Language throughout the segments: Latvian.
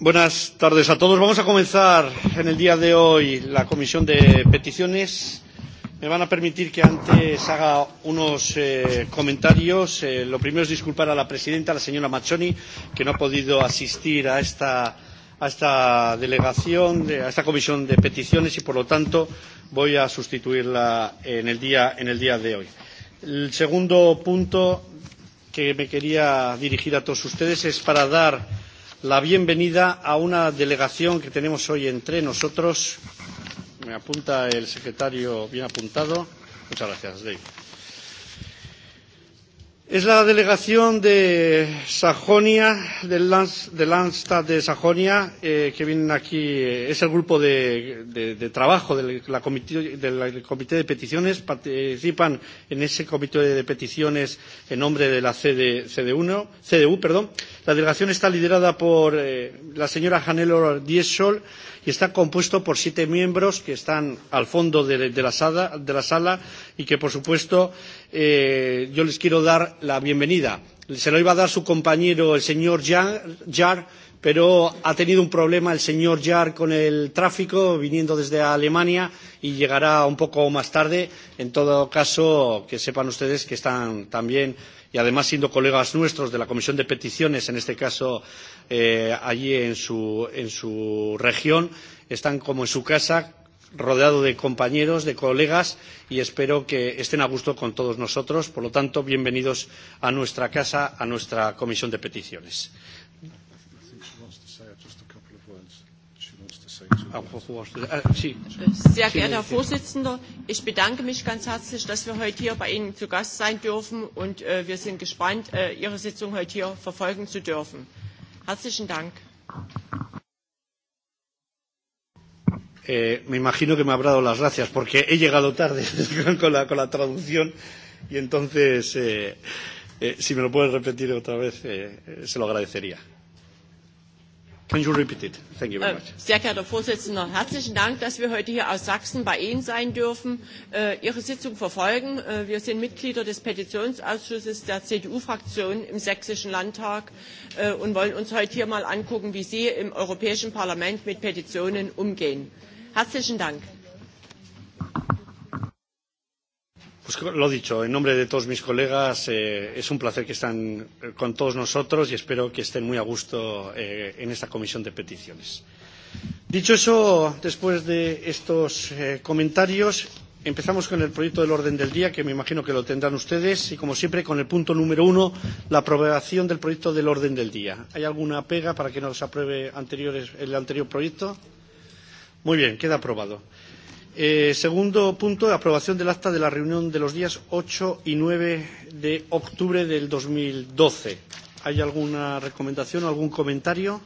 Buenas tardes a todos. Vamos a comenzar en el día de hoy la comisión de peticiones. Me van a permitir que antes haga unos eh, comentarios. Eh, lo primero es disculpar a la presidenta, la señora Mazzoni, que no ha podido asistir a esta a esta delegación, a esta comisión de peticiones y, por lo tanto, voy a sustituirla en el día, en el día de hoy. El segundo punto que me quería dirigir a todos ustedes es para dar la bienvenida a una delegación que tenemos hoy entre nosotros. Me apunta el secretario bien apuntado. Muchas gracias, Dave Es la delegación de Sajonia, del, Lands, del Landstad de Sajonia, eh, que vienen aquí, eh, es el grupo de, de, de trabajo del, la comité, del, del Comité de Peticiones, participan en ese Comité de Peticiones en nombre de la CD, CD1, CDU. Perdón. La delegación está liderada por eh, la señora Janelo Dieschol, eh, y está compuesto por siete miembros que están al fondo de, de, la, sala, de la sala y que, por supuesto, eh, yo les quiero dar la bienvenida. Se lo iba a dar su compañero, el señor Jar, pero ha tenido un problema el señor Jar con el tráfico viniendo desde Alemania y llegará un poco más tarde. En todo caso, que sepan ustedes que están también y además siendo colegas nuestros de la Comisión de Peticiones, en este caso eh, allí en su, en su región, están como en su casa rodeado de compañeros, de colegas y espero que estén a gusto con todos nosotros. Por lo tanto, bienvenidos a nuestra casa, a nuestra Comisión de Peticiones. Eh, Äh, Sehr geehrter Herr Vorsitzender, ich bedanke mich ganz herzlich, dass wir heute hier bei Ihnen zu Gast sein dürfen und äh, wir sind gespannt, äh, Ihre Sitzung heute hier verfolgen zu dürfen. Herzlichen Dank. Eh, me imagino que me habrá dado las gracias porque he llegado tarde con la, con la traducción y entonces, eh, eh, si me lo puedes repetir otra vez, eh, eh se lo agradecería. Can you repeat it? Thank you very äh, much. Sehr geehrter Vorsitzender, herzlichen Dank, dass wir heute hier aus Sachsen bei Ihnen sein dürfen, äh, Ihre Sitzung verfolgen. Äh, wir sind Mitglieder des Petitionsausschusses der CDU-Fraktion im Sächsischen Landtag äh, und wollen uns heute hier mal angucken, wie Sie im Europäischen Parlament mit Petitionen umgehen. Herzlichen Dank. Pues lo dicho, en nombre de todos mis colegas, eh, es un placer que están eh, con todos nosotros y espero que estén muy a gusto eh, en esta comisión de peticiones. Dicho eso, después de estos eh, comentarios, empezamos con el proyecto del orden del día, que me imagino que lo tendrán ustedes, y como siempre con el punto número uno, la aprobación del proyecto del orden del día. ¿Hay alguna pega para que nos apruebe anteriores, el anterior proyecto? Muy bien, queda aprobado. Eh, Eh, segundo punto, aprobación del acta de la reunión de los días 8 y 9 de octubre del 2012. ¿Hay alguna recomendación o algún comentario?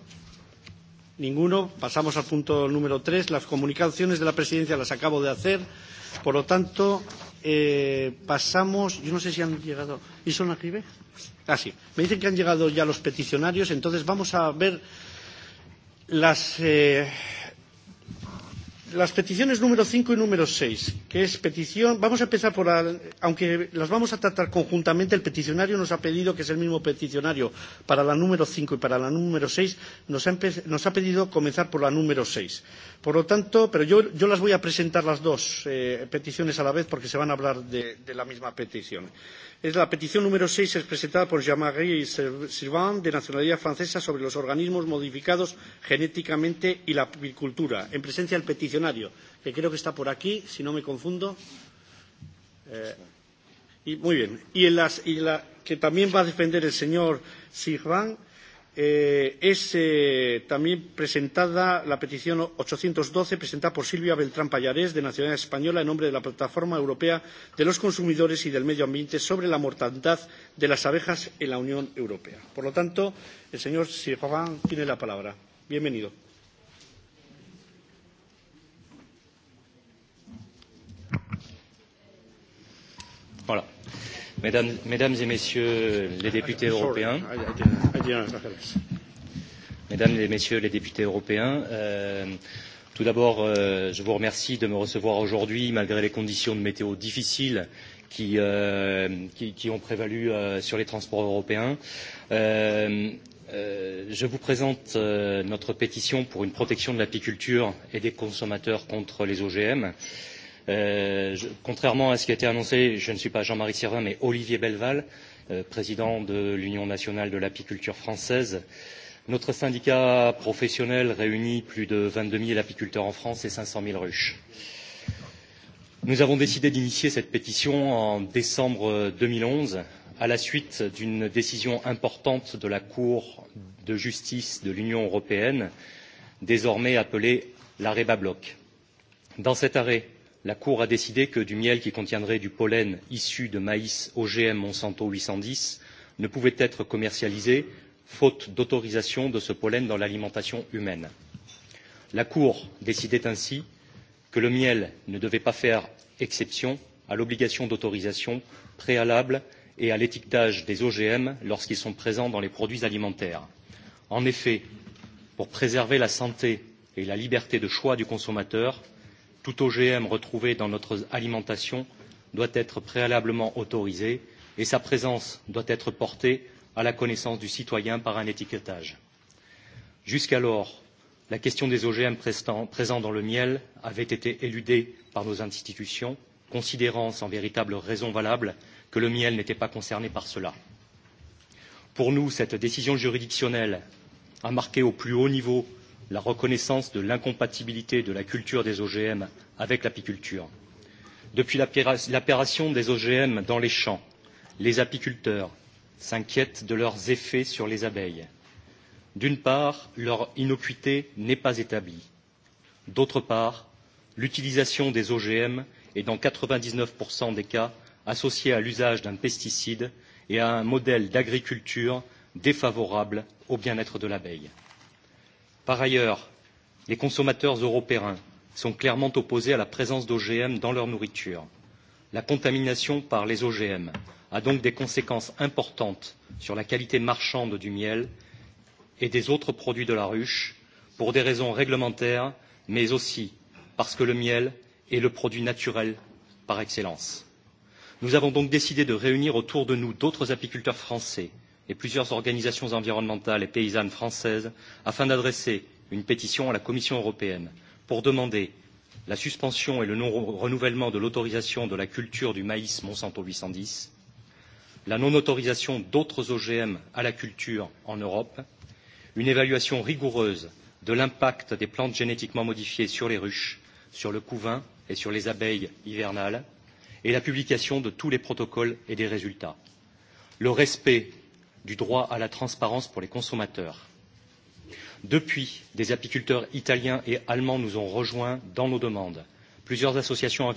Ninguno. Pasamos al punto número 3. Las comunicaciones de la presidencia las acabo de hacer. Por lo tanto, eh, pasamos. Yo no sé si han llegado. ¿Y son aquí? Ah, sí. Me dicen que han llegado ya los peticionarios. Entonces, vamos a ver las. Eh, las peticiones número 5 y número 6, que es petición, vamos a empezar por, la, aunque las vamos a tratar conjuntamente, el peticionario nos ha pedido, que es el mismo peticionario para la número 5 y para la número 6, nos ha, nos ha pedido comenzar por la número 6. Por lo tanto, pero yo, yo las voy a presentar las dos eh, peticiones a la vez porque se van a hablar de, de la misma petición. Es la petición número 6 es presentada por Jean-Marie Sylvain, de nacionalidad francesa, sobre los organismos modificados genéticamente y la apicultura, en presencia del peticionario, que creo que está por aquí, si no me confundo. Eh, y, muy bien. Y, en las, y la, que también va a defender el señor Sylvain eh, es eh, también presentada la petición 812 presentada por Silvia Beltrán Pallarés de Nacionalidad Española en nombre de la Plataforma Europea de los Consumidores y del Medio Ambiente sobre la mortandad de las abejas en la Unión Europea. Por lo tanto, el señor Sirvan tiene la palabra. Bienvenido. Hola. Mesdames, mesdames et messieurs les députés européens, mesdames et messieurs les députés européens, euh, tout d'abord, euh, je vous remercie de me recevoir aujourd'hui, malgré les conditions de météo difficiles qui, euh, qui, qui ont prévalu euh, sur les transports européens. Euh, euh, je vous présente euh, notre pétition pour une protection de l'apiculture et des consommateurs contre les OGM. Euh, Euh, je, contrairement à ce qui a été annoncé, je ne suis pas Jean-Marie Servin, mais Olivier Belval, euh, président de l'Union nationale de l'apiculture française. Notre syndicat professionnel réunit plus de 22 000 apiculteurs en France et 500 000 ruches. Nous avons décidé d'initier cette pétition en décembre 2011 à la suite d'une décision importante de la Cour de justice de l'Union européenne, désormais appelée l'arrêt Bablock. Dans cet arrêt, la Cour a décidé que du miel qui contiendrait du pollen issu de maïs OGM Monsanto 810 ne pouvait être commercialisé faute d'autorisation de ce pollen dans l'alimentation humaine. La Cour décidait ainsi que le miel ne devait pas faire exception à l'obligation d'autorisation préalable et à l'étiquetage des OGM lorsqu'ils sont présents dans les produits alimentaires. En effet, pour préserver la santé et la liberté de choix du consommateur, tout OGM retrouvé dans notre alimentation doit être préalablement autorisé et sa présence doit être portée à la connaissance du citoyen par un étiquetage. Jusqu'alors, la question des OGM présents dans le miel avait été éludée par nos institutions, considérant sans véritable raison valable que le miel n'était pas concerné par cela. Pour nous, cette décision juridictionnelle a marqué au plus haut niveau la reconnaissance de l'incompatibilité de la culture des ogm avec l'apiculture. depuis l'apparition des ogm dans les champs les apiculteurs s'inquiètent de leurs effets sur les abeilles. d'une part leur innocuité n'est pas établie. d'autre part l'utilisation des ogm est dans quatre vingt dix neuf des cas associée à l'usage d'un pesticide et à un modèle d'agriculture défavorable au bien être de l'abeille. Par ailleurs, les consommateurs européens sont clairement opposés à la présence d'OGM dans leur nourriture. La contamination par les OGM a donc des conséquences importantes sur la qualité marchande du miel et des autres produits de la ruche pour des raisons réglementaires mais aussi parce que le miel est le produit naturel par excellence. Nous avons donc décidé de réunir autour de nous d'autres apiculteurs français et plusieurs organisations environnementales et paysannes françaises afin d'adresser une pétition à la Commission européenne pour demander la suspension et le non renouvellement de l'autorisation de la culture du maïs Monsanto 810, la non autorisation d'autres OGM à la culture en Europe, une évaluation rigoureuse de l'impact des plantes génétiquement modifiées sur les ruches, sur le couvain et sur les abeilles hivernales, et la publication de tous les protocoles et des résultats. Le respect du droit à la transparence pour les consommateurs. Depuis, des apiculteurs italiens et allemands nous ont rejoints dans nos demandes. Plusieurs associations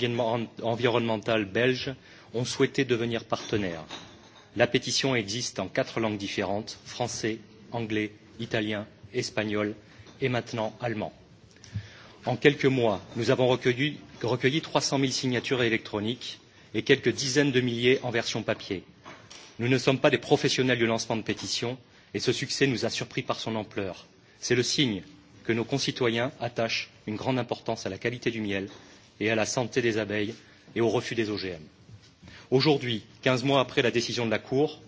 environnementales belges ont souhaité devenir partenaires. La pétition existe en quatre langues différentes français, anglais, italien, espagnol et maintenant allemand. En quelques mois, nous avons recueilli, recueilli 300 000 signatures électroniques et quelques dizaines de milliers en version papier. Nous ne sommes pas des professionnels du lancement de pétitions et ce succès nous a surpris par son ampleur. C'est le signe que nos concitoyens attachent une grande importance à la qualité du miel et à la santé des abeilles et au refus des OGM. Aujourd'hui, 15 mois après la décision de la Cour,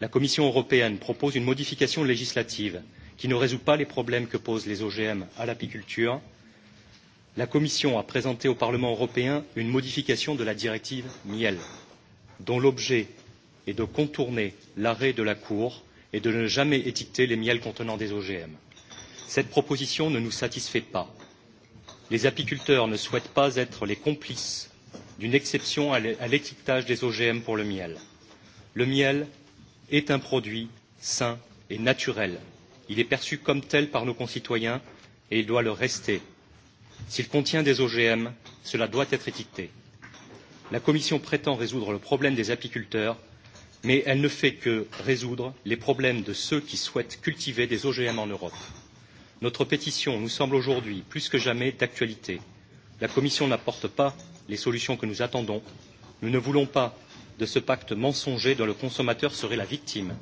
la Commission européenne propose une modification législative qui ne résout pas les problèmes que posent les OGM à l'apiculture. La Commission a présenté au Parlement européen une modification de la directive miel, dont l'objet est de contourner l'arrêt de la Cour et de ne jamais étiqueter les miels contenant des OGM. Cette proposition ne nous satisfait pas. Les apiculteurs ne souhaitent pas être les complices d'une exception à l'étiquetage des OGM pour le miel. Le miel est un produit sain et naturel. Il est perçu comme tel par nos concitoyens et il doit le rester. S'il contient des OGM, cela doit être étiqueté. La Commission prétend résoudre le problème des apiculteurs mais elle ne fait que résoudre les problèmes de ceux qui souhaitent cultiver des OGM en Europe. Notre pétition nous semble aujourd'hui plus que jamais d'actualité. La Commission n'apporte pas les solutions que nous attendons. Nous ne voulons pas de ce pacte mensonger dont le consommateur serait la victime.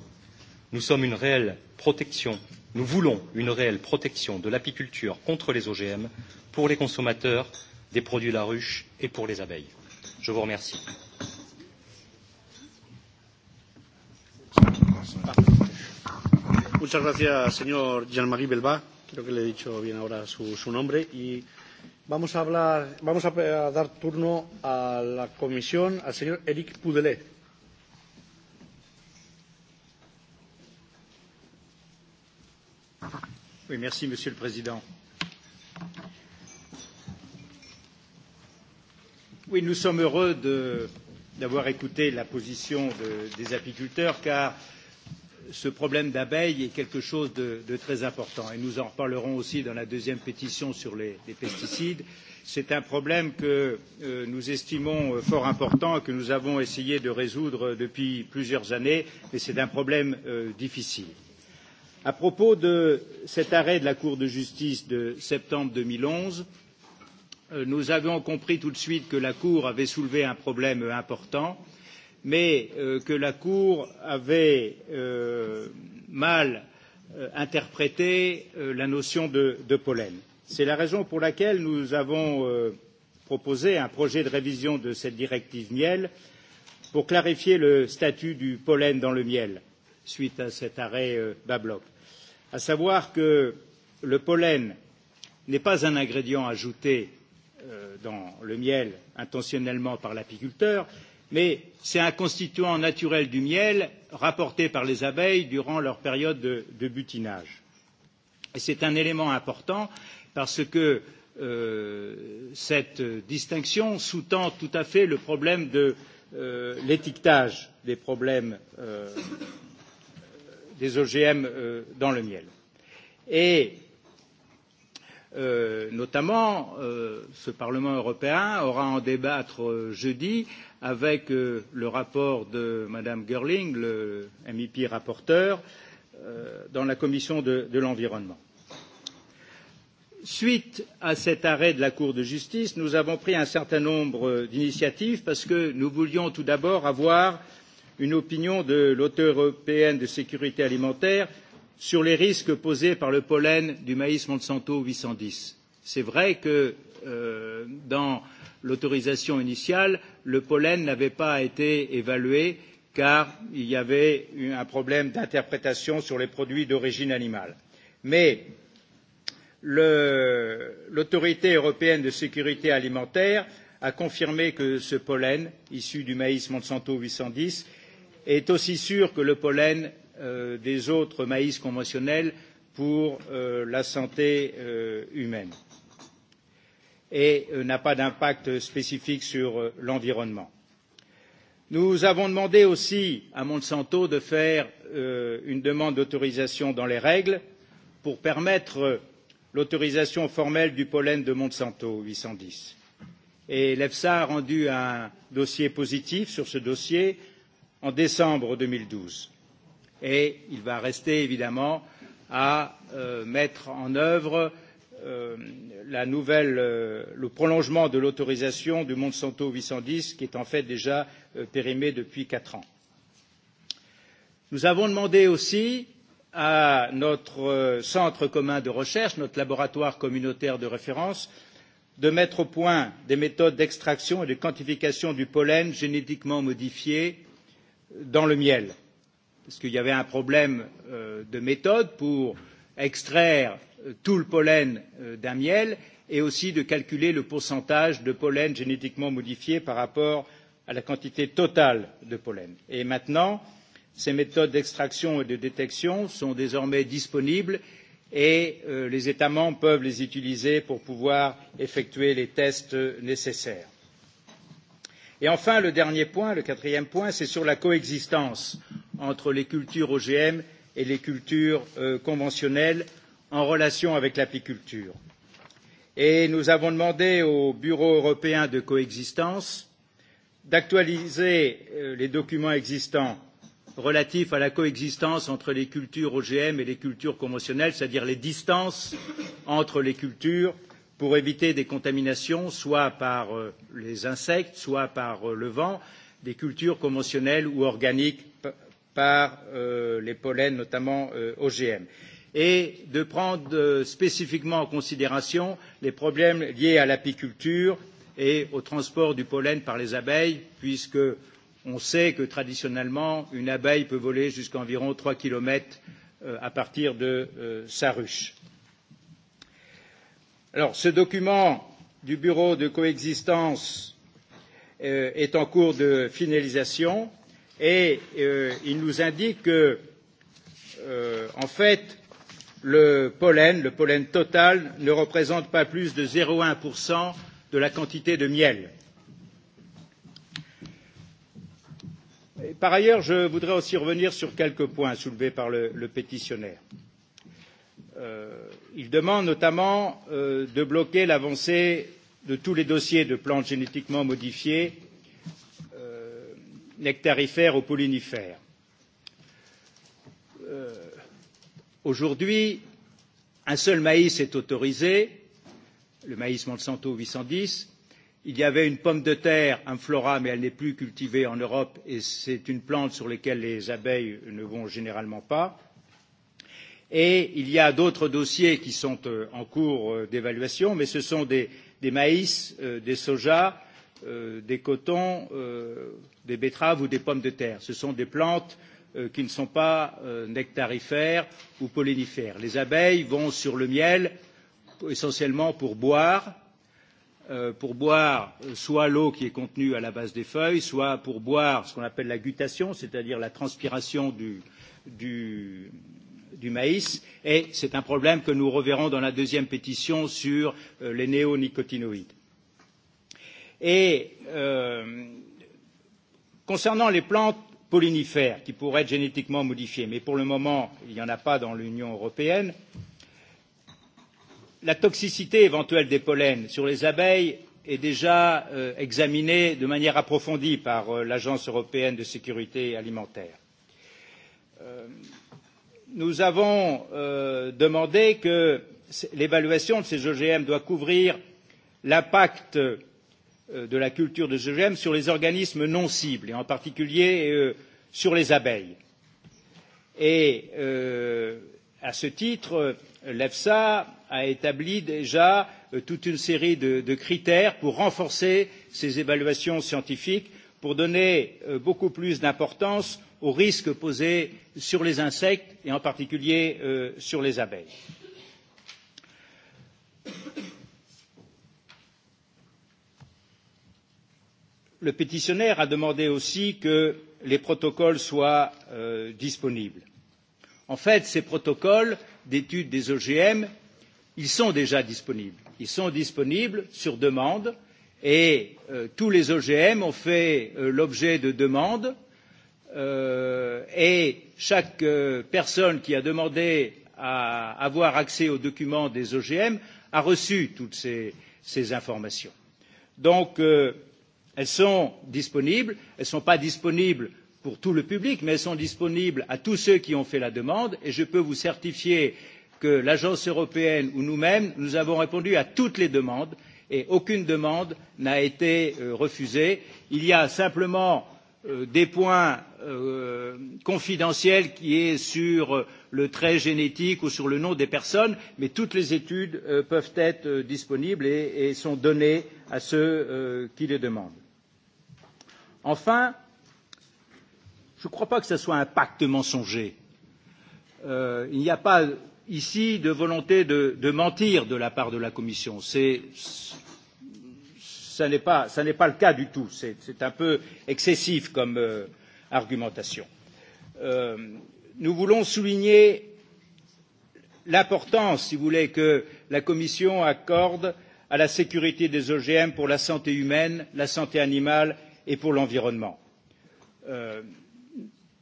Nous sommes une réelle protection, nous voulons une réelle protection de l'apiculture contre les OGM pour les consommateurs des produits de la ruche et pour les abeilles. Je vous remercie. Ah. Muchas gracias, señor Jean-Marie Belba. Creo que le he dicho bien ahora su, su nombre. Y vamos a, hablar, vamos a, a dar turno a la comisión al señor Eric Poudelet. Oui, merci, Monsieur le Président. Oui, nous sommes heureux d'avoir écouté la position de, des apiculteurs, car euh, ce problème d'abeilles est quelque chose de, de très important et nous en reparlerons aussi dans la deuxième pétition sur les, les pesticides. C'est un problème que euh, nous estimons euh, fort important et que nous avons essayé de résoudre euh, depuis plusieurs années, mais c'est un problème euh, difficile. À propos de cet arrêt de la Cour de justice de septembre 2011, euh, nous avions compris tout de suite que la Cour avait soulevé un problème important euh, mais euh, que la Cour avait euh, mal euh, interprété euh, la notion de, de pollen. C'est la raison pour laquelle nous avons euh, proposé un projet de révision de cette directive miel pour clarifier le statut du pollen dans le miel suite à cet arrêt euh, Bablock, à savoir que le pollen n'est pas un ingrédient ajouté euh, dans le miel intentionnellement par l'apiculteur, mais c'est un constituant naturel du miel rapporté par les abeilles durant leur période de, de butinage. C'est un élément important parce que euh, cette distinction sous-tend tout à fait le problème de euh, l'étiquetage des problèmes euh, des OGM euh, dans le miel. Et euh, notamment, euh, ce Parlement européen aura à en débattre euh, jeudi avec euh, le rapport de Mme Gerling, le MIP rapporteur, euh, dans la commission de, de l'environnement. Suite à cet arrêt de la Cour de justice, nous avons pris un certain nombre d'initiatives parce que nous voulions tout d'abord avoir une opinion de l'auteur européenne de sécurité alimentaire sur les risques posés par le pollen du maïs Monsanto 810. C'est vrai que euh, dans euh, l'autorisation initiale, le pollen n'avait pas été évalué car il y avait un problème d'interprétation sur les produits d'origine animale. Mais l'autorité européenne de sécurité alimentaire a confirmé que ce pollen, issu du maïs Monsanto 810, est aussi sûr que le pollen euh, des autres maïs conventionnels pour euh, la santé euh, humaine et euh, n'a pas d'impact spécifique sur euh, l'environnement. Nous avons demandé aussi à Monsanto de faire euh, une demande d'autorisation dans les règles pour permettre euh, l'autorisation formelle du pollen de Monsanto 810. Et l'EFSA a rendu un dossier positif sur ce dossier en décembre 2012. Et il va rester évidemment à euh, mettre en œuvre euh, euh, la nouvelle, euh, le prolongement de l'autorisation du Monsanto 810, qui est en fait déjà euh, périmé depuis quatre ans. Nous avons demandé aussi à notre euh, centre commun de recherche, notre laboratoire communautaire de référence, de mettre au point des méthodes d'extraction et de quantification du pollen génétiquement modifié dans le miel, parce qu'il y avait un problème euh, de méthode pour extraire tout le pollen euh, d'un miel et aussi de calculer le pourcentage de pollen génétiquement modifié par rapport à la quantité totale de pollen. Et maintenant, ces méthodes d'extraction et de détection sont désormais disponibles et euh, les États membres peuvent les utiliser pour pouvoir effectuer les tests euh, nécessaires. Et enfin, le dernier point, le quatrième point, c'est sur la coexistence entre les cultures OGM et les cultures euh, conventionnelles en relation avec l'apiculture. Et nous avons demandé au Bureau européen de coexistence d'actualiser euh, les documents existants relatifs à la coexistence entre les cultures OGM et les cultures conventionnelles, c'est-à-dire les distances entre les cultures pour éviter des contaminations, soit par euh, les insectes, soit par euh, le vent, des cultures conventionnelles ou organiques par euh, les pollens, notamment euh, OGM et de prendre euh, spécifiquement en considération les problèmes liés à l'apiculture et au transport du pollen par les abeilles, puisque on sait que traditionnellement une abeille peut voler jusqu'à environ 3 km euh, à partir de euh, sa ruche. Alors, ce document du Bureau de coexistence euh, est en cours de finalisation et euh, il nous indique que, euh, en fait, le pollen, le pollen total, ne représente pas plus de 0,1% de la quantité de miel. Et par ailleurs, je voudrais aussi revenir sur quelques points soulevés par le, le pétitionnaire. Euh, il demande notamment euh, de bloquer l'avancée de tous les dossiers de plantes génétiquement modifiées, euh, nectarifères ou pollinifères. Euh, Aujourd'hui, un seul maïs est autorisé, le maïs Monsanto 810. Il y avait une pomme de terre, un flora, mais elle n'est plus cultivée en Europe et c'est une plante sur laquelle les abeilles ne vont généralement pas. Et il y a d'autres dossiers qui sont euh, en cours euh, d'évaluation, mais ce sont des, des maïs, euh, des sojas, euh, des cotons, euh, des betteraves ou des pommes de terre. Ce sont des plantes euh, euh, qui ne sont pas euh, nectarifères ou pollinifères. Les abeilles vont sur le miel essentiellement pour boire, euh, pour boire euh, soit l'eau qui est contenue à la base des feuilles, soit pour boire ce qu'on appelle la gutation, c'est-à-dire la transpiration du, du, du maïs et c'est un problème que nous reverrons dans la deuxième pétition sur euh, les néonicotinoïdes. Et euh, concernant les plantes pollinifères qui pourraient être génétiquement modifiés, mais pour le moment, il n'y en a pas dans l'Union européenne. La toxicité éventuelle des pollens sur les abeilles est déjà euh, examinée de manière approfondie par euh, l'Agence européenne de sécurité alimentaire. Euh, nous avons euh, demandé que l'évaluation de ces OGM doit couvrir l'impact euh, Euh, de la culture de ce gemme sur les organismes non cibles et en particulier euh, sur les abeilles. Et euh, à ce titre, l'EFSA a établi déjà euh, toute une série de, de critères pour renforcer ses évaluations scientifiques, pour donner euh, beaucoup plus d'importance aux risques posés sur les insectes et en particulier euh, sur les abeilles le pétitionnaire a demandé aussi que les protocoles soient euh, disponibles. En fait, ces protocoles d'étude des OGM, ils sont déjà disponibles. Ils sont disponibles sur demande et euh, tous les OGM ont fait euh, l'objet de demandes euh, et chaque euh, personne qui a demandé à avoir accès aux documents des OGM a reçu toutes ces, ces informations. Donc, euh, Elles sont disponibles, elles ne sont pas disponibles pour tout le public, mais elles sont disponibles à tous ceux qui ont fait la demande et je peux vous certifier que l'Agence européenne ou nous-mêmes, nous avons répondu à toutes les demandes et aucune demande n'a été euh, refusée. Il y a simplement euh, des points euh, confidentiels qui est sur euh, le trait génétique ou sur le nom des personnes, mais toutes les études euh, peuvent être euh, disponibles et, et sont données à ceux euh, qui les demandent. Enfin, je ne crois pas que ce soit un pacte mensonger. Euh, il n'y a pas ici de volonté de, de mentir de la part de la Commission. C'est, ça n'est pas, ça n'est pas le cas du tout. C'est, c'est un peu excessif comme euh, argumentation. Euh, nous voulons souligner l'importance, si vous voulez, que la Commission accorde à la sécurité des OGM pour la santé humaine, la santé animale et pour l'environnement. Euh,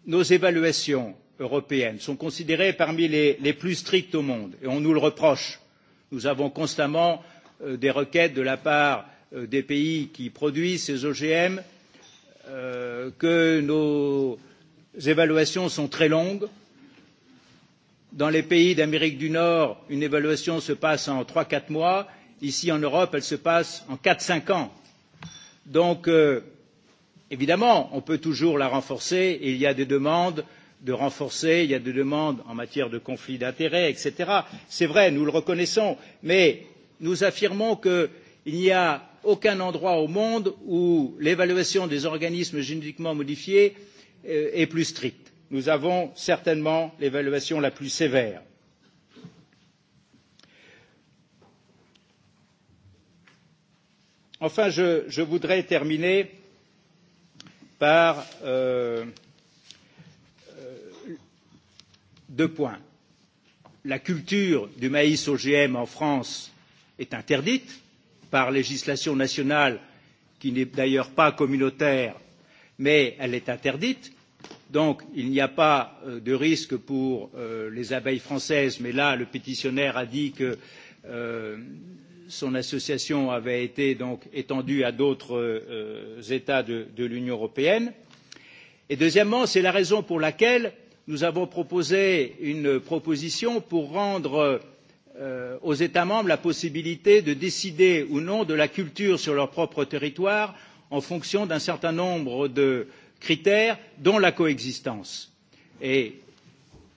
nos évaluations européennes sont considérées parmi les, les plus strictes au monde et on nous le reproche. Nous avons constamment euh, des requêtes de la part euh, des pays qui produisent ces OGM euh, que nos évaluations sont très longues. Dans les pays d'Amérique du Nord, une évaluation se passe en 3-4 mois. Ici, en Europe, elle se passe en 4-5 ans. Donc, euh, Évidemment, on peut toujours la renforcer et il y a des demandes de renforcer, il y a des demandes en matière de conflits d'intérêts, etc. C'est vrai, nous le reconnaissons, mais nous affirmons qu'il n'y a aucun endroit au monde où l'évaluation des organismes génétiquement modifiés euh, est plus stricte. Nous avons certainement l'évaluation la plus sévère. Enfin, je, je voudrais terminer par euh, euh, deux points. La culture du maïs OGM en France est interdite par législation nationale qui n'est d'ailleurs pas communautaire, mais elle est interdite. Donc il n'y a pas euh, de risque pour euh, les abeilles françaises, mais là le pétitionnaire a dit que euh, son association avait été donc étendue à d'autres euh, États de, de l'Union européenne. Et deuxièmement, c'est la raison pour laquelle nous avons proposé une proposition pour rendre euh, aux États membres la possibilité de décider ou non de la culture sur leur propre territoire en fonction d'un certain nombre de critères, dont la coexistence. Et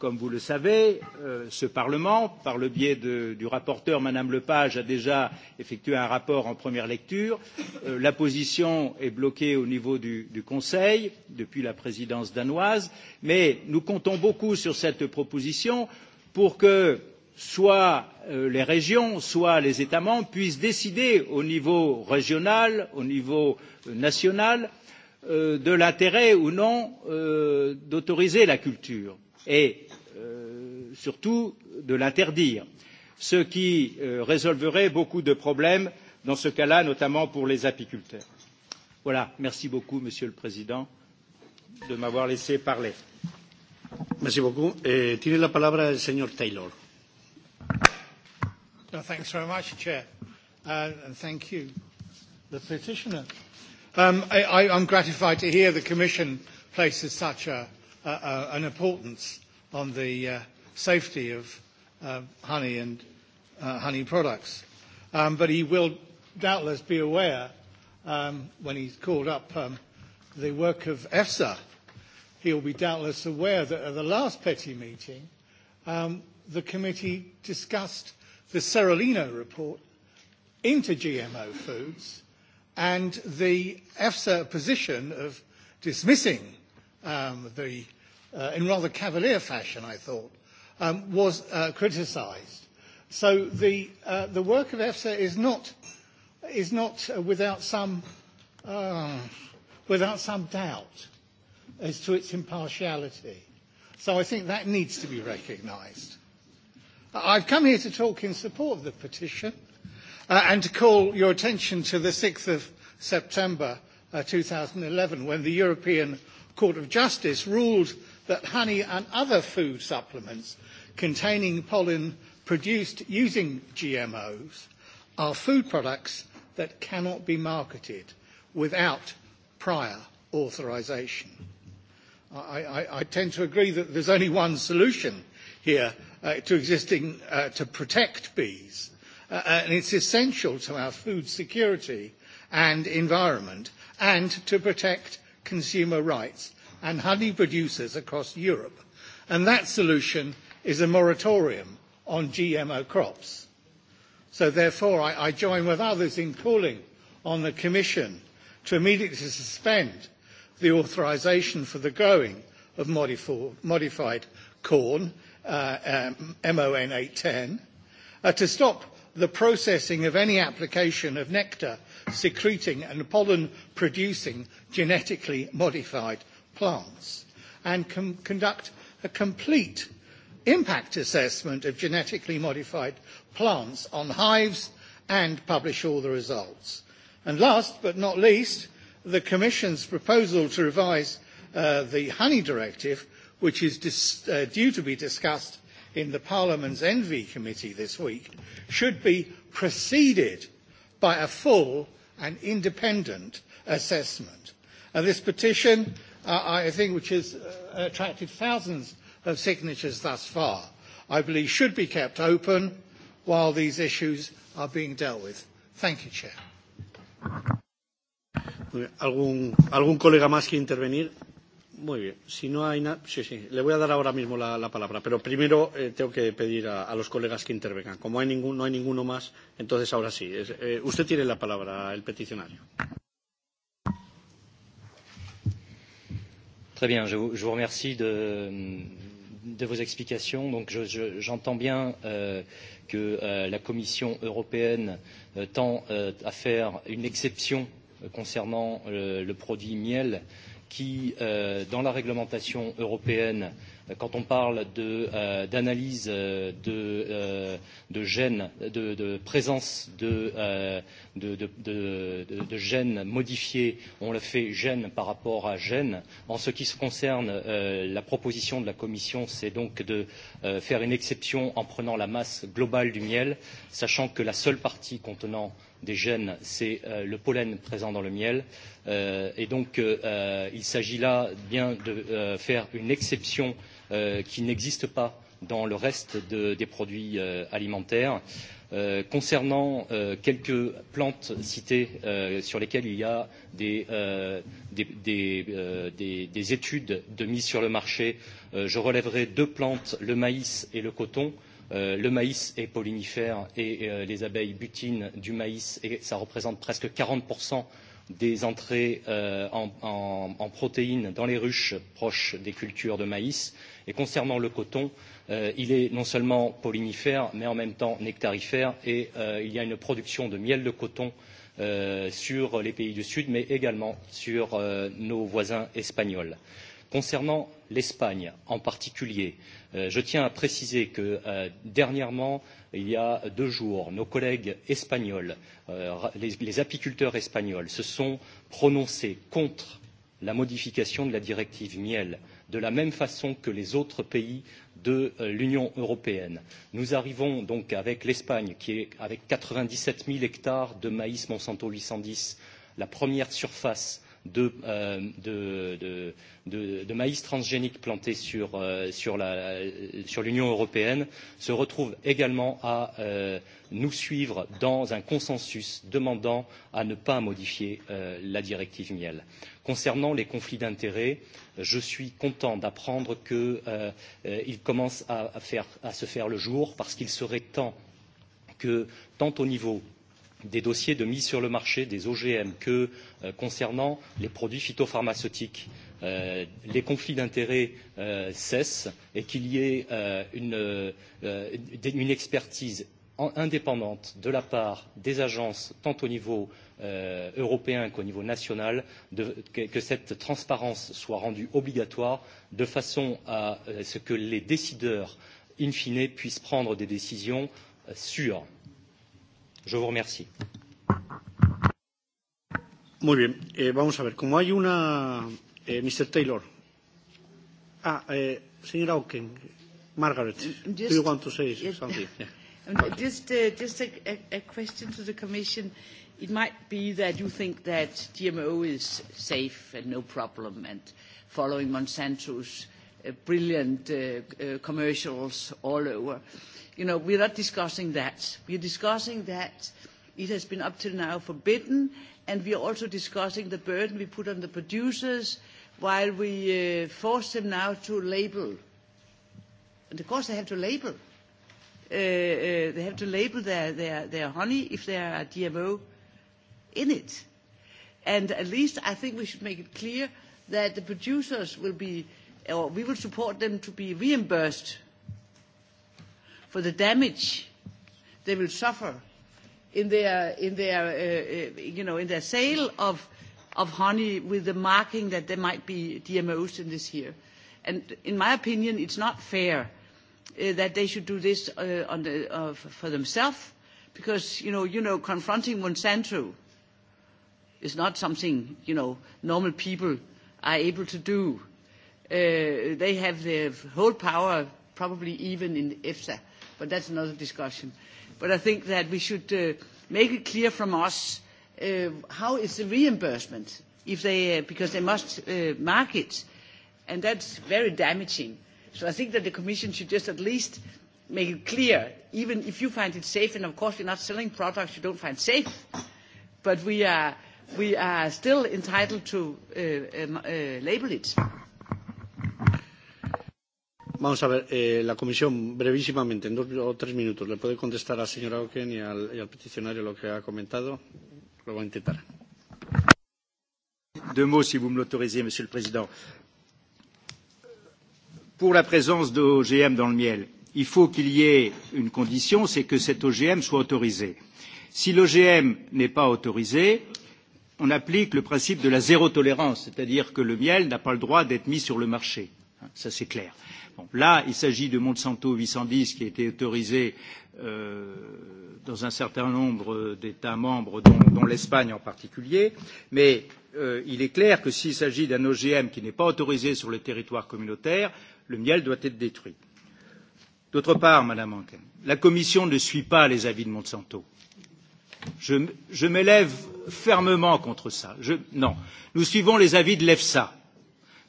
Comme vous le savez, euh, ce Parlement, par le biais de, du rapporteur Madame Lepage, a déjà effectué un rapport en première lecture. Euh, la position est bloquée au niveau du, du Conseil depuis la présidence danoise, mais nous comptons beaucoup sur cette proposition pour que soit euh, les régions, soit les États membres puissent décider au niveau régional, au niveau euh, national, euh, de l'intérêt ou non euh, d'autoriser la culture. Et surtout de l'interdire, ce qui euh, résolverait beaucoup de problèmes dans ce cas là, notamment pour les apiculteurs. Voilà, merci beaucoup, Monsieur le Président, de m'avoir laissé parler. Merci beaucoup. Eh, tiene la palabra el señor Taylor. No, uh, thanks very much, Chair, uh, and thank you, the petitioner. Um, I, I, I'm gratified to hear the Commission places such a, a, a, an importance on the uh, safety of uh, honey and uh, honey products. Um, but he will doubtless be aware um, when he's called up um, the work of EFSA. He'll be doubtless aware that at the last Petty meeting, um, the committee discussed the Serolino report into GMO foods and the EFSA position of dismissing um, the, uh, in rather cavalier fashion, I thought, um, was uh, criticised. So the, uh, the work of EFSA is not, is not uh, without, some, uh, without some doubt as to its impartiality. So I think that needs to be recognised. I've come here to talk in support of the petition uh, and to call your attention to the 6th of September uh, 2011 when the European Court of Justice ruled that honey and other food supplements containing pollen produced using GMOs are food products that cannot be marketed without prior authorization. I, I, I tend to agree that there's only one solution here uh, to existing uh, to protect bees, uh, and it's essential to our food security and environment and to protect consumer rights and honey producers across Europe. And that solution is a moratorium on GMO crops. So therefore, I, I join with others in calling on the Commission to immediately suspend the authorisation for the growing of modifor, modified corn, uh, um, MON 810, uh, to stop the processing of any application of nectar secreting and pollen producing genetically modified plants and com- conduct a complete impact assessment of genetically modified plants on hives and publish all the results. And last but not least, the Commission's proposal to revise uh, the Honey Directive, which is dis- uh, due to be discussed in the Parliament's Envy Committee this week, should be preceded by a full and independent assessment. And this petition uh, I think, which has uh, attracted thousands of signatures thus far, I believe should be kept open while these issues are being dealt with. Thank you, Chair. ¿Algún, ¿Algún colega más quiere intervenir? Muy bien. Si no hay nada. Sí, sí. Le voy a dar ahora mismo la, la palabra. Pero primero eh, tengo que pedir a, a los colegas que intervengan. Como hay ningún, no hay ninguno más, entonces ahora sí. Es, eh, usted tiene la palabra, el peticionario. Très bien, je vous, je vous remercie de, de vos explications. Donc, je, je, j'entends bien euh, que euh, la Commission européenne euh, tend euh, à faire une exception euh, concernant euh, le produit miel qui, euh, dans la réglementation européenne, euh, Euh, quand on parle euh, d'analyse de, euh, de, euh, de gènes, de, de présence de, euh, de, de, de, de gènes modifiés, on le fait gène par rapport à gène. En ce qui se concerne euh, la proposition de la Commission, c'est donc de euh, faire une exception en prenant la masse globale du miel, sachant que la seule partie contenant des gènes, c'est euh, le pollen présent dans le miel. Euh, et donc, euh, euh il s'agit là bien de euh, faire une exception euh, euh, qui n'existe pas dans le reste de, des produits euh, alimentaires. Euh, concernant euh, quelques plantes citées euh, sur lesquelles il y a des, euh, des, des, euh, des, des études de mise sur le marché, euh, je relèverai deux plantes, le maïs et le coton. Euh, le maïs est pollinifère et euh, les abeilles butinent du maïs et ça représente presque 40% des entrées euh, en, en, en protéines dans les ruches proches des cultures de maïs. Euh, Et concernant le coton, euh, il est non seulement pollinifère, mais en même temps nectarifère, et euh, il y a une production de miel de coton euh, sur les pays du Sud, mais également sur euh, nos voisins espagnols. Concernant l'Espagne en particulier, euh, je tiens à préciser que euh, dernièrement, il y a deux jours, nos collègues espagnols, euh, les, les apiculteurs espagnols, se sont prononcés contre la modification de la directive miel. Euh, de la même façon que les autres pays de euh, l'Union européenne. Nous arrivons donc avec l'Espagne, qui est avec 97 000 hectares de maïs Monsanto 810, la première surface de, euh, de, de, de, de maïs transgénique planté sur, euh, sur, la, euh, sur l'Union européenne se retrouve également à euh, nous suivre dans un consensus demandant à ne pas modifier euh, la directive miel. Concernant les conflits d'intérêts, euh, Je suis content d'apprendre qu'il euh, euh, commence à, à, faire, à se faire le jour parce qu'il serait temps que, tant au niveau des dossiers de mise sur le marché des OGM que euh, concernant les produits phytopharmaceutiques, euh, les conflits d'intérêts euh, cessent et qu'il y ait euh, une, euh, une expertise indépendante de la part des agences tant au niveau euh, européen qu'au niveau national de, que, que cette transparence soit rendue obligatoire de façon à euh, ce que les décideurs in fine puissent prendre des décisions euh, sûres. Je vous remercie. Muy bien, eh, vamos a ver, como hay una eh, Mr. Taylor. Ah, eh, señora Oken, Margaret, mm, Just, do you want to say yes. something? Yeah. Just, uh, just a, a, a question to the Commission. It might be that you think that GMO is safe and no problem, and following Monsanto's uh, brilliant uh, uh, commercials all over. You know, we're not discussing that. We're discussing that it has been up till now forbidden, and we are also discussing the burden we put on the producers while we uh, force them now to label. And of course, they have to label uh, uh, they have to label their, their, their honey if there are GMO in it. And at least I think we should make it clear that the producers will be, or we will support them to be reimbursed for the damage they will suffer in their, in their, uh, uh you know, in their sale of, of honey with the marking that there might be GMOs in this year. And in my opinion, it's not fair uh, uh, that they should do this uh, on the, uh, for themselves, because you know, you know, confronting Monsanto is not something you know normal people are able to do. Uh, they have their whole power, probably even in EFSA, but that's another discussion. But I think that we should uh, make it clear from us uh, how is the reimbursement if they, uh, because they must uh, market, and that's very damaging. Uh, So I think that the Commission should just at least make it clear, even if you find it safe, and of course we're not selling products you don't find safe, but we are, we are still entitled to uh, uh, uh label it. Vamos a ver, eh, la comisión, brevísimamente, en dos o tres minutos, ¿le puede contestar a la señora Oken y al, y al peticionario lo que ha comentado? Lo va a intentar. Deux mots, si vous me l'autorisez, Monsieur le Président pour la présence d'OGM dans le miel, il faut qu'il y ait une condition, c'est que cet OGM soit autorisé. Si l'OGM n'est pas autorisé, on applique le principe de la zéro tolérance, c'est-à-dire que le miel n'a pas le droit d'être mis sur le marché. Ça, c'est clair. Bon, là, il s'agit de Monsanto 810 qui a été autorisé euh, dans un certain nombre d'États membres, dont, dont l'Espagne en particulier, mais euh, il est clair que s'il s'agit d'un OGM qui n'est pas autorisé sur le territoire communautaire, euh, le miel doit être détruit. D'autre part, Madame Anken, la Commission ne suit pas les avis de Monsanto. Je, je m'élève fermement contre ça. Je, non, nous suivons les avis de l'EFSA.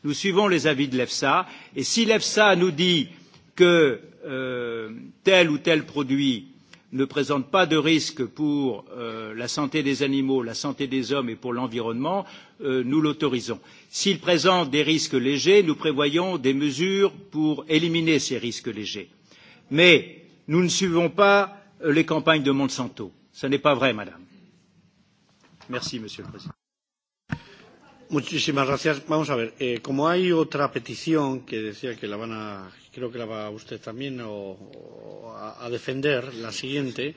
Nous suivons les avis de l'EFSA. Et si l'EFSA nous dit que euh, tel ou tel produit ne présente pas de risque pour euh, la santé des animaux, la santé des hommes et pour l'environnement, euh, nous l'autorisons. S'il présente des risques légers, nous prévoyons des mesures pour éliminer ces risques légers. Mais nous ne suivons pas euh, les campagnes de Monsanto. Ce n'est pas vrai, Madame. Merci, Monsieur le Président. Muchísimas gracias. Vamos a ver, eh, como hay otra petición que decía que la van a, creo que la va usted también o, o a, a defender, la siguiente,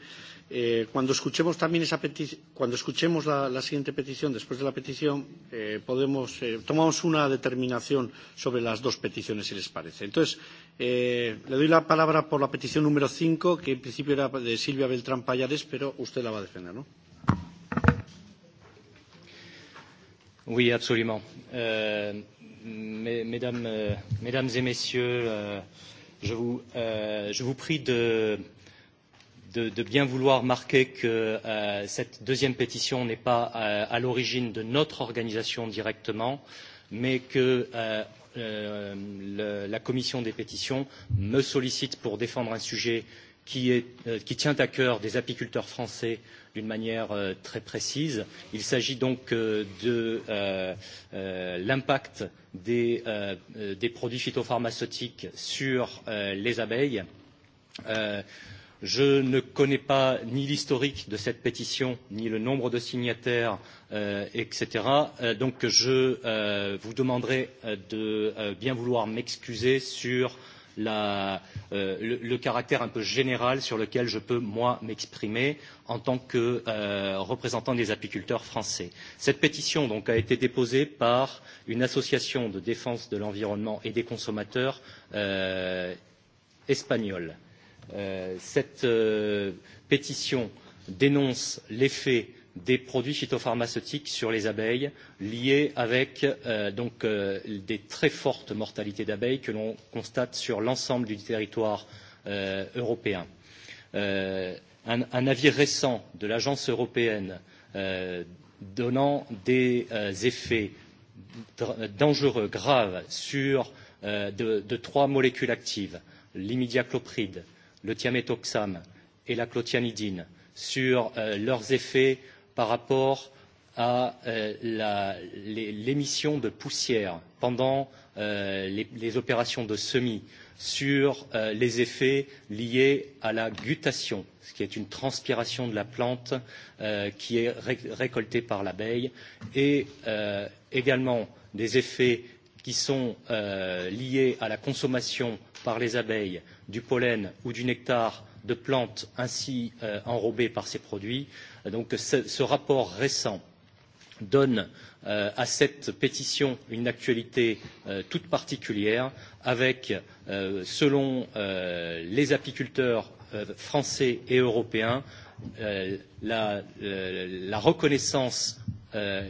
eh, cuando escuchemos también esa petición, cuando escuchemos la, la siguiente petición, después de la petición, eh, podemos, eh, tomamos una determinación sobre las dos peticiones, si les parece. Entonces, eh, le doy la palabra por la petición número 5, que en principio era de Silvia Beltrán Payares, pero usted la va a defender, ¿no? Sí, Oui, absolument. Euh, mes, mesdames, euh, mesdames et messieurs, euh, je, vous, euh, je vous prie de, de, de bien vouloir marquer que euh, cette deuxième pétition n'est pas euh, à l'origine de notre organisation directement, mais que euh, euh, le, la commission des pétitions me sollicite pour défendre un sujet euh, qui, est, euh, qui tient à cœur des apiculteurs français d'une manière euh, très précise. Il s'agit donc euh, de euh, euh, l'impact des, euh, euh des produits phytopharmaceutiques sur euh, les abeilles. Euh, je ne connais pas ni l'historique de cette pétition, ni le nombre de signataires, euh, etc. Euh, donc je euh, vous demanderai euh, de euh, bien vouloir m'excuser sur euh, la, euh, le, le caractère un peu général sur lequel je peux, moi, m'exprimer en tant que euh, représentant des apiculteurs français. Cette pétition donc, a été déposée par une association de défense de l'environnement et des consommateurs euh, espagnole. Euh, cette euh, pétition dénonce les faits des produits phytopharmaceutiques sur les abeilles liés avec euh, donc, euh, des très fortes mortalités d'abeilles que l'on constate sur l'ensemble du territoire euh, européen. Euh, un, un avis récent de l'Agence européenne euh, donnant des euh, effets dangereux, graves, sur, euh, de, de trois molécules actives, l'imidiaclopride, le thiamethoxam et la clothianidine, sur euh, leurs effets par rapport à euh, l'émission de poussière pendant euh, les, les opérations de semis, sur euh, les effets liés à la guttation, ce qui est une transpiration de la plante euh, qui est ré récoltée par l'abeille, et euh, également des effets qui sont euh, liés à la consommation par les abeilles du pollen ou du nectar de plantes ainsi euh, enrobées par ces produits. Euh, donc que ce, ce rapport récent donne euh, à cette pétition une actualité euh, toute particulière avec, euh, selon euh, les apiculteurs euh, français et européens, euh, la, euh, la reconnaissance euh,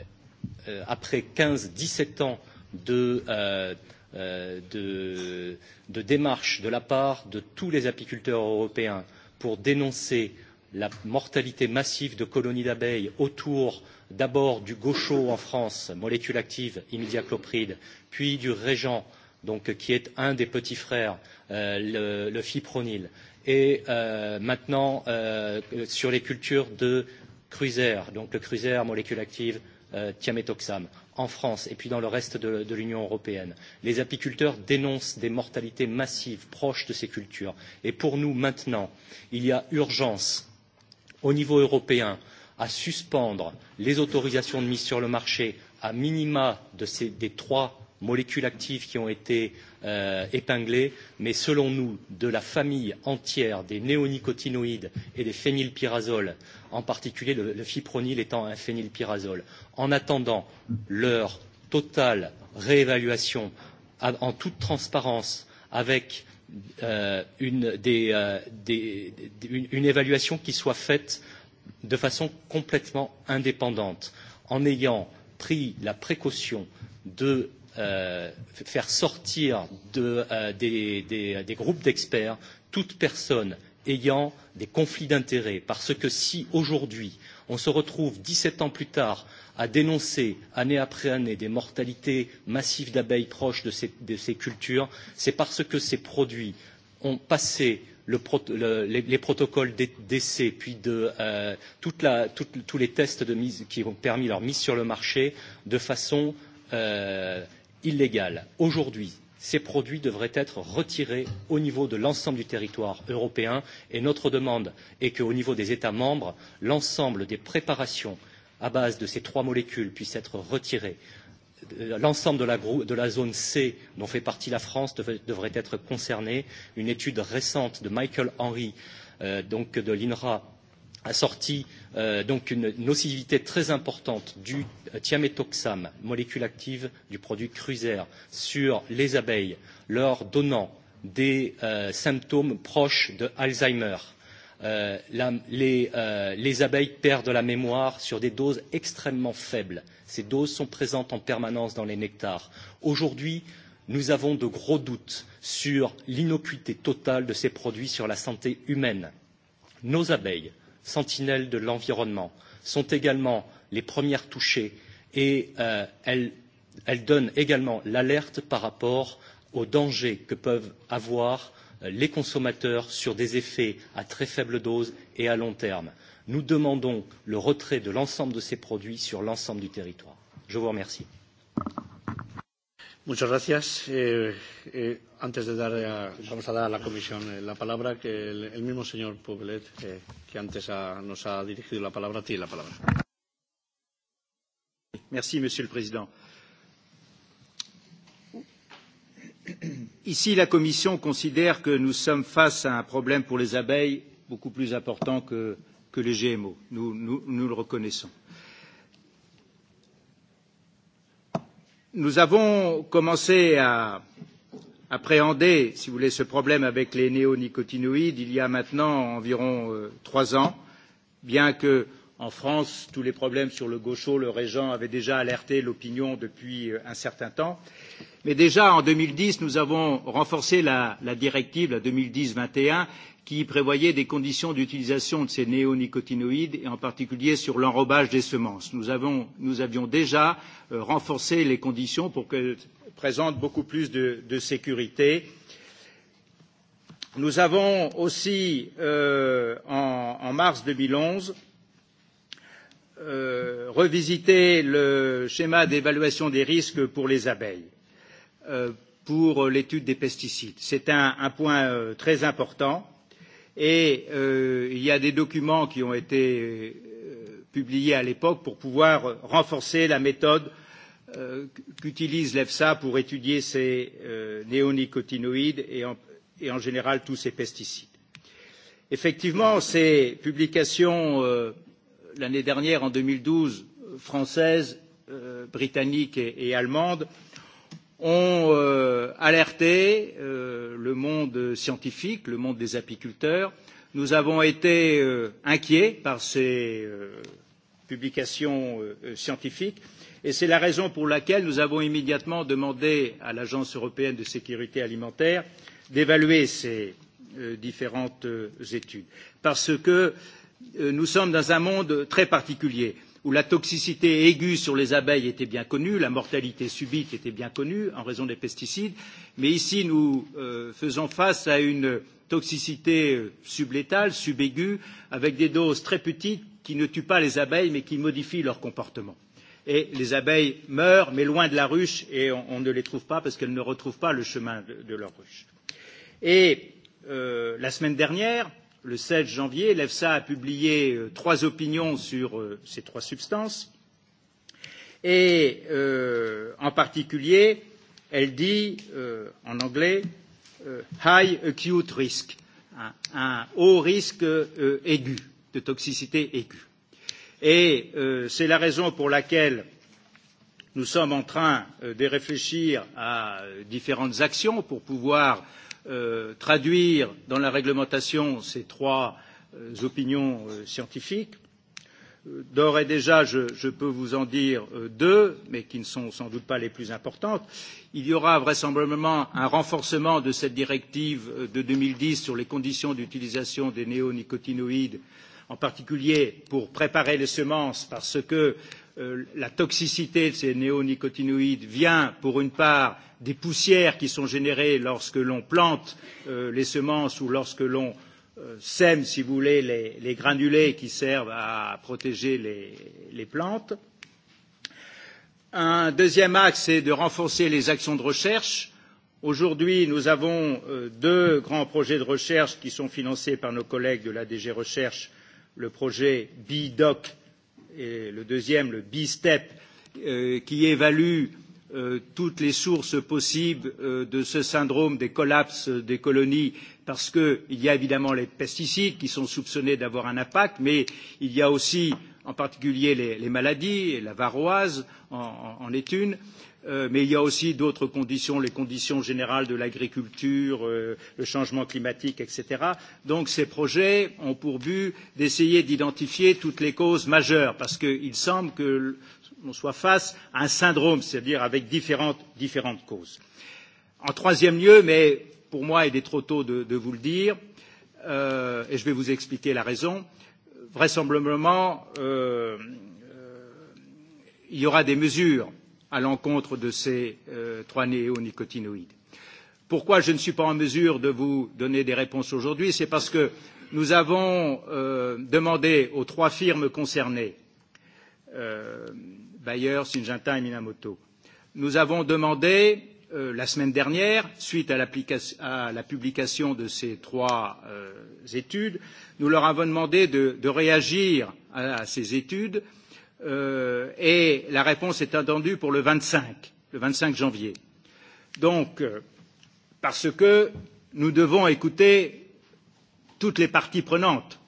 euh, après 15-17 ans de, euh, euh, de, de démarches de la part de tous les apiculteurs européens pour dénoncer euh, la mortalité massive de colonies d'abeilles autour d'abord du gaucho en France, molécule active imidaclopride, puis du régent, donc, qui est un des petits frères, euh, le, le fipronil, et euh, maintenant euh, sur les cultures de Cruiser, donc le Cruiser, molécule active euh, thiamethoxam en France et puis dans le reste de, de l'Union européenne. Les apiculteurs dénoncent des mortalités massives proches de ces cultures. Et pour nous, maintenant, il y a urgence au niveau européen à suspendre les autorisations de mise sur le marché a minima de ces, des trois molécules actives qui ont été euh, épinglées, mais selon nous, de la famille entière des néonicotinoïdes et des phénylpyrazoles, en particulier le, le fipronil étant un phénylpyrazole, en attendant leur totale réévaluation en toute transparence avec euh, une, des, euh, des, une, une évaluation qui soit faite de façon complètement indépendante, en ayant pris la précaution de euh, faire sortir de, euh, des, des, des groupes d'experts toute personne ayant des conflits d'intérêts, parce que si aujourd'hui on se retrouve dix sept ans plus tard euh, à dénoncer année après année des mortalités massives d'abeilles proches de ces, de ces cultures, c'est parce que ces produits ont passé le, le, les, les protocoles d'essai puis de, euh, toute la, tout, tous les tests de mise, qui ont permis leur mise sur le marché de façon euh, illégale. Aujourd'hui, ces produits devraient être retirés au niveau de l'ensemble du territoire européen et notre demande est qu'au niveau des États membres, l'ensemble des préparations à base de ces trois molécules puisse être retiré, euh, l'ensemble de la, de la zone C dont fait partie la France dev, devrait être concernée. Une étude récente de Michael Henry, euh, donc de l'INRA, a sorti euh, donc une nocivité très importante du euh, thiamétoxam, molécule active du produit Cruiser, sur les abeilles, leur donnant des euh, symptômes proches de Alzheimer. Euh, euh, la, les, euh, les abeilles perdent la mémoire sur des doses extrêmement faibles. Ces doses sont présentes en permanence dans les nectars. Aujourd'hui, nous avons de gros doutes sur l'innocuité totale de ces produits sur la santé humaine. Nos abeilles, sentinelles de l'environnement, sont également les premières touchées et euh, elles, elles donnent également l'alerte par rapport aux dangers que peuvent avoir euh, Euh, les consommateurs sur des effets à très faible dose et à long terme. Nous demandons le retrait de l'ensemble de ces produits sur l'ensemble du territoire. Je vous remercie. Muchas gracias. Eh, eh, antes de dar a, eh, vamos a dar a la comisión eh, la palabra, que el, el mismo señor Poblet, eh, que antes ha, nos ha dirigido la palabra, tiene la palabra. Merci, Monsieur le Président. Euh, Ici, la Commission considère que nous sommes face à un problème pour les abeilles beaucoup plus important que, que les GMO. Nous, nous, nous le reconnaissons. Nous avons commencé à appréhender, si vous voulez, ce problème avec les néonicotinoïdes il y a maintenant environ euh, trois ans, bien que En France, tous les problèmes sur le gaucho, le régent avaient déjà alerté l'opinion depuis euh, un certain temps. Mais déjà en 2010, nous avons renforcé la, la directive, la 2010-21, qui prévoyait des conditions d'utilisation de ces néonicotinoïdes et en particulier sur l'enrobage des semences. Nous, avons, nous avions déjà euh, renforcé les conditions pour qu'elles présentent beaucoup plus de, de sécurité. Nous avons aussi, euh, en, en mars 2011, euh, revisiter le schéma d'évaluation des risques pour les abeilles, euh, pour l'étude des pesticides. C'est un, un point euh, très important et euh, il y a des documents qui ont été euh, publiés à l'époque pour pouvoir renforcer la méthode euh, qu'utilise l'EFSA pour étudier ces euh, néonicotinoïdes et en, et en général tous ces pesticides. Effectivement, ces publications euh, l'année dernière, en 2012, françaises, euh, britanniques et, et allemandes, ont euh, alerté euh, le monde scientifique, le monde des apiculteurs. Nous avons été euh, inquiets par ces euh, publications euh, scientifiques et c'est la raison pour laquelle nous avons immédiatement demandé à l'Agence européenne de sécurité alimentaire d'évaluer ces euh, différentes euh, études parce que Euh, nous sommes dans un monde très particulier où la toxicité aiguë sur les abeilles était bien connue, la mortalité subite était bien connue en raison des pesticides, mais ici nous euh, faisons face à une toxicité euh, sublétale, subaiguë, avec des doses très petites qui ne tuent pas les abeilles mais qui modifient leur comportement. Et les abeilles meurent, mais loin de la ruche, et on, on ne les trouve pas parce qu'elles ne retrouvent pas le chemin de, de leur ruche. Et euh, la semaine dernière, euh, le 16 janvier, l'EFSA a publié euh, trois opinions sur euh, ces trois substances. Et euh, en particulier, elle dit euh, en anglais euh, high acute risk, un, un haut risque euh, aigu, de toxicité aiguë. Et euh, c'est la raison pour laquelle nous sommes en train euh, de réfléchir à euh, différentes actions pour pouvoir euh, euh, traduire dans la réglementation ces trois euh, opinions euh, scientifiques. Euh, d'ores et déjà, je, je peux vous en dire euh, deux, mais qui ne sont sans doute pas les plus importantes. Il y aura vraisemblablement un renforcement de cette directive euh, de 2010 sur les conditions d'utilisation des néonicotinoïdes, en particulier pour préparer les semences, parce que euh, la toxicité de ces néonicotinoïdes vient pour une part des poussières qui sont générées lorsque l'on plante euh, les semences ou lorsque l'on euh, sème, si vous voulez, les, les granulés qui servent à protéger les, les plantes. Un deuxième axe, c'est de renforcer les actions de recherche. Aujourd'hui, nous avons euh, deux grands projets de recherche qui sont financés par nos collègues de la DG Recherche, le projet BIDOC et le deuxième, le B-Step, euh, qui évalue euh, toutes les sources possibles euh, de ce syndrome des collapses des colonies, parce qu'il y a évidemment les pesticides qui sont soupçonnés d'avoir un impact, mais il y a aussi en particulier les, les maladies, et la varroise en, en, en est une. Euh, mais il y a aussi d'autres conditions, les conditions générales de l'agriculture, euh, le changement climatique, etc. Donc ces projets ont pour but d'essayer d'identifier toutes les causes majeures, parce qu'il semble qu'on soit face à un syndrome, c'est-à-dire avec différentes, différentes causes. En troisième lieu, mais pour moi, il est trop tôt de, de vous le dire, euh, et je vais vous expliquer la raison, vraisemblablement, euh, euh, il y aura des mesures à l'encontre de ces euh, trois néonicotinoïdes. Pourquoi je ne suis pas en mesure de vous donner des réponses aujourd'hui C'est parce que nous avons euh, demandé aux trois firmes concernées, euh, Bayer, Syngenta et Minamoto, nous avons demandé euh, la semaine dernière, suite à, à la publication de ces trois euh, études, nous leur avons demandé de, de réagir à, à ces études euh, euh, et la réponse est attendue pour le 25, le 25 janvier. Donc, euh, parce que nous devons écouter toutes les parties prenantes.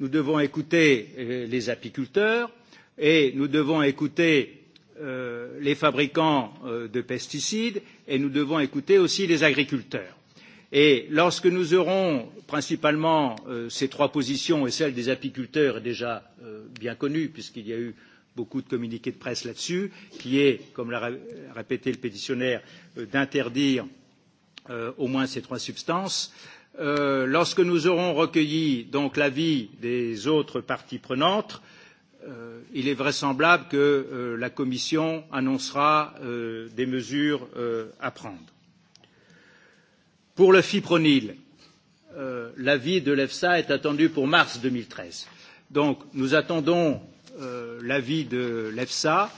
Nous devons écouter euh, les apiculteurs et nous devons écouter euh, les fabricants euh, de pesticides et nous devons écouter aussi les agriculteurs. Et lorsque nous aurons principalement euh, ces trois positions et celle des apiculteurs est déjà euh, bien connue puisqu'il y a eu beaucoup de communiqués de presse là-dessus, qui est, comme l'a répété le pétitionnaire, euh, d'interdire euh, au moins ces trois substances. Euh, lorsque nous aurons recueilli donc l'avis des autres parties prenantes, euh, il est vraisemblable que euh, la Commission annoncera euh, des mesures euh, à prendre. Pour le fipronil, euh, l'avis de l'EFSA est attendu pour mars 2013. Donc, nous attendons euh, l'avis de l'EFSA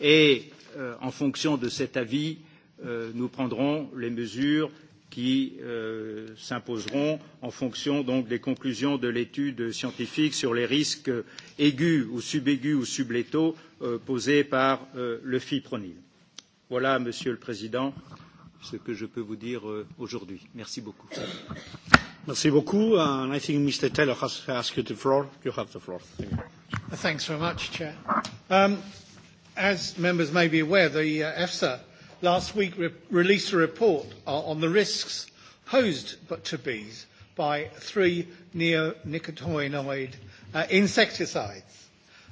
et, euh, en fonction de cet avis, euh, nous prendrons les mesures qui euh, s'imposeront en fonction donc des conclusions de l'étude scientifique sur les risques aigus ou subaigus ou sublétaux euh, posés par euh, le fipronil. Voilà, Monsieur le Président, euh, ce que je peux vous dire euh, aujourd'hui. Merci beaucoup. Merci beaucoup. And I think Mr. Taylor has asked you the floor. You have the floor. Thank you. Thanks very much, Chair. Um, as members may be aware, the uh, EFSA last week re- released a report uh, on the risks posed to bees by three neonicotinoid uh, insecticides.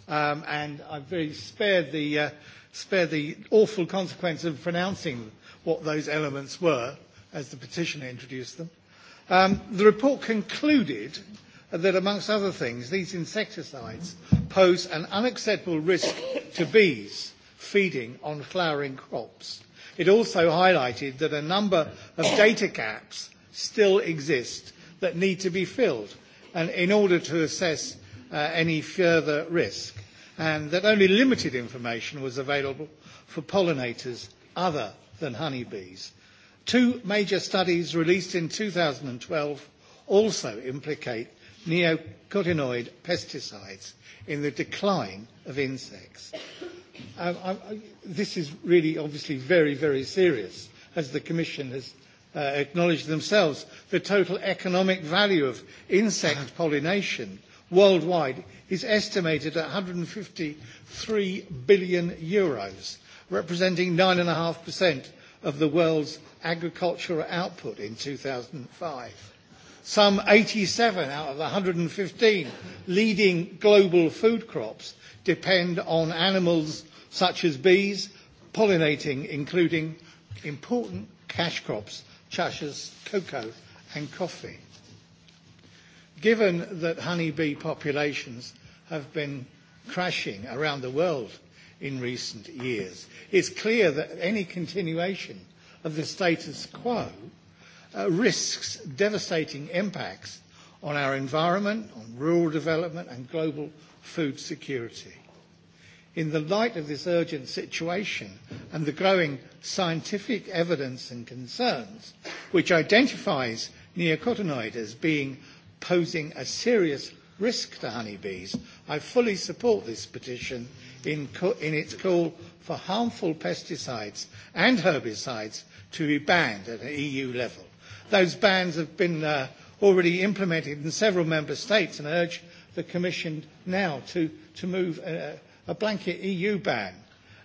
Um, and I've very spared the, uh, spared the awful consequence of pronouncing what those elements were as the petitioner introduced them. Um, the report concluded that, amongst other things, these insecticides pose an unacceptable risk to bees feeding on flowering crops. It also highlighted that a number of data gaps still exist that need to be filled and in order to assess uh, any further risk, and that only limited information was available for pollinators other than honeybees. Two major studies released in 2012 also implicate neocotinoid pesticides in the decline of insects. Um, I, I, this is really obviously very, very serious, as the Commission has uh, acknowledged themselves. The total economic value of insect pollination worldwide is estimated at 153 billion euros representing 9.5% of the world's agricultural output in 2005. Some 87 out of the 115 leading global food crops depend on animals such as bees pollinating, including important cash crops such as cocoa and coffee. Given that honeybee populations have been crashing around the world in recent years. It's clear that any continuation of the status quo uh, risks devastating impacts on our environment, on rural development, and global food security. In the light of this urgent situation and the growing scientific evidence and concerns, which identifies neocotinoid as being posing a serious risk to honeybees, I fully support this petition in, co- in its call for harmful pesticides and herbicides to be banned at an EU level. Those bans have been uh, already implemented in several member states and urge the Commission now to, to move a, uh, a blanket EU ban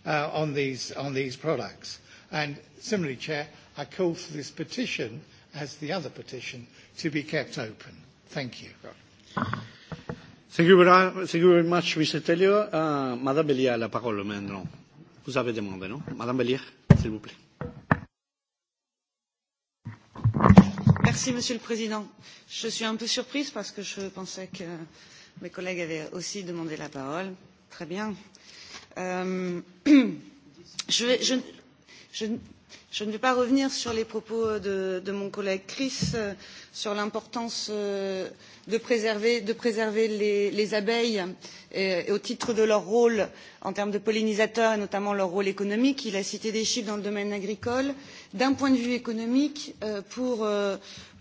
uh, on, these, on these products. And similarly, Chair, I call for this petition, as the other petition, to be kept open. Thank you. Right. Thank you very, thank you very much, Mr. Tellier. Uh, Madame Bellier a la parole maintenant. Vous avez demandé, non Madame Bellier, s'il vous plaît. Merci, Monsieur le Président. Je suis un peu surprise parce que je pensais que mes collègues avaient aussi demandé la parole. Très bien. Euh, je vais, je, je, Je ne vais pas revenir sur les propos de, de mon collègue Chris euh, sur l'importance euh, de préserver, de préserver les, les abeilles et, euh, et au titre de leur rôle en termes de pollinisateurs et notamment leur rôle économique. Il a cité des chiffres dans le domaine agricole. D'un point de vue économique, euh, pour, euh,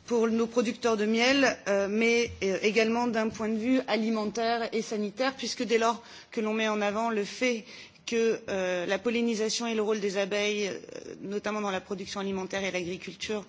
pour nos producteurs de miel, euh, mais euh, également d'un point de vue alimentaire et sanitaire, puisque dès lors que l'on met en avant le fait que euh, la pollinisation et le rôle des abeilles, euh, notamment dans la production alimentaire et l'agriculture,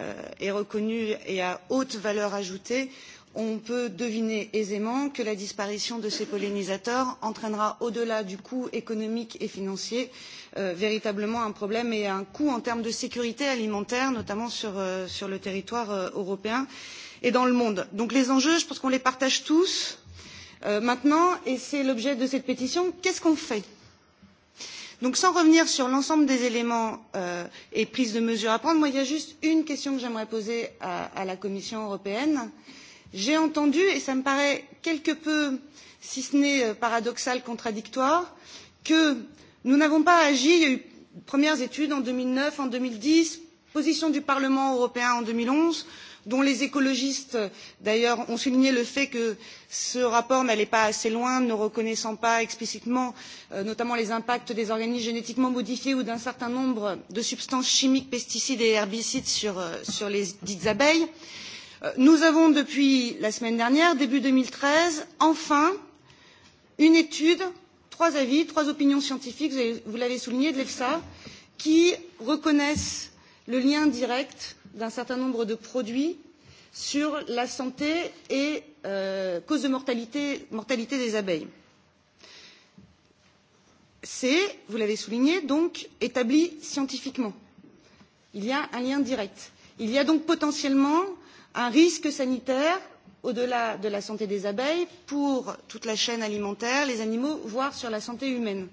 euh, est reconnu et à haute valeur ajoutée, on peut deviner aisément que la disparition de ces pollinisateurs entraînera au delà du coût économique et financier euh, véritablement un problème et un coût en termes de sécurité alimentaire notamment sur, euh, sur le territoire euh, européen et dans le monde. donc les enjeux je pense qu'on les partage tous. Euh, maintenant et c'est l'objet de cette pétition qu'est ce qu'on fait? donc sans revenir sur l'ensemble des éléments euh, et prises de mesures à prendre moi il y a juste une question que j'aimerais poser à, à la commission européenne j'ai entendu et ça me paraît quelque peu si ce n'est euh, paradoxal contradictoire que nous n'avons pas agi il y a eu premières études en deux mille neuf en deux mille dix position du parlement européen en deux mille onze dont les écologistes d'ailleurs ont souligné le fait que ce rapport n'allait pas assez loin ne reconnaissant pas explicitement euh, notamment les impacts des organismes génétiquement modifiés ou d'un certain nombre de substances chimiques pesticides et herbicides sur, euh, sur les dites abeilles. Euh, nous avons depuis la semaine dernière, début 2013, enfin une étude trois avis trois opinions scientifiques vous l'avez souligné de l'efsa qui reconnaissent le lien direct d'un certain nombre de produits sur la santé et euh, cause de mortalité, mortalité des abeilles. C'est, vous l'avez souligné, donc établi scientifiquement. Il y a un lien direct. Il y a donc potentiellement un risque sanitaire au delà de la santé des abeilles pour toute la chaîne alimentaire, les animaux, voire sur la santé humaine.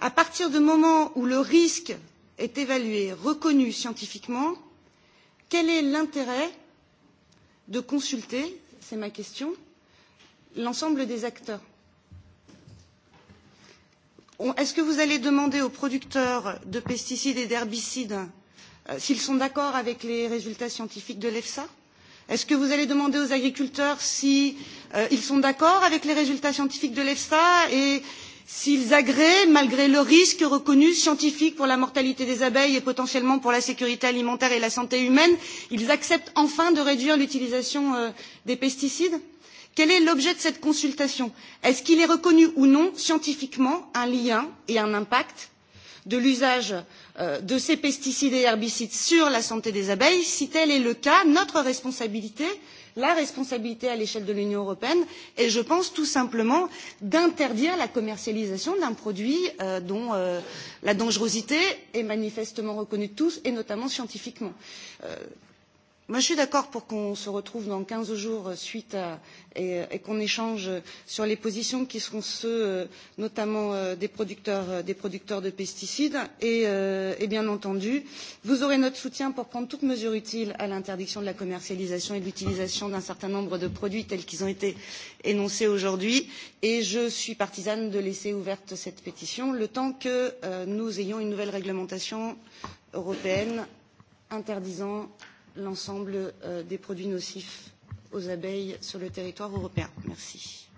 À partir du moment où le risque est évalué, reconnu scientifiquement, Quel est l'intérêt de consulter, c'est ma question, l'ensemble des acteurs Est-ce que vous allez demander aux producteurs de pesticides et d'herbicides euh, s'ils sont d'accord avec les résultats scientifiques de l'EFSA Est-ce que vous allez demander aux agriculteurs s'ils si, euh, ils sont d'accord avec les résultats scientifiques de l'EFSA et s'ils agréent malgré le risque reconnu scientifique pour la mortalité des abeilles et potentiellement pour la sécurité alimentaire et la santé humaine ils acceptent enfin de réduire l'utilisation euh, des pesticides? quel est l'objet de cette consultation? est ce qu'il est reconnu ou non scientifiquement un lien et un impact de l'usage euh, de ces pesticides et herbicides sur la santé des abeilles? si tel est le cas notre responsabilité est la responsabilité à l'échelle de l'Union européenne et je pense tout simplement d'interdire la commercialisation d'un produit euh, dont euh, la dangerosité est manifestement reconnue de tous et notamment scientifiquement. Euh, Moi, je suis d'accord pour qu'on se retrouve dans 15 jours euh, suite à, et, euh, et qu'on échange sur les positions qui seront ceux euh, notamment des producteurs, des producteurs de pesticides. Et, et bien entendu, vous aurez notre soutien pour prendre toute mesure utile à l'interdiction de la commercialisation et de l'utilisation d'un certain nombre de produits tels qu'ils ont été énoncés aujourd'hui. Et je suis partisane de laisser ouverte cette pétition le temps que euh, nous ayons une nouvelle réglementation européenne interdisant l'ensemble euh, des produits nocifs aux abeilles sur le territoire européen. Merci.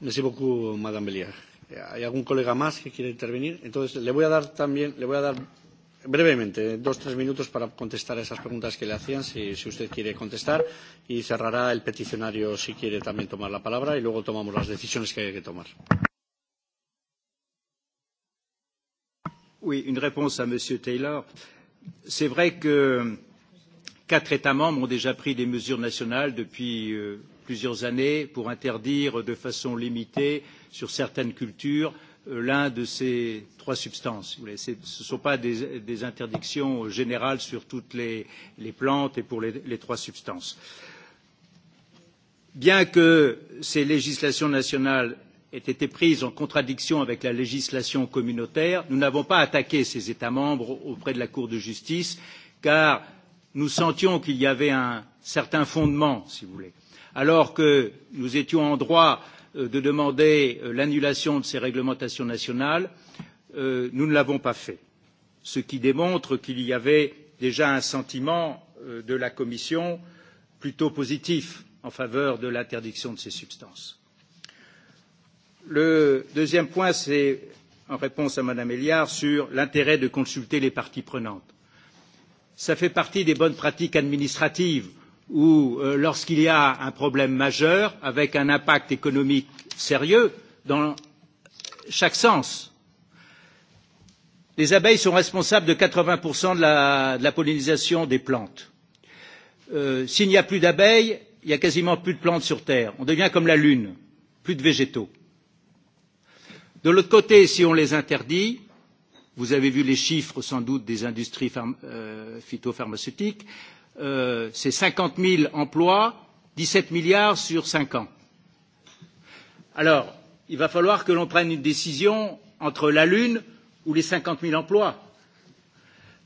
Merci beaucoup, Madame Bellier. Eh, ¿Hay algún colega más que quiera intervenir? Entonces, le voy a dar también, le voy a dar brevemente, eh, dos o tres minutos para contestar a esas preguntas que le hacían, si, si usted quiere contestar, y cerrará el peticionario si quiere también tomar la palabra, y luego tomamos las decisiones que hay que tomar. Oui, une réponse à Monsieur Taylor. C'est vrai que euh, Quatre États membres ont déjà pris des mesures nationales depuis euh, plusieurs années pour interdire de façon limitée sur certaines cultures euh, l'un de ces trois substances. Ce ne sont pas des, des interdictions générales sur toutes les, les plantes et pour les, les trois substances. Bien que ces législations nationales aient été prises en contradiction avec la législation communautaire, nous n'avons pas attaqué ces États membres auprès de la Cour de justice, car nous sentions qu'il y avait un certain fondement, si vous voulez, alors que nous étions en droit euh, de demander euh, l'annulation de ces réglementations nationales, euh, nous ne l'avons pas fait, ce qui démontre qu'il y avait déjà un sentiment euh, de la Commission plutôt positif en faveur de l'interdiction de ces substances. Le deuxième point, c'est en réponse à Madame Héliard sur l'intérêt de consulter les parties prenantes ça fait partie des bonnes pratiques administratives où, euh, lorsqu'il y a un problème majeur avec un impact économique sérieux dans chaque sens, les abeilles sont responsables de 80% de la, de la pollinisation des plantes. Euh, S'il n'y a plus d'abeilles, il n'y a quasiment plus de plantes sur Terre. On devient comme la Lune, plus de végétaux. De l'autre côté, si on les interdit, Vous avez vu les chiffres sans doute des industries euh, phytopharmaceutiques. Euh, c'est 50 000 emplois, 17 milliards sur 5 ans. Alors, il va falloir que l'on prenne une décision entre la Lune ou les 50 000 emplois.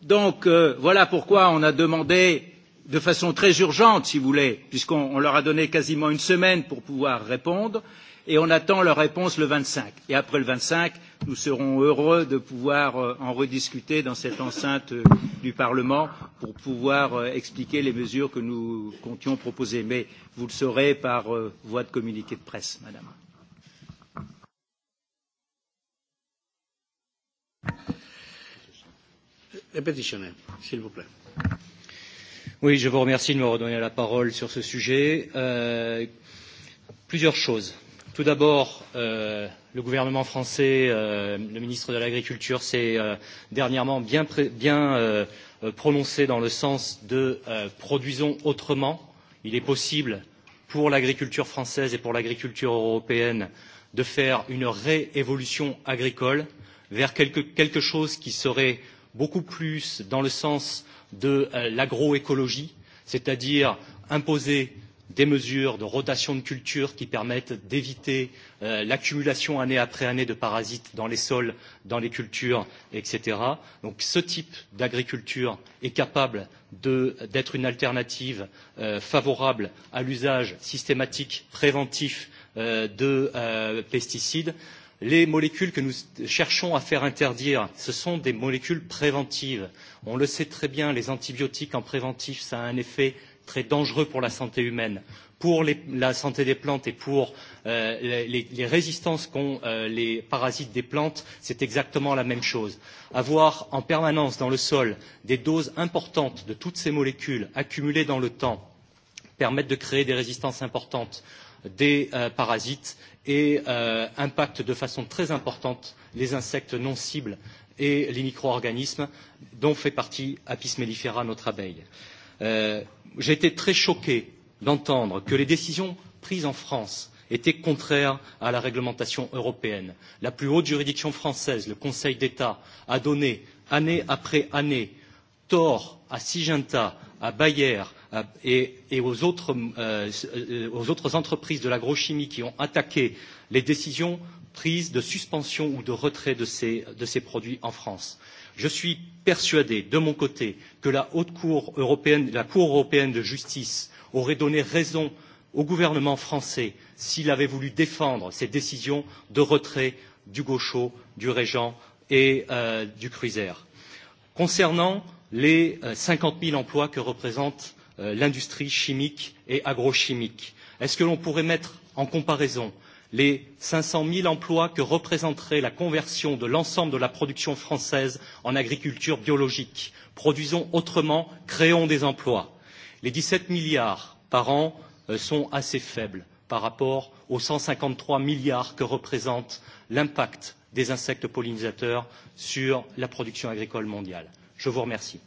Donc, euh, voilà pourquoi on a demandé de façon très urgente, si vous voulez, puisqu'on leur a donné quasiment une semaine pour pouvoir répondre, euh, et on attend leur réponse le 25. Et après le 25, nous serons heureux de pouvoir euh, en rediscuter dans cette enceinte euh, du Parlement pour pouvoir euh, expliquer les mesures que nous comptions proposer. Mais vous le saurez par voie de communiqué de presse, Madame. Le pétitionnaire, s'il vous plaît. Oui, je vous remercie de me redonner la parole sur ce sujet. Euh, plusieurs choses. Tout d'abord, euh, le gouvernement français, euh, le ministre de l'Agriculture s'est euh, dernièrement bien, bien euh, euh, prononcé dans le sens de euh, produisons autrement. Il est possible pour l'agriculture française et pour l'agriculture européenne de faire une réévolution agricole vers quelque, quelque chose qui serait beaucoup plus dans le sens de euh, l'agroécologie, c'est-à-dire imposer des mesures de rotation de culture qui permettent d'éviter euh, l'accumulation année après année de parasites dans les sols, dans les cultures, etc. Donc ce type d'agriculture est capable d'être une alternative euh, favorable à l'usage systématique préventif euh, de euh, pesticides. Les molécules que nous cherchons à faire interdire, ce sont des molécules préventives. On le sait très bien, les antibiotiques en préventif, ça a un effet très dangereux pour la santé humaine, pour les, la santé des plantes et pour euh, les, les résistances qu'ont euh, les parasites des plantes, c'est exactement la même chose. Avoir en permanence dans le sol des doses importantes de toutes ces molécules accumulées dans le temps permettent de créer des résistances importantes des euh, parasites et euh, impactent de façon très importante les insectes non cibles et les micro organismes dont fait partie apis mellifera notre abeille. Euh, Euh, J'ai été très choqué d'entendre que les décisions prises en France étaient contraires à la réglementation européenne. La plus haute juridiction française, le Conseil d'État, a donné année après année tort à Syngenta, à Bayer et, et aux, autres, euh, aux autres entreprises de l'agrochimie qui ont attaqué les décisions prises de suspension ou de retrait de ces, de ces produits en France. Je suis persuadé, de mon côté, que la Haute Cour européenne, la Cour européenne de justice aurait donné raison au gouvernement français s'il avait voulu défendre ses décisions de retrait du Gaucho, du Régent et euh, du Cruiser. Concernant les euh, 50 000 emplois que représente euh, l'industrie chimique et agrochimique, est-ce que l'on pourrait mettre en comparaison euh, les 500 000 emplois que représenterait la conversion de l'ensemble de la production française en agriculture biologique. Produisons autrement, créons des emplois. Les 17 milliards par an euh, sont assez faibles par rapport aux 153 milliards que représente l'impact des insectes pollinisateurs sur la production agricole mondiale. Je vous remercie.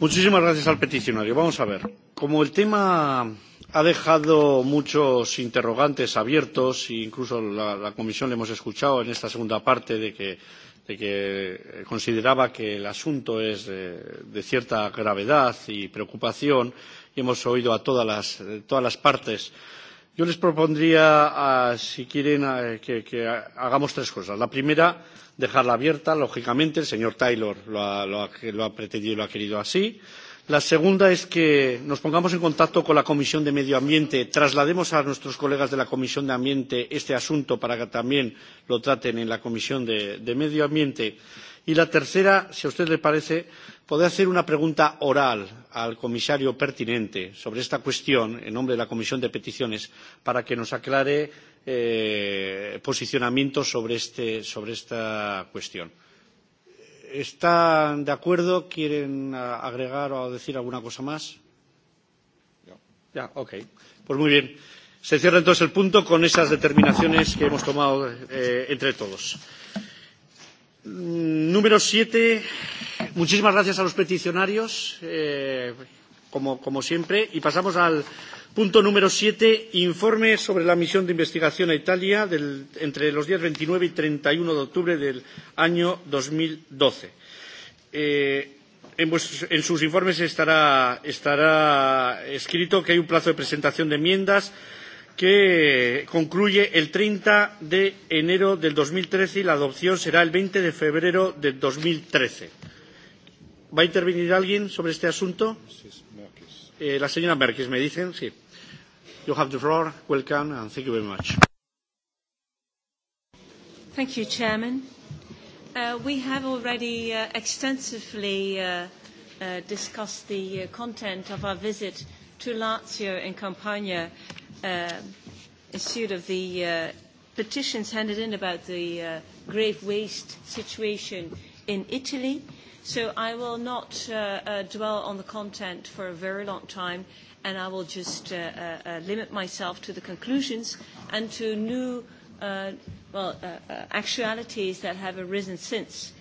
Muchísimas gracias al peticionario. Vamos a ver. Como el tema ha dejado muchos interrogantes abiertos e incluso la, la comisión le hemos escuchado en esta segunda parte de que, de que consideraba que el asunto es de, de cierta gravedad y preocupación y hemos oído a todas las, todas las partes. Yo les propondría, uh, si quieren, uh, que, que hagamos tres cosas. La primera, dejarla abierta, lógicamente. El señor Taylor lo ha, lo ha, lo ha pretendido y lo ha querido así. Uh, La segunda es que nos pongamos en contacto con la Comisión de Medio Ambiente, traslademos a nuestros colegas de la Comisión de Ambiente este asunto para que también lo traten en la Comisión de, de Medio Ambiente. Y la tercera, si a usted le parece, poder hacer una pregunta oral al comisario pertinente sobre esta cuestión en nombre de la Comisión de Peticiones para que nos aclare eh, posicionamientos sobre, este, sobre esta cuestión. ¿Están de acuerdo? ¿Quieren ah, agregar o decir alguna cosa más? No. Ya, ok. Pues muy bien. Se cierra entonces el punto con esas determinaciones que hemos tomado eh, entre todos. Número siete. Muchísimas gracias a los peticionarios. Eh, como, como siempre. Y pasamos al punto número 7, informe sobre la misión de investigación a Italia del, entre los días 29 y 31 de octubre del año 2012. Eh, en, vuestros, en sus informes estará, estará escrito que hay un plazo de presentación de enmiendas que concluye el 30 de enero del 2013 y la adopción será el 20 de febrero del 2013. ¿Va a intervenir alguien sobre este asunto? Sí, sí. Eh, la señora Merkis, ¿me dicen? Sí. You have the floor. Welcome, and thank you very much. Thank you, Chairman. Uh, we have already uh, extensively uh, uh, discussed the uh, content of our visit to Lazio and Campania uh, in suit of the uh, petitions handed in about the uh, grave waste situation in Italy. Uh, So I will not uh, uh, dwell on the content for a very long time, and I will just uh, uh, uh, limit myself to the conclusions and to new, uh, well, uh, uh, actualities that have arisen since.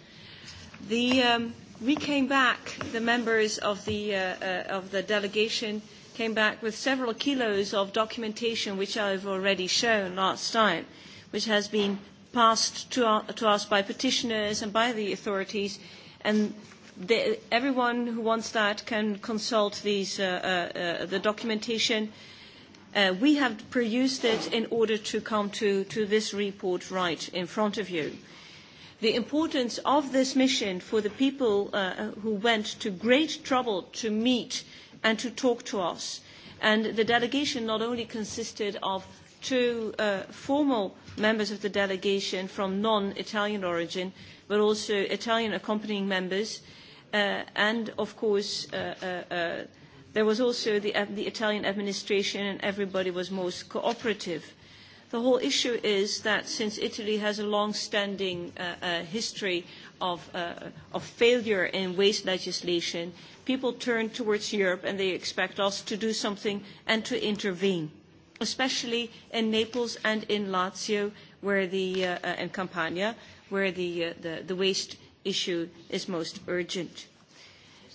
The, um, we came back, the members of the, uh, uh, of the delegation came back with several kilos of documentation, which I've already shown last time, which has been passed to, our, to us by petitioners and by the authorities And the, everyone who wants that can consult these, uh, uh, uh, the documentation. Uh, we have produced it in order to come to, to this report right in front of you. The importance of this mission for the people uh, who went to great trouble to meet and to talk to us. And the delegation not only consisted of two uh, formal members of the delegation from non-Italian origin, but also Italian accompanying members. Uh, and, of course, uh, uh, uh, there was also the, uh, the Italian administration, and everybody was most cooperative. The whole issue is that since Italy has a long-standing uh, uh, history of, uh, of failure in waste legislation, people turn towards Europe and they expect us to do something and to intervene, especially in Naples and in Lazio where the, uh, and uh, Campania, where the, uh, the, the waste issue is most urgent.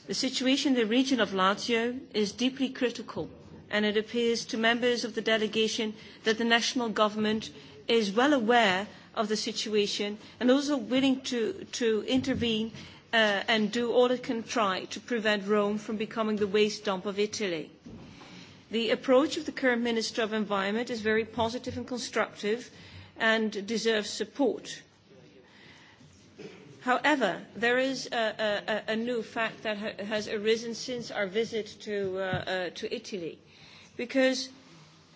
The situation in the region of Lazio is deeply critical, and it appears to members of the delegation that the national government is well aware of the situation and also willing to, to intervene uh, and do all it can try to prevent Rome from becoming the waste dump of Italy. The approach of the current Minister of Environment is very positive and constructive and deserves support. However, there is a, a, a new fact that ha- has arisen since our visit to, uh, uh, to Italy, because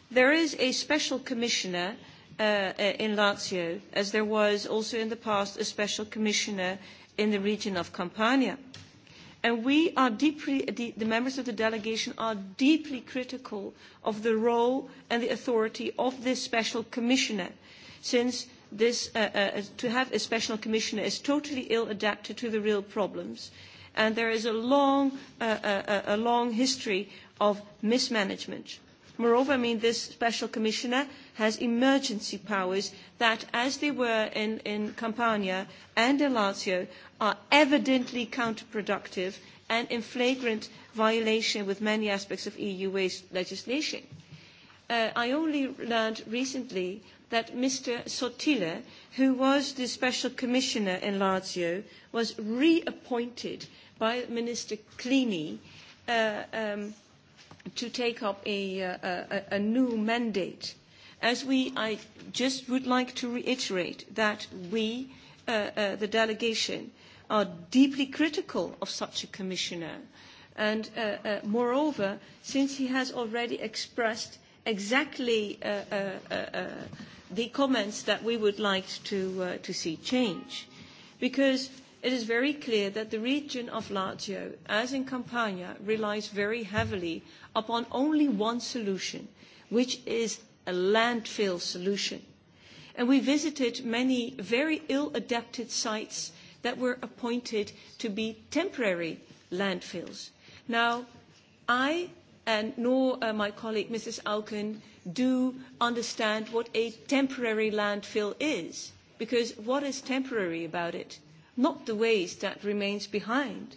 there is a special commissioner uh, uh, in Lazio, as there was also in the past a special commissioner in the region of Campania. And we are deeply, the, the members of the delegation are deeply critical of the role and the authority of this special commissioner, since this, uh, uh, to have a special commissioner is totally ill-adapted to the real problems. And there is a long, uh, uh, uh, a long history of mismanagement. Moreover, I mean, this special commissioner has emergency powers that, as they were in, in Campania and in Lazio, are evidently counterproductive and in flagrant violation with many aspects of EU waste legislation. Uh, I only learned recently that Mr. Sotile, who was the special commissioner in Lazio, was reappointed by Minister Clini uh, um, to take up a, uh, a, a new mandate. As we, I just would like to reiterate that we, uh, uh, the delegation, are deeply critical of such a commissioner. And uh, uh, moreover, since he has already expressed exactly uh, uh, uh, uh, the comments that we would like to, uh, to see change. Because it is very clear that the region of Lazio, as in Campania, relies very heavily upon only one solution, which is a landfill solution. And we visited many very ill-adapted sites that were appointed to be temporary landfills. Now, I and nor uh, my colleague Mrs. Alken do understand what a temporary landfill is. Because what is temporary about it? Not the waste that remains behind.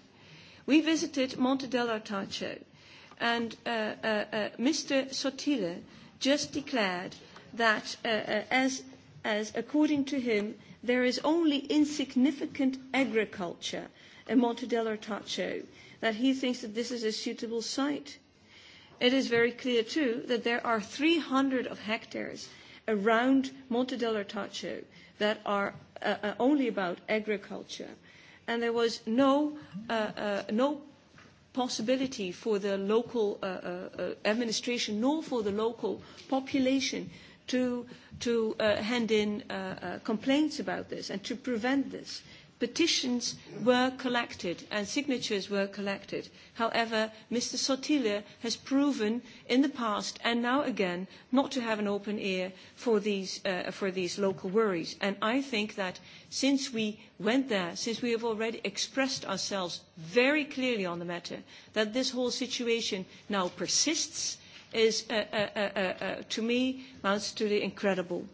We visited Monte dell'Artace, and uh, uh, uh, Mr. Sotile just declared that, uh, uh, as, as according to him, there is only insignificant agriculture in Monte dell'Artace, that he thinks that this is a suitable site it is very clear too that there are 300 of hectares around Monte dell'Ortaccio that are uh, uh, only about agriculture. And there was no, uh, uh, no possibility for the local uh, uh, uh, administration nor for the local population to, to uh, hand in uh, uh, complaints about this and to prevent this. Uh, petitions were collected and signatures were collected. However, Mr. Sotilia has proven in the past and now again not to have an open ear for these, uh, for these local worries. And I think that since we went there, since we have already expressed ourselves very clearly on the matter, that this whole situation now persists is, uh, uh, uh, uh, to me, amounts to the incredible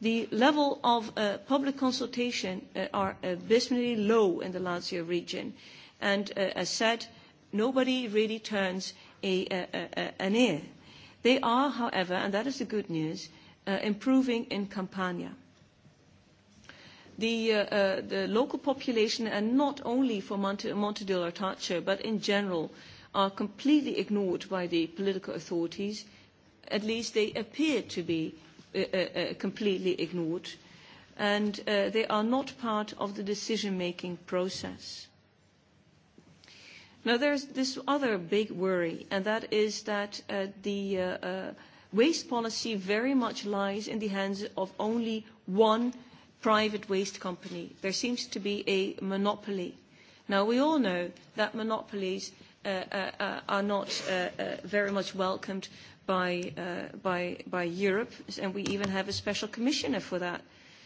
the level of uh, public consultation uh, are uh, abysmally low in the Lazio region. And uh, as said, nobody really turns a, a, a, an ear. They are, however, and that is the good news, uh, improving in Campania. The, uh, uh, the local population, and not only for Monte, Monte dell'Ortaccio, but in general, are completely ignored by the political authorities. At least they appear to be Uh, uh, uh, completely ignored, and uh, they are not part of the decision-making process. Now, there's this other big worry, and that is that uh, the uh, uh, waste policy very much lies in the hands of only one private waste company. There seems to be a monopoly. Now, we all know that monopolies uh, uh, uh are not uh, uh, very much welcomed by, uh, by, by Europe, and we even have a special commissioner for that.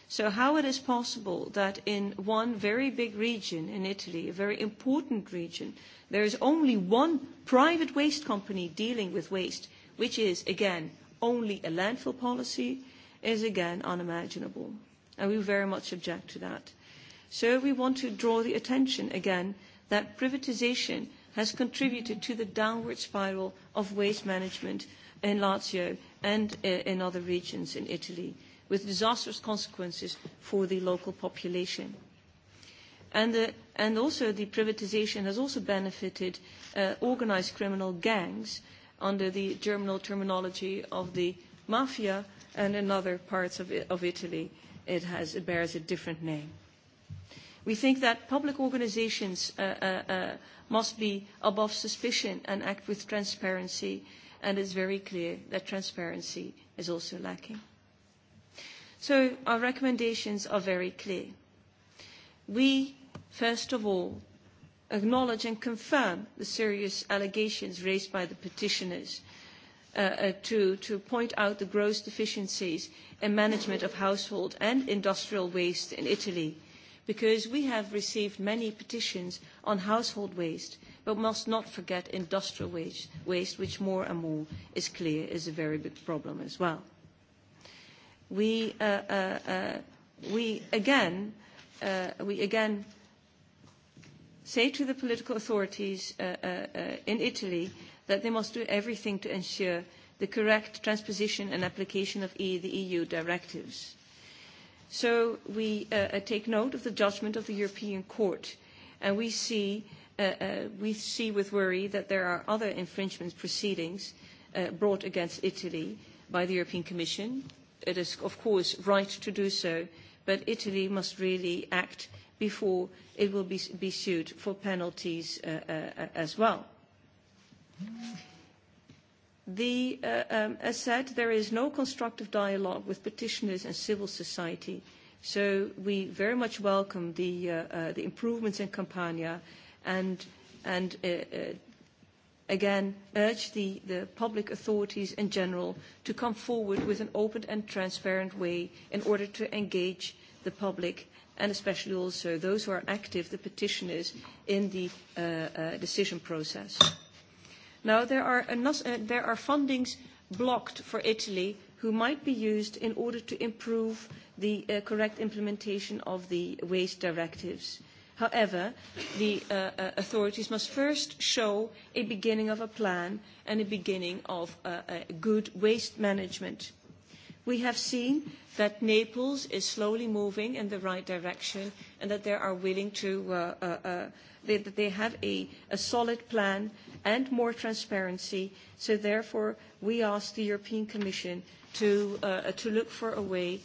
So how it is possible that in one very big region in Italy, a very important region, there is only one private waste company dealing with waste, which is, again, only a landfill policy, is again unimaginable. And we very much object to that. So we want to draw the attention again that privatization has contributed to the downward spiral of waste management in Lazio and in other regions in Italy, with disastrous consequences for the local population. And, uh, and also the privatization has also benefited uh, organized criminal gangs under the germinal terminology of the mafia and in other parts of, of Italy it, has, it bears a different name. We think that public organizations uh, uh, uh, must be above suspicion and act with transparency uh, and it's very clear that transparency is also lacking. So our recommendations are very clear. We, first of all, acknowledge and confirm the serious allegations raised by the petitioners uh, uh, to, to point out the gross deficiencies in management of household and industrial waste in Italy, because we have received many petitions on household waste – but must not forget industrial waste, waste which more and more is clear is a very big problem as well. We, uh, uh, uh, we, again, uh, we again say to the political authorities uh, uh, uh, in Italy that they must do everything to ensure the correct transposition and application of e, the EU directives. So we uh, uh, take note of the judgment of the European Court, and we see uh, uh, we see with worry that there are other infringement proceedings uh, brought against Italy by the European Commission. It is, of course, right to do so, but Italy must really act before it will be, be sued for penalties uh, uh, as well. The, uh, um, as said, there is no constructive dialogue with petitioners and civil society, so we very much welcome the, uh, uh, the improvements in Campania uh, and, and uh, uh, again urge the, the public authorities in general to come forward with an open and transparent way in order to engage the public and especially also those who are active, the petitioners, in the uh, uh, decision process. Now, there are, uh, there are fundings blocked for Italy who might be used in order to improve the uh, correct implementation of the waste directives. Uh, However, the uh, uh, authorities must first show a beginning of a plan and a beginning of uh, a good waste management. We have seen that Naples is slowly moving in the right direction and that they are willing to, uh, uh, uh, they, that they have a, a solid plan and more transparency. So therefore, we ask the European Commission to, uh, to look for a way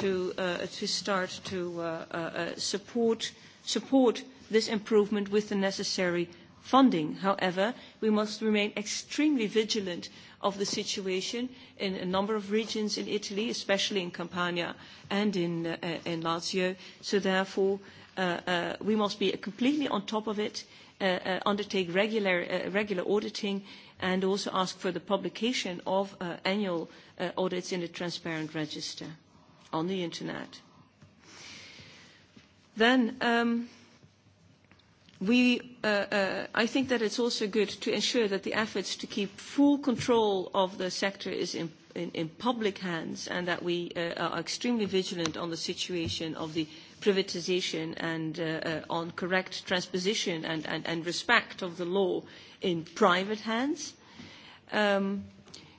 to, uh, to start to uh, uh, uh support uh, support this improvement with the necessary funding. However, we must remain extremely vigilant of the situation in a number of regions in Italy, especially in Campania and in, uh, in Lazio. So therefore, uh, uh, we must be completely on top of it, uh, uh, undertake regular, uh, regular auditing, and also ask for the publication of uh, annual uh, audits in a transparent register on the Internet. Then um, we, uh, uh, I think that it's also good to ensure that the efforts to keep full control of the sector is in, in, in public hands and that we uh, are extremely vigilant on the situation of the privatization and uh, uh, on correct transposition and, and, and respect of the law in private hands. Um,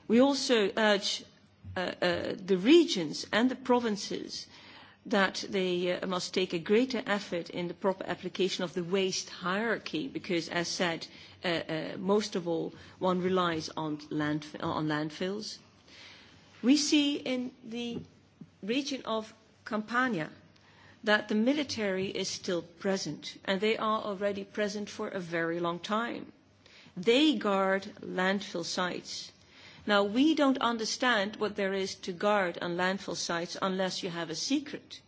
we also urge uh, uh, the regions and the provinces uh, that they uh, must take a greater effort in the proper application of the waste hierarchy because, as said, uh, uh, most of all, one relies on, landf- on landfills. We see in the region of Campania that the military is still present, and they are already present for a very long time. They guard landfill sites Now, we don't understand what there is to guard on landfill sites unless you have a secret.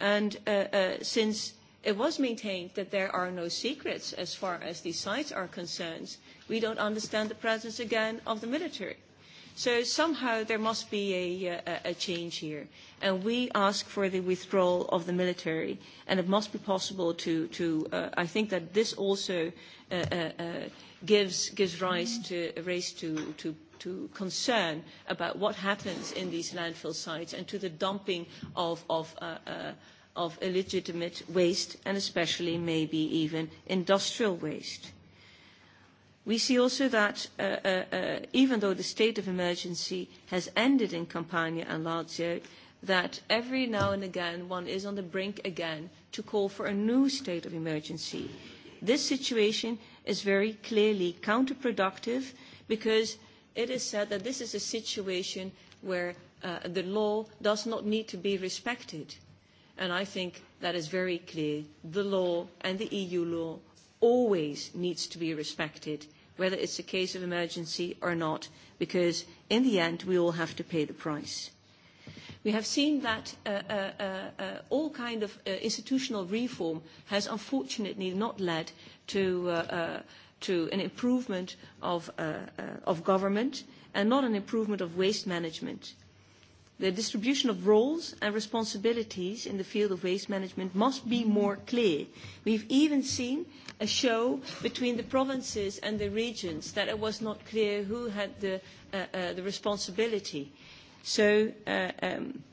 And uh, uh, since it was maintained that there are no secrets as far as these sites are concerned, we don't understand the presence again of the military. So somehow there must be a, a, uh, a change here. And we ask for the withdrawal of the military. And it must be possible to, to uh, I think that this also uh, uh, uh gives, gives rise to, raise to, to to concern about what happens in these landfill sites and to the dumping of, of, uh, uh, of illegitimate waste and especially maybe even industrial waste. We see also that uh, uh, uh, even though the state of emergency has ended in Campania and Lazio, that every now and again one is on the brink again to call for a new state of emergency. This situation is very clearly counterproductive because it is said that this is a situation where uh, the law does not need to be respected. And I think that is very clear. The law and the EU law always needs to be respected, whether it's a case of emergency or not, because in the end we all have to pay the price. We have seen that uh, uh, uh, uh all kind of uh, institutional reform has unfortunately not led to uh, uh, to an improvement of, uh, uh, of government and not an improvement of waste management. The distribution of roles and responsibilities in the field of waste management must be more clear. We've even seen a show between the provinces and the regions that it was not clear who had the, uh, uh, the responsibility. So uh, um,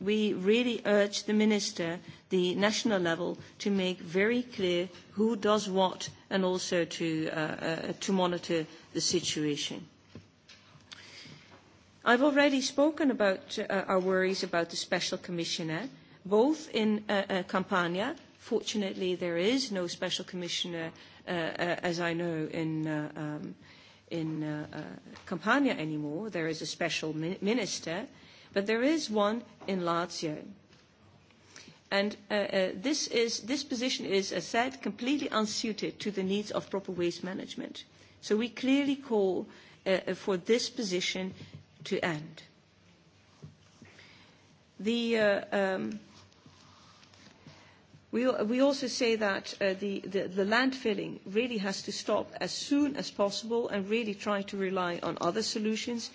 we really urge the minister, the national level, to make very clear who does what and also to, uh, uh, to monitor the situation. I've already spoken about uh, our worries about the Special Commissioner, both in uh, uh, Campania. Fortunately, there is no Special Commissioner, uh, uh, as I know, in, uh, um, in uh, uh, Campania anymore. There is a Special Minister. Uh, but there is one in Lazio. And uh, uh, this, is, this position is, as said, completely unsuited to the needs of proper waste management. So we clearly call uh, uh, for this position to end. The, uh, um, we, we also say that uh, the, the, the landfilling really has to stop as soon as possible and really try to rely on other solutions,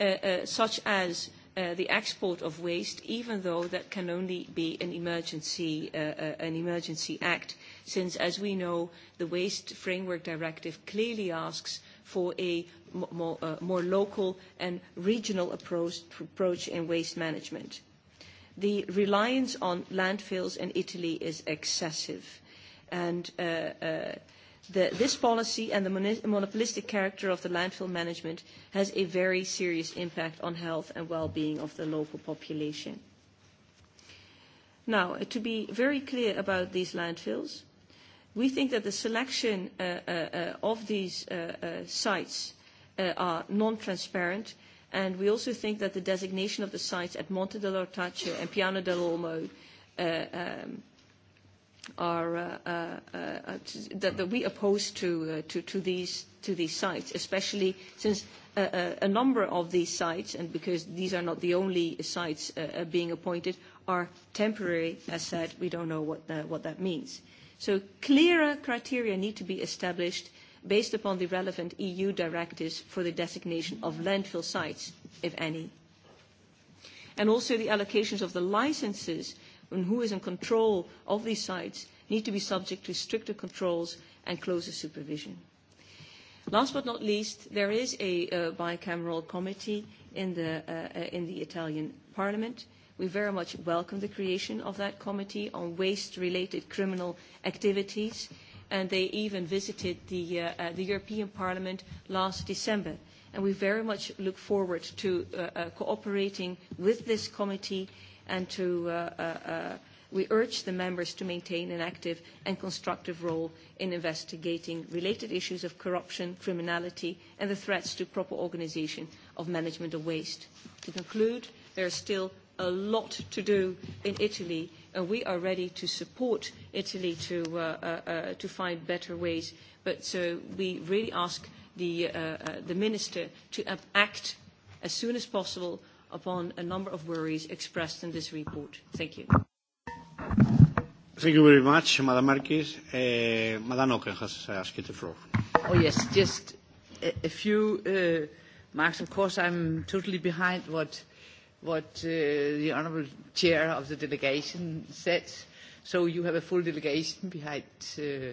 uh, uh, such as uh, the export of waste, even though that can only be an emergency, uh, uh, an emergency act, since, as we know, the Waste Framework Directive clearly asks for a more, uh, more local and regional approach, approach in waste management. The reliance on landfills in Italy is excessive, and uh, uh, the, this policy and the monopolistic character of the landfill management has a very serious impact on health and well-being of the local population. Now, uh, to be very clear about these landfills, we think that the selection uh, uh, uh of these uh, uh sites are non-transparent, and we also think that the designation of the sites at Monte dell'Ortaccio and Piano dell'Olmo um, are uh, uh, uh, that, that we oppose to, uh, to, to, these, to these sites, especially since uh, uh, a number of these sites, and because these are not the only sites uh, uh, being appointed, are temporary. As said, we don't know what, the, uh, what that means. So clearer criteria need to be established based upon the relevant EU directives for the designation of landfill sites, if any. And also the allocations of the licenses uh, on who is in control of these sites need to be subject to stricter controls and closer supervision. Last but not least, there is a uh, bicameral committee in the, uh, uh, in the Italian Parliament. We very much welcome the creation of that committee on waste-related criminal activities, and they even visited the, uh, uh, the European Parliament last December. And we very much look forward to uh, uh, cooperating with this committee uh, and to, uh, uh, uh, we urge the members to maintain an active and constructive role in investigating related issues of corruption, criminality, and the threats to proper organization of management of waste. To conclude, there is still a lot to do in Italy, and we are ready to support Italy to, uh, uh, uh to find better ways. But so uh, we really ask the, uh, uh, the Minister to act as soon as possible upon a number of worries expressed in this report. Thank you. Thank you very much, Madam Marquis. Uh, eh, Madam Oken has asked the floor. Oh, yes, just a, a few uh, marks. Of course, I'm totally behind what, what uh, the Honourable Chair of the delegation said. So you have a full delegation behind uh,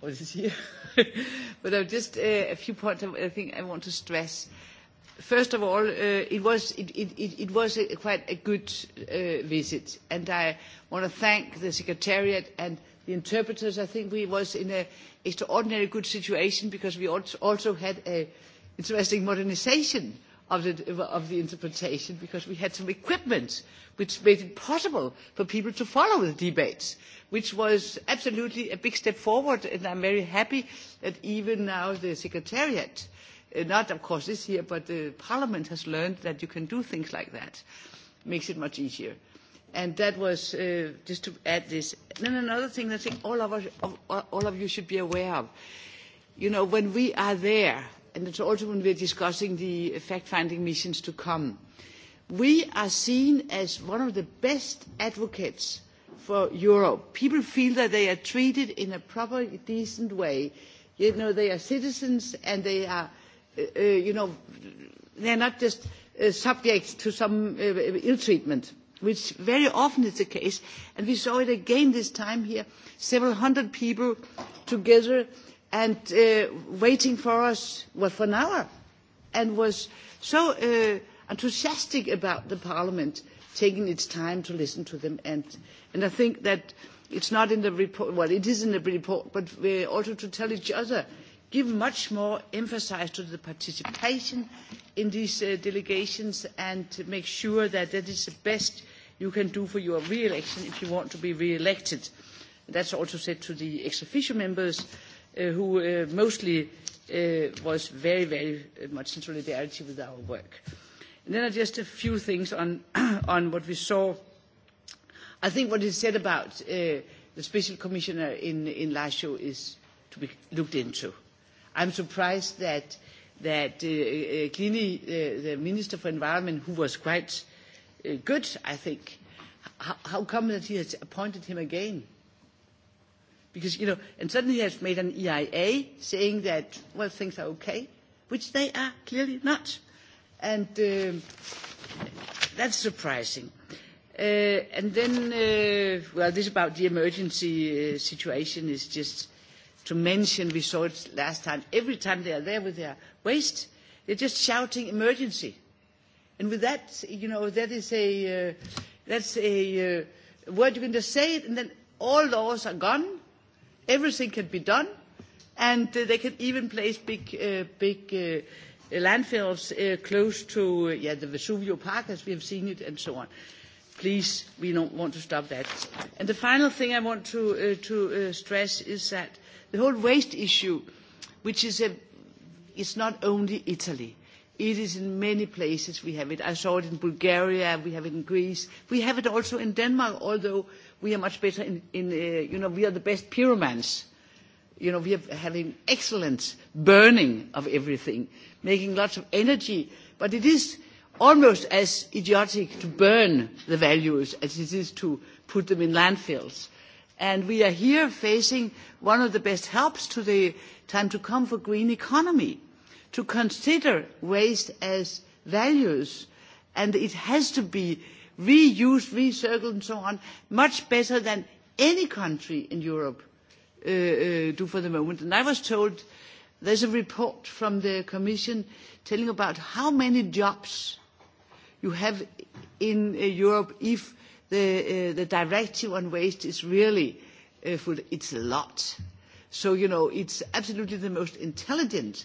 what is here. but I've just uh, a few points I think I want to stress. Uh, First of all, uh, it, was, it, it, it was a, quite a good uh, visit, and I want to thank the Secretariat and the interpreters. I think we was in an extraordinarily good situation because we also had an interesting modernization of the, of the interpretation because we had some equipment which made it possible for people to follow the debates, which was absolutely a big step forward. And I'm very happy that even now the Secretariat, uh, not of course this year, but the Parliament has learned that you can do things like that. Makes it much easier. And that was uh, just to add this. Then another thing that I think all of, us, all of you should be aware of. You know, when we are there, and it's also when we're discussing the fact-finding missions to come. We are seen as one of the best advocates for Europe. People feel that they are treated in a proper, decent way. You know, they are citizens and they are, uh, uh, you know, they're not just uh, subjects to some uh, uh, ill treatment, which very often is the case. And we saw it again this time here, several hundred people together and uh, waiting for us well, for an hour and was so uh, enthusiastic about the parliament taking its time to listen to them. And, and I think that it's not in the report, well, it is in the report, but we also to tell each other, give much more emphasis to the participation in these uh, delegations and to make sure that that is the best you can do for your re-election if you want to be re-elected. That's also said to the ex-official members. Uh, uh, who uh, mostly uh, was very, very much in solidarity with our work. And then just a few things on, on what we saw. I think what is said about uh, the special commissioner in, in Lazio is to be looked into. I'm surprised that, that uh, uh, Clini, uh, the Minister for Environment, who was quite uh, good, I think, how, how come that he has appointed him again? Uh, Because, you know, and suddenly has made an EIA saying that, well, things are okay, which they are clearly not. And um, that's surprising. Uh, and then, uh, well, this about the emergency uh, situation is just to mention, we saw it last time, every time they are there with their waste, they're just shouting emergency. And with that, you know, that is a, uh, that's a uh, word you can just say it, and then all laws are gone, Everything can be done, and uh, they can even place big, uh, big uh, landfills uh, close to uh, yeah, the Vesuvio Park, as we have seen it, and so on. Please, we don't want to stop that. And the final thing I want to, uh, to uh, stress is that the whole waste issue, which is a, it's not only Italy. It is in many places we have it. I saw it in Bulgaria, we have it in Greece. We have it also in Denmark, although uh, we are much better in, in uh, you know, we are the best pyromans. You know, we are having excellent burning of everything, making lots of energy. But it is almost as idiotic to burn the values as it is to put them in landfills. And we are here facing one of the best helps to the time to come for green economy, to consider waste as values. And it has to be uh, We use recircle and so on much better than any country in Europe uh, uh, do for the moment. And I was told there's a report from the Commission telling about how many jobs you have in uh, Europe if the, uh, the directive on waste is really uh, food. It's a lot. So, you know, it's absolutely the most intelligent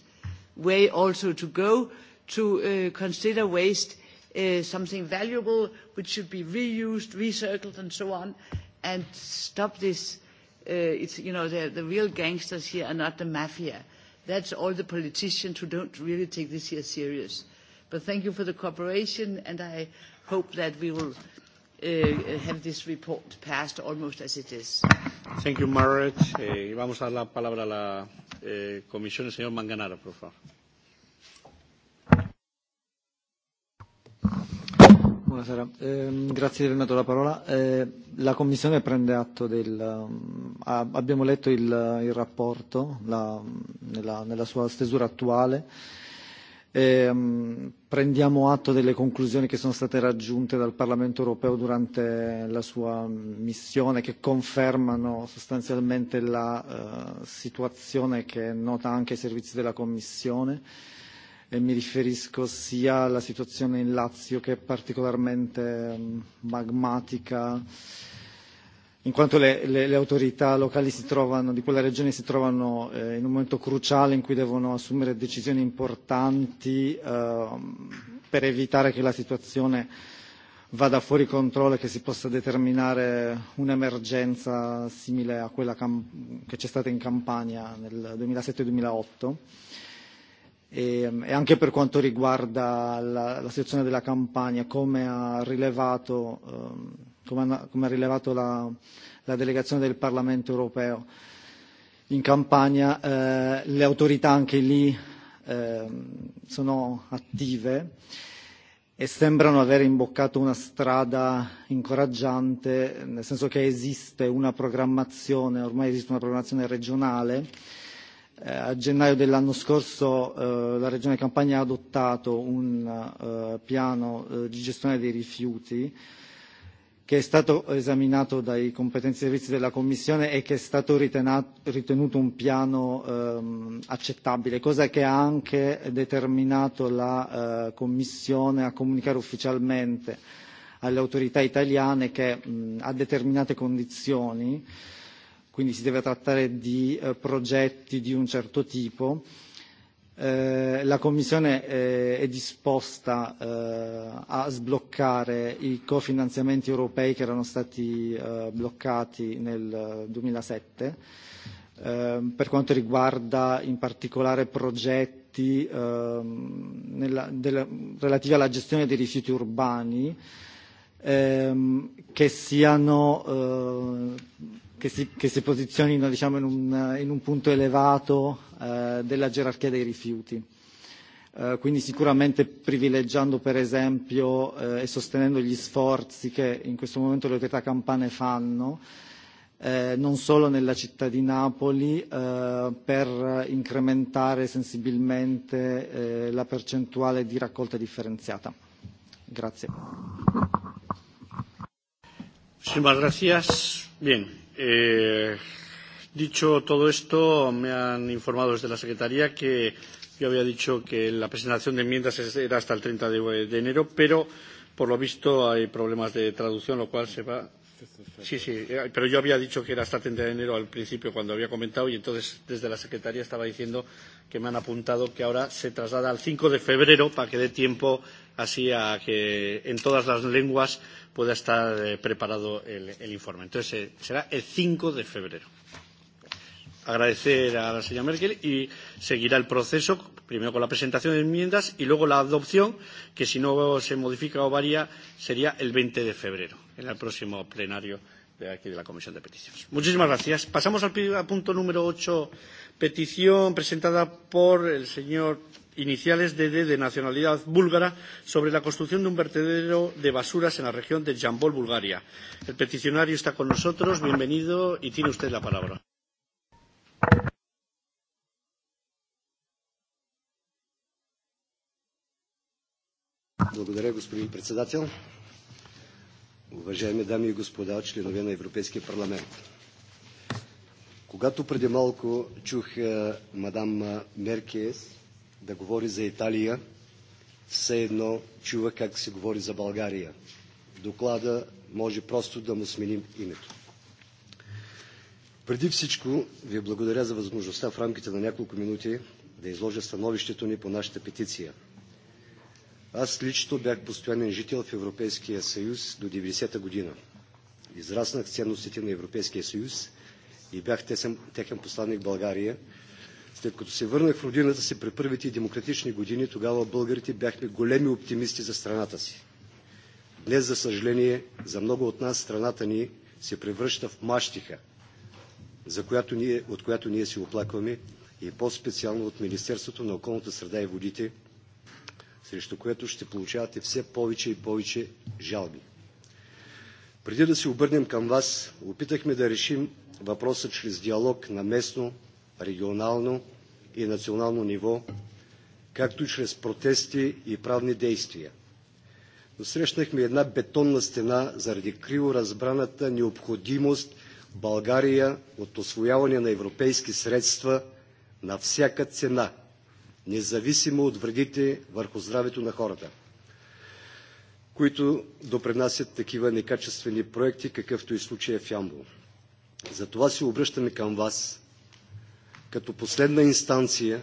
way also to go to uh, consider waste uh, something valuable which should be reused, recircled, and so on, and stop this. Uh, it's, you know, the, the real gangsters here are not the mafia. That's all the politicians who don't really take this here serious. But thank you for the cooperation, and I hope that we will eh, have this report passed almost as it is. Thank you, Margaret. Eh, vamos a dar la palabra a la eh, comisión. El señor Manganara, por favor. Buonasera, eh, grazie di avermi dato la parola. Eh, la Commissione prende atto del... Ah, abbiamo letto il, il rapporto la, nella, nella sua stesura attuale. E, um, prendiamo atto delle conclusioni che sono state raggiunte dal Parlamento europeo durante la sua missione, che confermano sostanzialmente la uh, situazione che è nota anche ai servizi della Commissione e mi riferisco sia alla situazione in Lazio che è particolarmente mm, magmatica in quanto le, le, le autorità locali si trovano, di quella regione si trovano eh, in un momento cruciale in cui devono assumere decisioni importanti eh, per evitare che la situazione vada fuori controllo e che si possa determinare un'emergenza simile a quella che c'è stata in Campania nel 2007-2008 e, e anche per quanto riguarda la, la situazione della Campania, come ha rilevato, ehm, come ha, come ha rilevato la, la delegazione del Parlamento europeo. In Campania eh, le autorità anche lì eh, sono attive e sembrano aver imboccato una strada incoraggiante, nel senso che esiste una programmazione, ormai esiste una programmazione regionale Eh, a gennaio dell'anno scorso eh, la Regione Campania ha adottato un eh, piano eh, di gestione dei rifiuti che è stato esaminato dai competenti servizi della Commissione e che è stato ritenato, ritenuto un piano ehm, accettabile, cosa che ha anche determinato la eh, Commissione a comunicare ufficialmente alle autorità italiane che mh, a determinate condizioni eh, quindi si deve trattare di eh, progetti di un certo tipo. Eh, la Commissione eh, è disposta eh, a sbloccare i cofinanziamenti europei che erano stati eh, bloccati nel 2007 eh, ehm, per quanto riguarda in particolare progetti eh, nella, della, relativi alla gestione dei rifiuti urbani ehm, che siano eh, che si, che si posizionino diciamo, in, un, in un punto elevato eh, della gerarchia dei rifiuti. Eh, quindi sicuramente privilegiando per esempio eh, e sostenendo gli sforzi che in questo momento le autorità campane fanno, eh, non solo nella città di Napoli, eh, per incrementare sensibilmente eh, la percentuale di raccolta differenziata. Grazie. Muchísimas gracias. Bien, Eh, dicho todo esto, me han informado desde la Secretaría que yo había dicho que la presentación de enmiendas era hasta el 30 de, de enero, pero por lo visto hay problemas de traducción, lo cual se va. Sí, sí, eh, pero yo había dicho que era hasta el 30 de enero al principio cuando había comentado y entonces desde la Secretaría estaba diciendo que me han apuntado que ahora se traslada al 5 de febrero para que dé tiempo así a que en todas las lenguas pueda estar eh, preparado el, el informe. Entonces, eh, será el 5 de febrero. Agradecer a la señora Merkel y seguirá el proceso, primero con la presentación de enmiendas y luego la adopción, que si no se modifica o varía, sería el 20 de febrero, en el próximo plenario de aquí de la Comisión de Peticiones. Muchísimas gracias. Pasamos al punto número 8, petición presentada por el señor iniciales de D de nacionalidad búlgara sobre la construcción de un vertedero de basuras en la región de Jambol, Bulgaria. El peticionario está con nosotros. Bienvenido y tiene usted la palabra. Благодаря, господин председател. Уважаеми дами и господа, членове на Европейския парламент. Когато преди малко чух мадам Меркес, да говори за Италия, все едно чува как се говори за България. Доклада може просто да му сменим името. Преди всичко ви благодаря за възможността в рамките на няколко минути да изложа становището ни по нашата петиция. Аз лично бях постоянен жител в Европейския съюз до 90-та година. Израснах ценностите на Европейския съюз и бях тесен, техен посланник в България – След като се върнах в родината си при първите демократични години, тогава българите бяхме големи оптимисти за страната си. Днес, за съжаление, за много от нас страната ни се превръща в мащиха, за която ние, от която ние се оплакваме и по-специално от Министерството на околната среда и водите, срещу което ще получавате все повече и повече жалби. Преди да се обърнем към вас, опитахме да решим въпроса чрез диалог на местно, регионално и национално ниво, както и чрез протести и правни действия. Но срещнахме една бетонна стена заради криво разбраната необходимост България от освояване на европейски средства на всяка цена, независимо от вредите върху здравето на хората, които допринасят такива некачествени проекти, какъвто и случая е в Ямбол. Затова се обръщаме към вас, като последна инстанция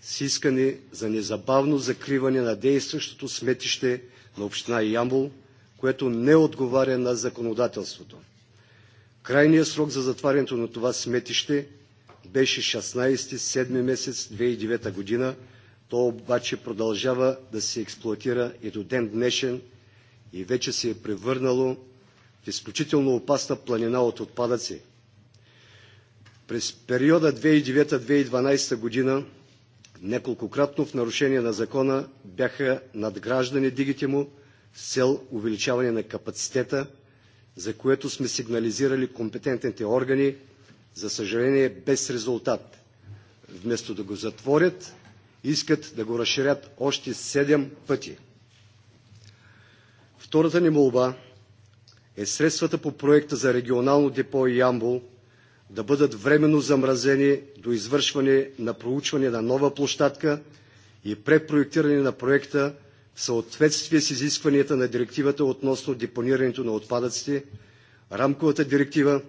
с искане за незабавно закриване на действащото сметище на община Ямбол, което не отговаря на законодателството. Крайният срок за затварянето на това сметище беше 16-7 месец 2009 година, то обаче продължава да се експлуатира и до ден днешен и вече се е превърнало в изключително опасна планина от отпадъци – През периода 2009-2012 година неколкократно в нарушение на закона бяха надграждани дигите му с цел увеличаване на капацитета, за което сме сигнализирали компетентните органи, за съжаление без резултат. Вместо да го затворят, искат да го разширят още 7 пъти. Втората ни молба е средствата по проекта за регионално депо Ямбол да бъдат временно замразени до извършване на проучване на нова площадка и препроектиране на проекта в съответствие с изискванията на директивата относно депонирането на отпадъците, рамковата директива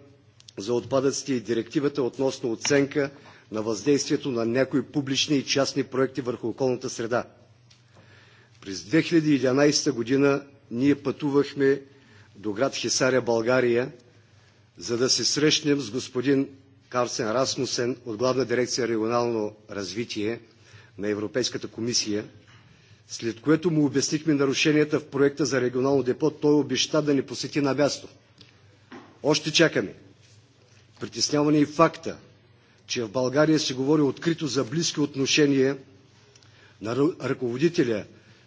за отпадъците и директивата относно оценка на въздействието на някои публични и частни проекти върху околната среда. През 2011 година ние пътувахме до град Хисаря, България, за да се срещнем с господин Карсен Расмусен от Главна дирекция регионално развитие на Европейската комисия, след което му обяснихме нарушенията в проекта за регионално депо, той обеща да ни посети на място. Още чакаме. Притеснява ни и факта, че в България се говори открито за близки отношения на ръководителя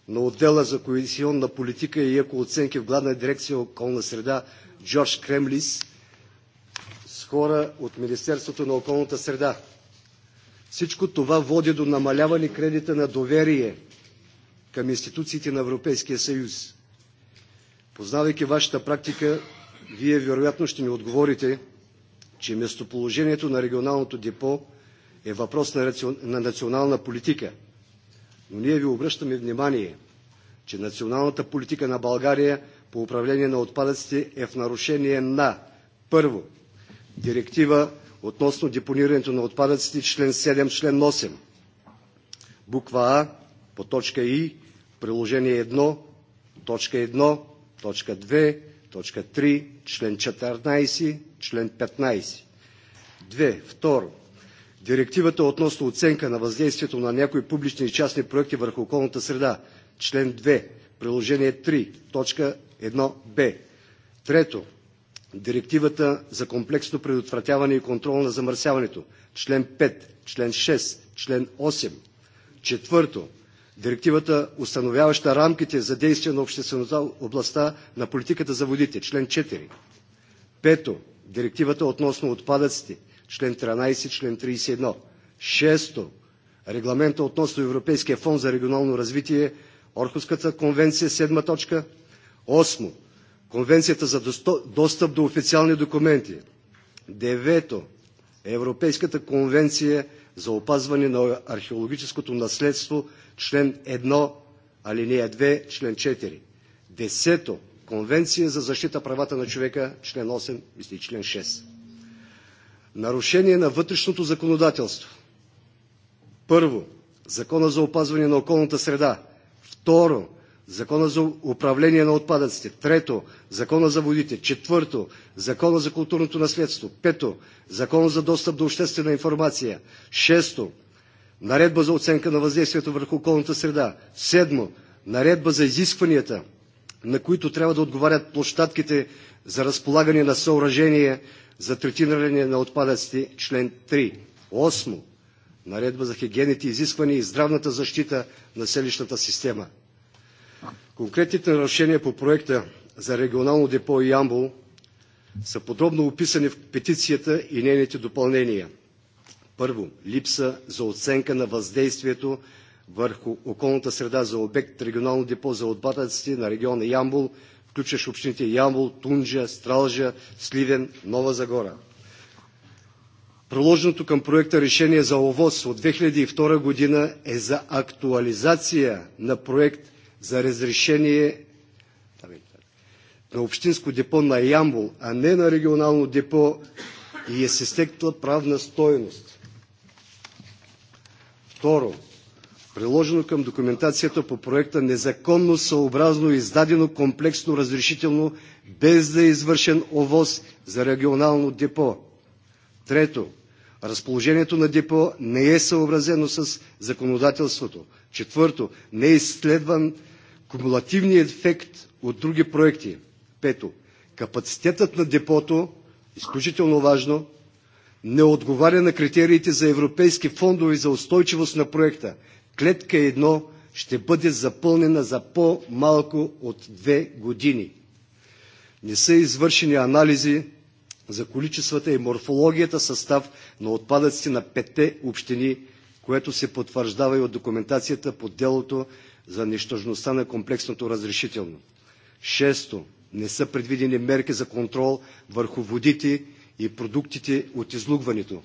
на отдела за коалиционна политика и екооценки в главна дирекция околна среда Джордж Кремлис – с хора от Министерството на околната среда. Всичко това води до намаляване кредита на доверие към институциите на Европейския съюз. Познавайки вашата практика, вие вероятно ще ми отговорите, че местоположението на регионалното депо е въпрос на, рацион... на национална политика. Но ние ви обръщаме внимание, че националната политика на България по управление на отпадъците е в нарушение на първо – Директива относно депонирането на отпадъците, член 7, член 8. Буква А по точка И, приложение 1, точка 1, точка 2, точка 3, член 14, член 15. 2. Второ. Директивата относно оценка на въздействието на някои публични и частни проекти върху околната среда, член 2, приложение 3, точка 1б. Трето, Директивата за комплексно предотвратяване и контрол на замърсяването, член 5, член 6, член 8. Четвърто, Директивата, установяваща рамките за действие на обществеността в областта на политиката за водите, член 4. Пето, Директивата относно отпадъците, член 13, член 31. Шесто, Регламента относно Европейския фонд за регионално развитие, Орхуската конвенция, седма точка. Осмо, Конвенцията за достъп до официални документи. Девето, Европейската конвенция за опазване на археологическото наследство, член 1, алинея 2, член 4. Десето, Конвенция за защита правата на човека, член 8 и член 6. Нарушение на вътрешното законодателство. Първо, Закона за опазване на околната среда. Второ, Закона за управление на отпадъците. Трето, Закона за водите. Четвърто, Закона за културното наследство. Пето, Закона за достъп до обществена информация. Шесто, Наредба за оценка на въздействието върху околната среда. Седмо, Наредба за изискванията, на които трябва да отговарят площадките за разполагане на съоръжение за третиране на отпадъците, член 3. Осмо, Наредба за хигиените изисквания и здравната защита на селищната система. Конкретните нарушения по проекта за регионално депо Ямбол са подробно описани в петицията и нейните допълнения. Първо, липса за оценка на въздействието върху околната среда за обект регионално депо за отпадъците на региона Ямбол, включващ общините Ямбол, Тунджа, Стралджа, Сливен, Нова Загора. Приложеното към проекта решение за ОВОС от 2002 година е за актуализация на проект за разрешение на общинско депо на Ямбол, а не на регионално депо и е с изтекла правна стойност. Второ, приложено към документацията по проекта незаконно съобразно издадено комплексно разрешително без да е извършен овоз за регионално депо. Трето, разположението на депо не е съобразено с законодателството. Четвърто, не е изследван Кумулативния ефект от други проекти. Пето, капацитетът на депото, изключително важно, не отговаря на критериите за европейски фондове за устойчивост на проекта. Клетка 1 ще бъде запълнена за по-малко от две години. Не са извършени анализи за количествата и морфологията състав на отпадъците на петте общини, което се потвърждава и от документацията по делото за нищожността на комплексното разрешително. Шесто, не са предвидени мерки за контрол върху водите и продуктите от излугването.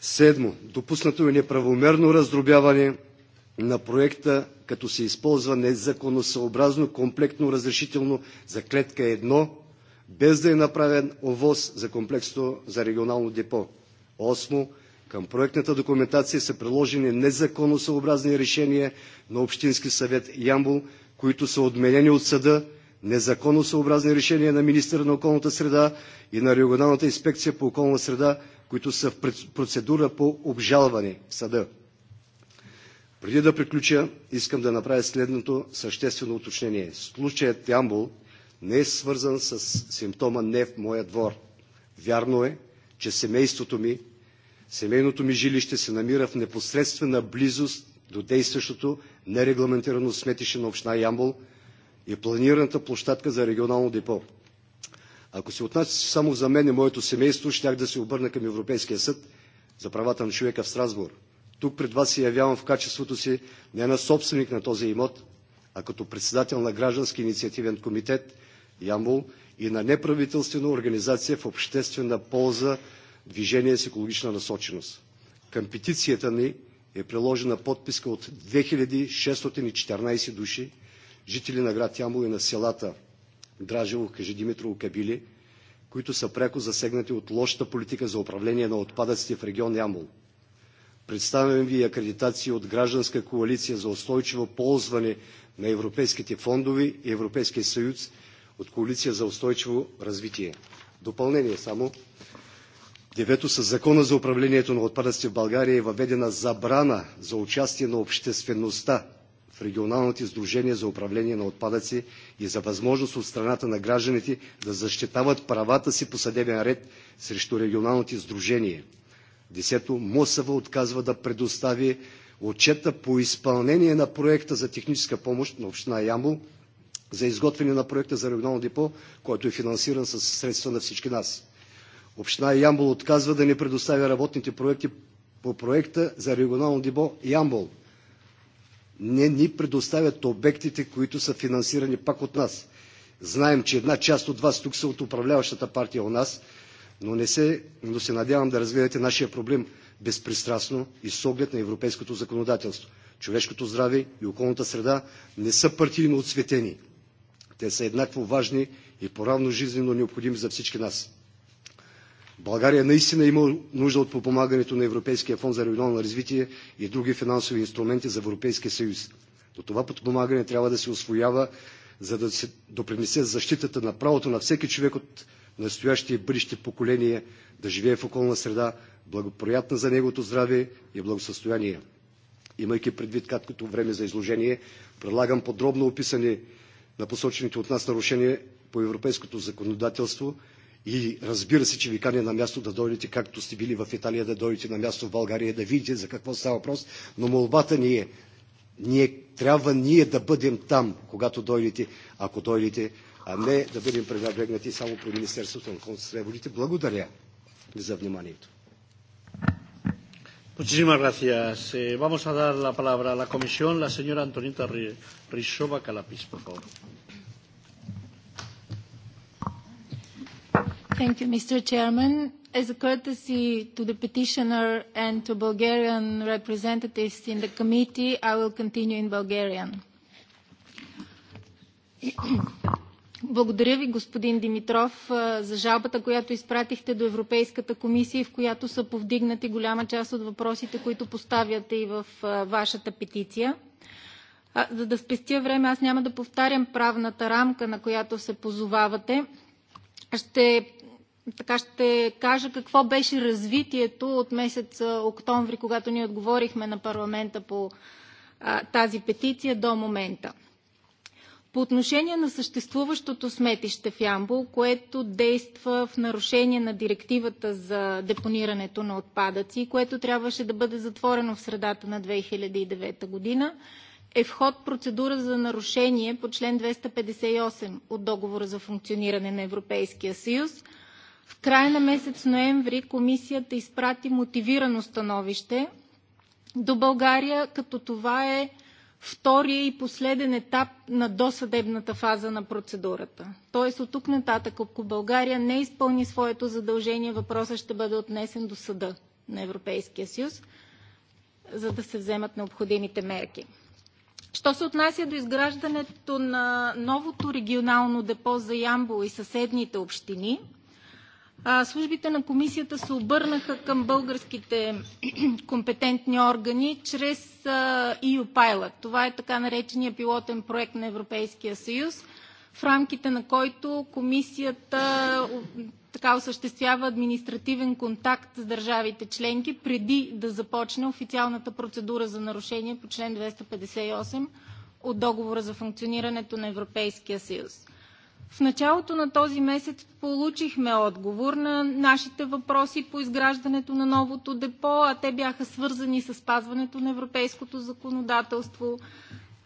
Седмо, допуснато е неправомерно раздробяване на проекта, като се използва незаконосъобразно комплектно разрешително за клетка 1, без да е направен овоз за комплексното за регионално депо. Осмо, Към проектната документация са приложени незаконосъобразни решения на Общински съвет Ямбол, които са отменени от съда, незаконосъобразни решения на министъра на околната среда и на регионалната инспекция по околна среда, които са в процедура по обжалване в съда. Преди да приключа, искам да направя следното съществено уточнение. Случаят Ямбол не е свързан с симптома не в моя двор. Вярно е, че семейството ми Семейното ми жилище се намира в непосредствена близост до действащото нерегламентирано сметище на община Ямбол и планираната площадка за регионално депо. Ако се отнася само за мен и моето семейство, щях да се обърна към Европейския съд за правата на човека в Страсбург. Тук пред вас се явявам в качеството си не на собственик на този имот, а като председател на граждански инициативен комитет Ямбол и на неправителствена организация в обществена полза движение с екологична насоченост. Към петицията ни е приложена подписка от 2614 души, жители на град Ямбол и на селата Дражево, Кажедимитрово, Кабили, които са пряко засегнати от лошата политика за управление на отпадъците в регион Ямбол. Представям ви акредитации от Гражданска коалиция за устойчиво ползване на европейските фондове и Европейския съюз от Коалиция за устойчиво развитие. Допълнение само. Девето, със Закона за управлението на отпадъците в България е въведена забрана за участие на обществеността в регионалните сдружения за управление на отпадъци и за възможност от страната на гражданите да защитават правата си по съдебен ред срещу регионалните сдружения. Десето, МОСАВА отказва да предостави отчета по изпълнение на проекта за техническа помощ на община Ямбол за изготвяне на проекта за регионално депо, който е финансиран със средства на всички нас. Община Ямбол отказва да не предоставя работните проекти по проекта за регионално ниво Ямбол. Не ни предоставят обектите, които са финансирани пак от нас. Знаем, че една част от вас тук са от управляващата партия у нас, но, не се, но се надявам да разгледате нашия проблем безпристрастно и с оглед на европейското законодателство. Човешкото здраве и околната среда не са партийно отцветени. Те са еднакво важни и поравно жизненно необходими за всички нас. България наистина има нужда от подпомагането на Европейския фонд за регионално развитие и други финансови инструменти за Европейския съюз. Но това подпомагане трябва да се освоява, за да се допринесе защитата на правото на всеки човек от настоящи и бъдещи поколения да живее в околна среда, благоприятна за неговото здраве и благосъстояние. Имайки предвид краткото време за изложение, предлагам подробно описане на посочените от нас нарушения по европейското законодателство И разбира се, че ви каня на място да дойдете, както сте били в Италия, да дойдете на място в България, да видите за какво става въпрос. Но молбата ни е, ние, трябва ние да бъдем там, когато дойдете, ако дойдете, а не да бъдем пренебрегнати само при Министерството на околната среда и водите. Благодаря за вниманието. Muchísimas gracias. Eh, vamos a dar la palabra a la comisión, la señora Antonieta Rizova Calapis, por favor. Thank you, Mr. Chairman. As a courtesy to the petitioner and to Bulgarian representatives in the committee, I will continue in Bulgarian. Благодаря ви, господин Димитров, за жалбата, която изпратихте до Европейската комисия, в която са повдигнати голяма част от въпросите, които поставяте и в вашата петиция. За да спестя време, аз няма да повтарям правната рамка, на която се позовавате. Ще така ще кажа какво беше развитието от месец октомври, когато ние отговорихме на парламента по а, тази петиция до момента. По отношение на съществуващото сметище в Ямбол, което действа в нарушение на директивата за депонирането на отпадъци, което трябваше да бъде затворено в средата на 2009 година, е в ход процедура за нарушение по член 258 от Договора за функциониране на Европейския съюз – В края на месец ноември комисията изпрати мотивирано становище до България, като това е втория и последен етап на досъдебната фаза на процедурата. Тоест от тук нататък, ако България не изпълни своето задължение, въпросът ще бъде отнесен до съда на Европейския съюз, за да се вземат необходимите мерки. Що се отнася до изграждането на новото регионално депо за Ямбол и съседните общини – а, службите на комисията се обърнаха към българските компетентни органи чрез а, EU Pilot. Това е така наречения пилотен проект на Европейския съюз, в рамките на който комисията така осъществява административен контакт с държавите членки преди да започне официалната процедура за нарушение по член 258 от договора за функционирането на Европейския съюз. В началото на този месец получихме отговор на нашите въпроси по изграждането на новото депо, а те бяха свързани с спазването на европейското законодателство,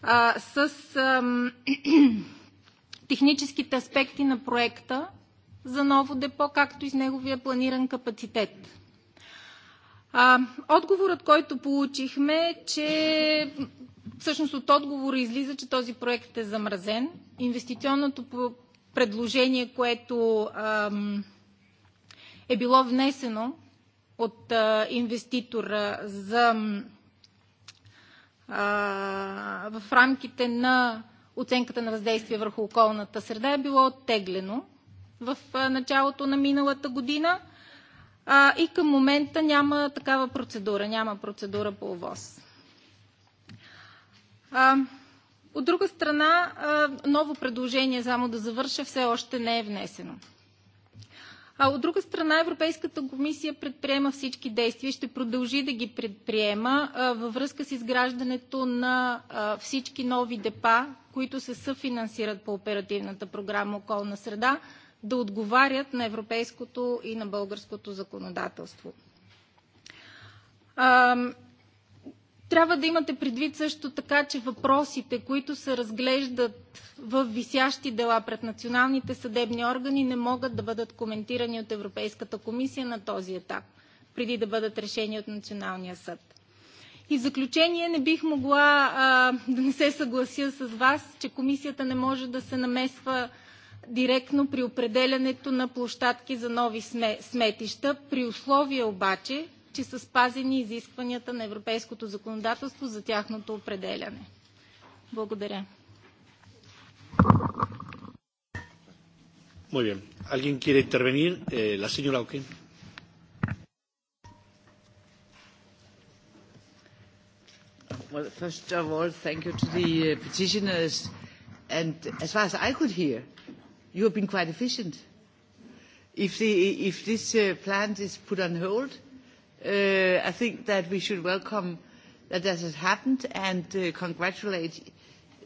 а, с ам, техническите аспекти на проекта за ново депо, както и с неговия планиран капацитет. А, отговорът, който получихме е, че всъщност от отговора излиза, че този проект е замразен. Инвестиционното предложение, което ам, е било внесено от а, инвеститора за, а, в рамките на оценката на въздействие върху околната среда е било оттеглено в а, началото на миналата година а, и към момента няма такава процедура, няма процедура по ОВОС. А, От друга страна, ново предложение, само да завърша, все още не е внесено. А от друга страна, Европейската комисия предприема всички действия и ще продължи да ги предприема във връзка с изграждането на всички нови депа, които се съфинансират по оперативната програма Околна среда, да отговарят на европейското и на българското законодателство. Трябва да имате предвид също така, че въпросите, които се разглеждат в висящи дела пред националните съдебни органи, не могат да бъдат коментирани от Европейската комисия на този етап, преди да бъдат решени от Националния съд. И в заключение не бих могла а, да не се съглася с вас, че комисията не може да се намесва директно при определянето на площадки за нови сме, сметища, при условие обаче, че са спазени изискванията на европейското законодателство за тяхното определяне. Благодаря. Muy bien. ¿Alguien quiere intervenir? Eh, la señora O'Keefe. Okay. Well, first of all, thank you to the uh, petitioners. And as far as I could hear, you have been quite efficient. If, the, if this uh, plant is put on hold, uh, Uh, I think that we should welcome that that has happened and uh, congratulate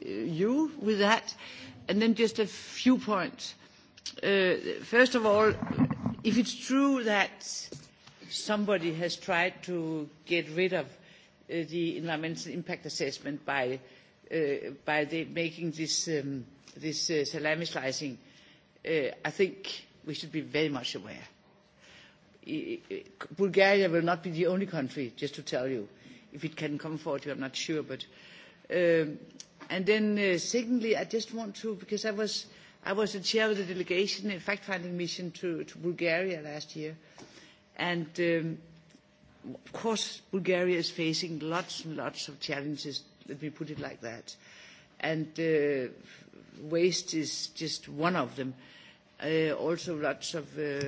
uh, you with that. And then just a few points. Uh, first of all, if it's true that somebody has tried to get rid of uh, the environmental impact assessment by, uh, by the, making this, um, this uh, salami slicing, uh, I think we should be very much aware Bulgaria will not be the only country, just to tell you. If it can come forward, I'm not sure. But, um, and then uh, secondly, I just want to, because I was, I was the chair of the delegation in fact-finding mission to, to Bulgaria last year. And um, of course, Bulgaria is facing lots and lots of challenges, let me put it like that. And uh, waste is just one of them. Uh, also lots of uh,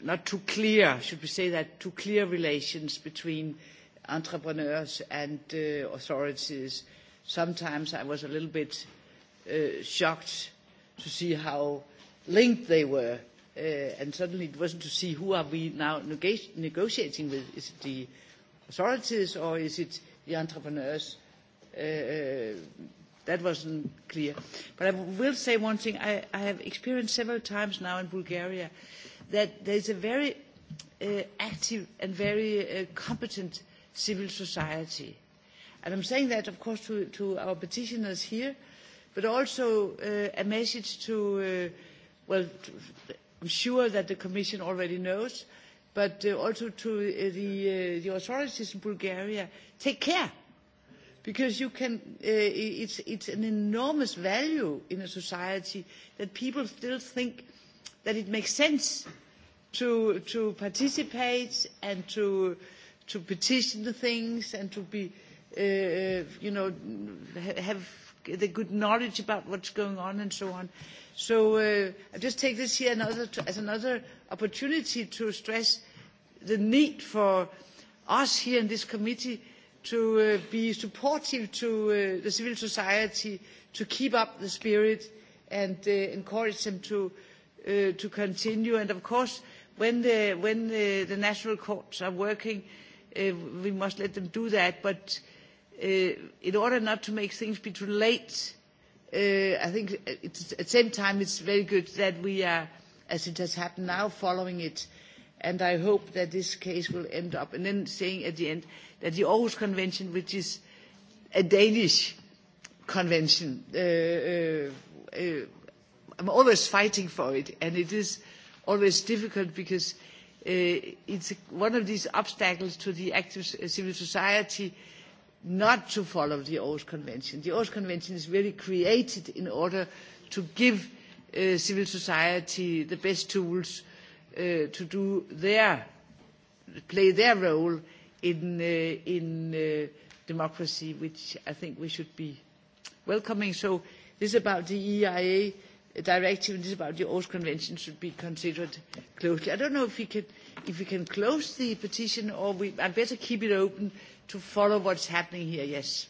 not too clear, should we say that, too clear relations between entrepreneurs and uh, authorities. Sometimes I was a little bit uh, shocked to see how linked they were. Uh, and suddenly it wasn't to see who are we now neg- negotiating with. Is it the authorities or is it the entrepreneurs? Uh, uh, that wasn't clear. But I will say one thing. I, I have experienced several times now in Bulgaria uh, that there's a very uh, active and very uh, competent civil society. And I'm saying that, of course, to, to our petitioners here, but also uh, a message to, uh, well, to, I'm sure that the Commission already knows, but uh, also to uh, the, uh, the authorities in Bulgaria, take care because you can uh, it's it's an enormous value in a society that people still think that it makes sense to, to participate and to, to petition the things and to be, uh, uh, you know, ha- have the good knowledge about what's going on and so on. So uh, I just take this here another to, as another opportunity to stress the need for us here in this committee to uh, be supportive to uh, the civil society, to keep up the spirit and uh, encourage them to uh, uh, to continue. And of course, when the, when the, the national courts are working, uh, we must let them do that. But uh, in order not to make things be too late, uh, I think it's, at the same time it's very good that we are, as it has happened now, following it. And I hope that this case will end up. And then saying at the end that the Aarhus Convention, which is a Danish convention, uh, uh, uh, I'm always fighting for it, and it is always difficult because uh, it's one of these obstacles to the active uh, civil society not to follow the Aarhus Convention. The Aarhus Convention is really created in order to give uh, civil society the best tools uh, to do their, play their role in, uh, in uh, democracy, which I think we should be welcoming. So this about the EIA directive about the old convention should be considered closely. I don't know if we can, if we can close the petition or we, I better keep it open to follow what's happening here. Yes,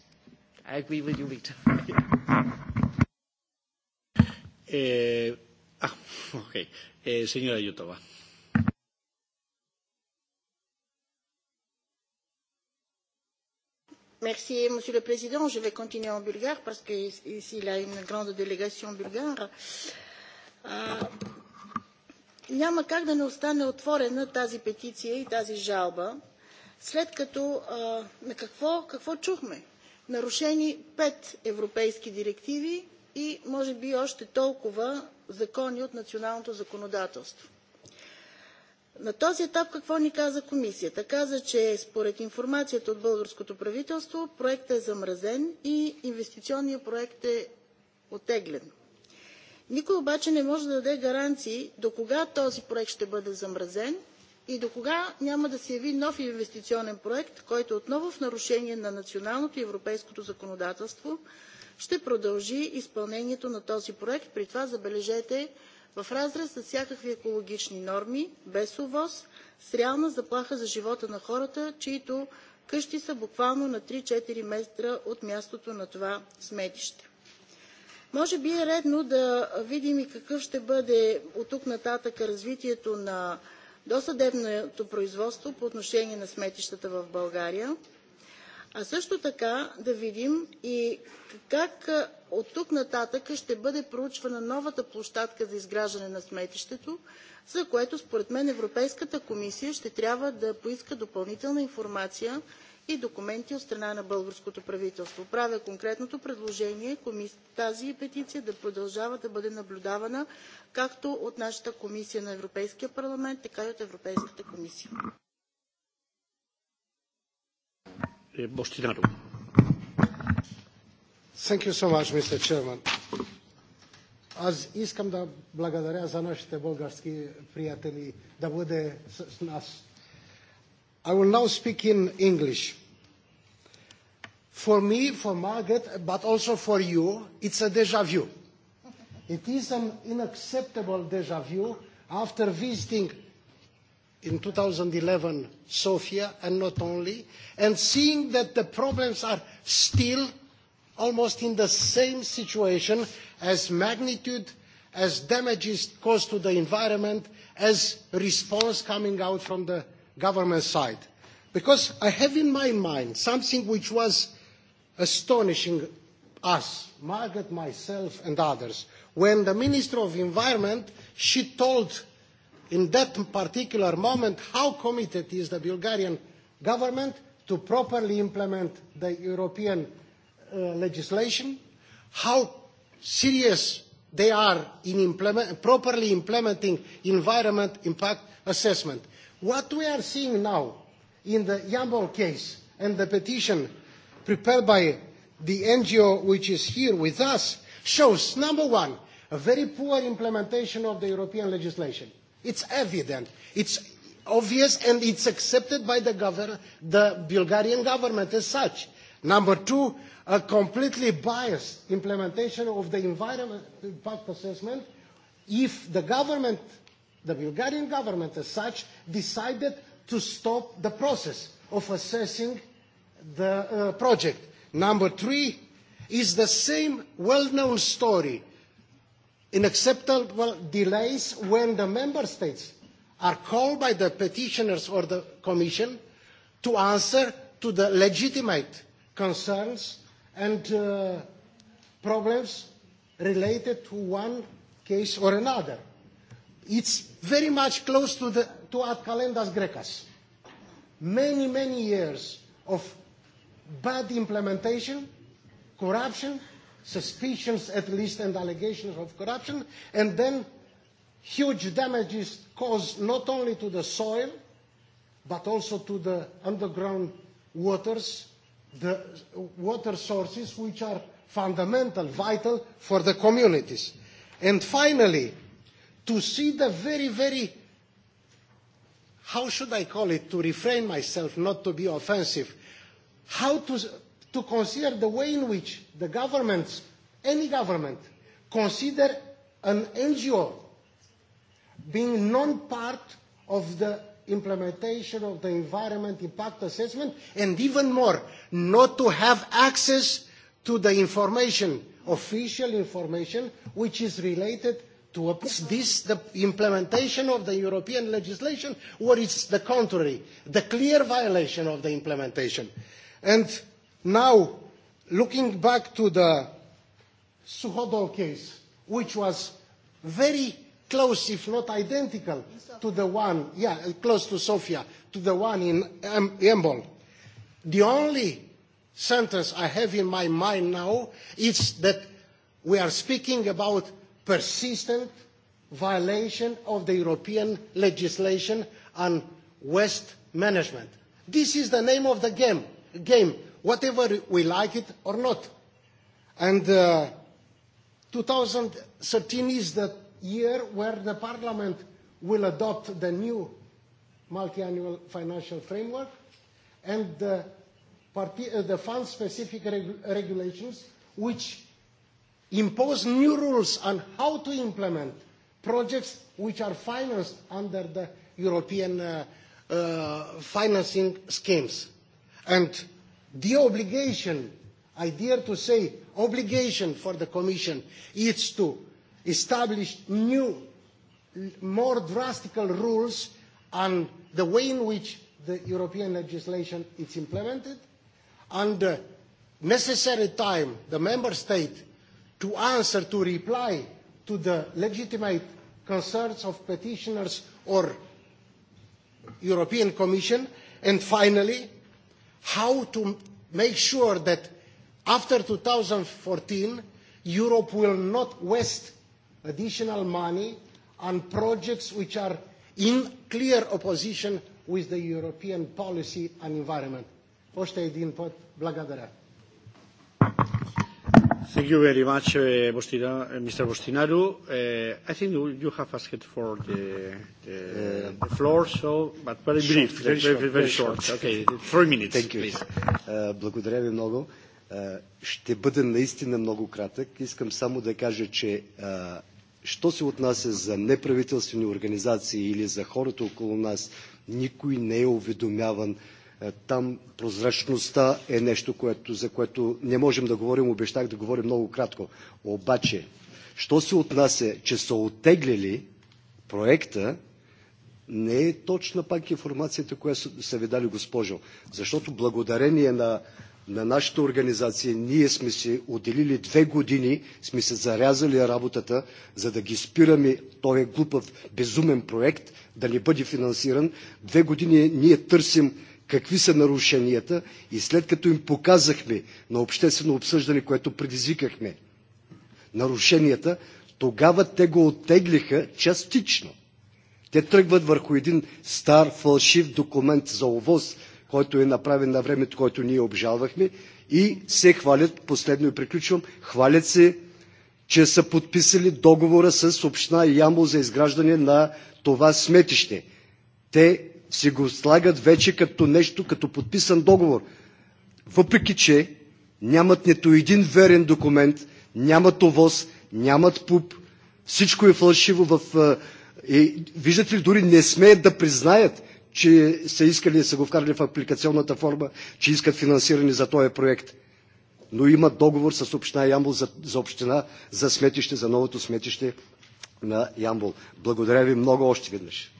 I agree with you, Victor. eh, ah, okay. Eh, señora Yotova. Merci, Monsieur le Président. Je vais continuer en bulgare parce qu'ici, il y a une grande délégation bulgare. А, няма как да не остане отворена тази петиция и тази жалба, след като а, на какво, какво чухме? Нарушени пет европейски директиви и може би още толкова закони от националното законодателство. На този етап какво ни каза комисията? Каза, че според информацията от българското правителство проектът е замразен и инвестиционният проект е отеглен. Никой обаче не може да даде гаранции до кога този проект ще бъде замразен и до кога няма да се яви нов инвестиционен проект, който отново в нарушение на националното и европейското законодателство ще продължи изпълнението на този проект. При това, забележете, в разрез с всякакви екологични норми, без увоз, с реална заплаха за живота на хората, чиито къщи са буквално на 3-4 метра от мястото на това сметище. Може би е редно да видим и какъв ще бъде от тук нататък развитието на досъдебното производство по отношение на сметищата в България – А също така да видим и как от тук нататък ще бъде проучвана новата площадка за изграждане на сметището, за което според мен Европейската комисия ще трябва да поиска допълнителна информация и документи от страна на българското правителство. Правя конкретното предложение тази петиция да продължава да бъде наблюдавана както от нашата комисия на Европейския парламент, така и от Европейската комисия. Eh, Boștinaru. Thank you so much, Mr. Chairman. Аз искам да благодаря за нашите български приятели да бъде с нас. I will now speak in English. For me, for Margaret, but also for you, it's a déjà vu. It is an unacceptable déjà vu after visiting in 2011 Sofia and not only, and seeing that the problems are still almost in the same situation as magnitude, as damages caused to the environment, as response coming out from the government side. Because I have in my mind something which was astonishing us, Margaret, myself and others, when the Minister of Environment, she told in that particular moment how committed is the Bulgarian government to properly implement the European uh, legislation, how serious they are in implement, properly implementing environment impact assessment. What we are seeing now in the Yambol case and the petition prepared by the NGO which is here with us shows, number one, a very poor implementation of the European legislation. It's evident. It's obvious and it's accepted by the, govern- the Bulgarian government as such. Number two, a completely biased implementation of the environment impact assessment if the government, the Bulgarian government as such, decided to stop the process of assessing the uh, project. Number three is the same well-known story Unacceptable delays when the member states are called by the petitioners or the commission to answer to the legitimate concerns and uh, problems related to one case or another. It's very much close to, the, to Ad Calendas Grecas. Many, many years of bad implementation, corruption, suspicions at least and allegations of corruption, and then huge damages caused not only to the soil, but also to the underground waters, the water sources which are fundamental, vital for the communities. And finally, to see the very, very, how should I call it, to refrain myself not to be offensive, how to to consider the way in which the governments, any government, consider an NGO being non-part of the implementation of the environment impact assessment and even more, not to have access to the information, official information, which is related to oppose this, the implementation of the European legislation, or it's the contrary, the clear violation of the implementation. And Now, looking back to the Suhodol case, which was very close, if not identical, to the one, yeah, close to Sofia, to the one in Embol. The only sentence I have in my mind now is that we are speaking about persistent violation of the European legislation on waste management. This is the name of the game. game whatever we like it or not. And uh, 2013 is the year where the Parliament will adopt the new multi-annual financial framework and the, uh, the fund-specific reg regulations which impose new rules on how to implement projects which are financed under the European uh, uh, financing schemes. And The obligation, I dare to say, obligation for the Commission is to establish new, more drastic rules on the way in which the European legislation is implemented, and the necessary time the Member State to answer, to reply to the legitimate concerns of petitioners or European Commission, and finally, how to make sure that after 2014, Europe will not waste additional money on projects which are in clear opposition with the European policy on environment. Pošta je din pot. Благодаря. Thank you very much, uh, Bostina, uh, Mr. Bostinaru. Uh, I think you have asked for the, the, uh, the floor, so, but very brief, short, very, very, short, very, very short. short. Okay, three minutes, Thank you. please. Uh, благодаря ви много. Uh, ще бъда наистина много кратък. Искам само да кажа, че що се отнася за неправителствени организации или за хората около нас, никой не е уведомяван uh, Там прозрачността е нещо, което, за което не можем да говорим. Обещах да говорим много кратко. Обаче, що се отнася, че са оттеглили проекта, не е точна пак информацията, която са ви дали госпожо. Защото благодарение на, на нашата организация ние сме си отделили две години, сме се зарязали работата, за да ги спираме този глупав, безумен проект, да не бъде финансиран. Две години ние търсим какви са нарушенията и след като им показахме на обществено обсъждане, което предизвикахме нарушенията, тогава те го оттеглиха частично. Те тръгват върху един стар фалшив документ за овоз, който е направен на времето, който ние обжалвахме и се хвалят, последно и приключвам, хвалят се, че са подписали договора с община Ямбол за изграждане на това сметище. Те си го слагат вече като нещо, като подписан договор. Въпреки, че нямат нито един верен документ, нямат овоз, нямат пуп, всичко е фалшиво в... И, виждате ли, дори не смеят да признаят, че са искали, са го вкарали в апликационната форма, че искат финансиране за този проект. Но имат договор с община Ямбол за, за община, за сметище, за новото сметище на Ямбол. Благодаря ви много още веднъж.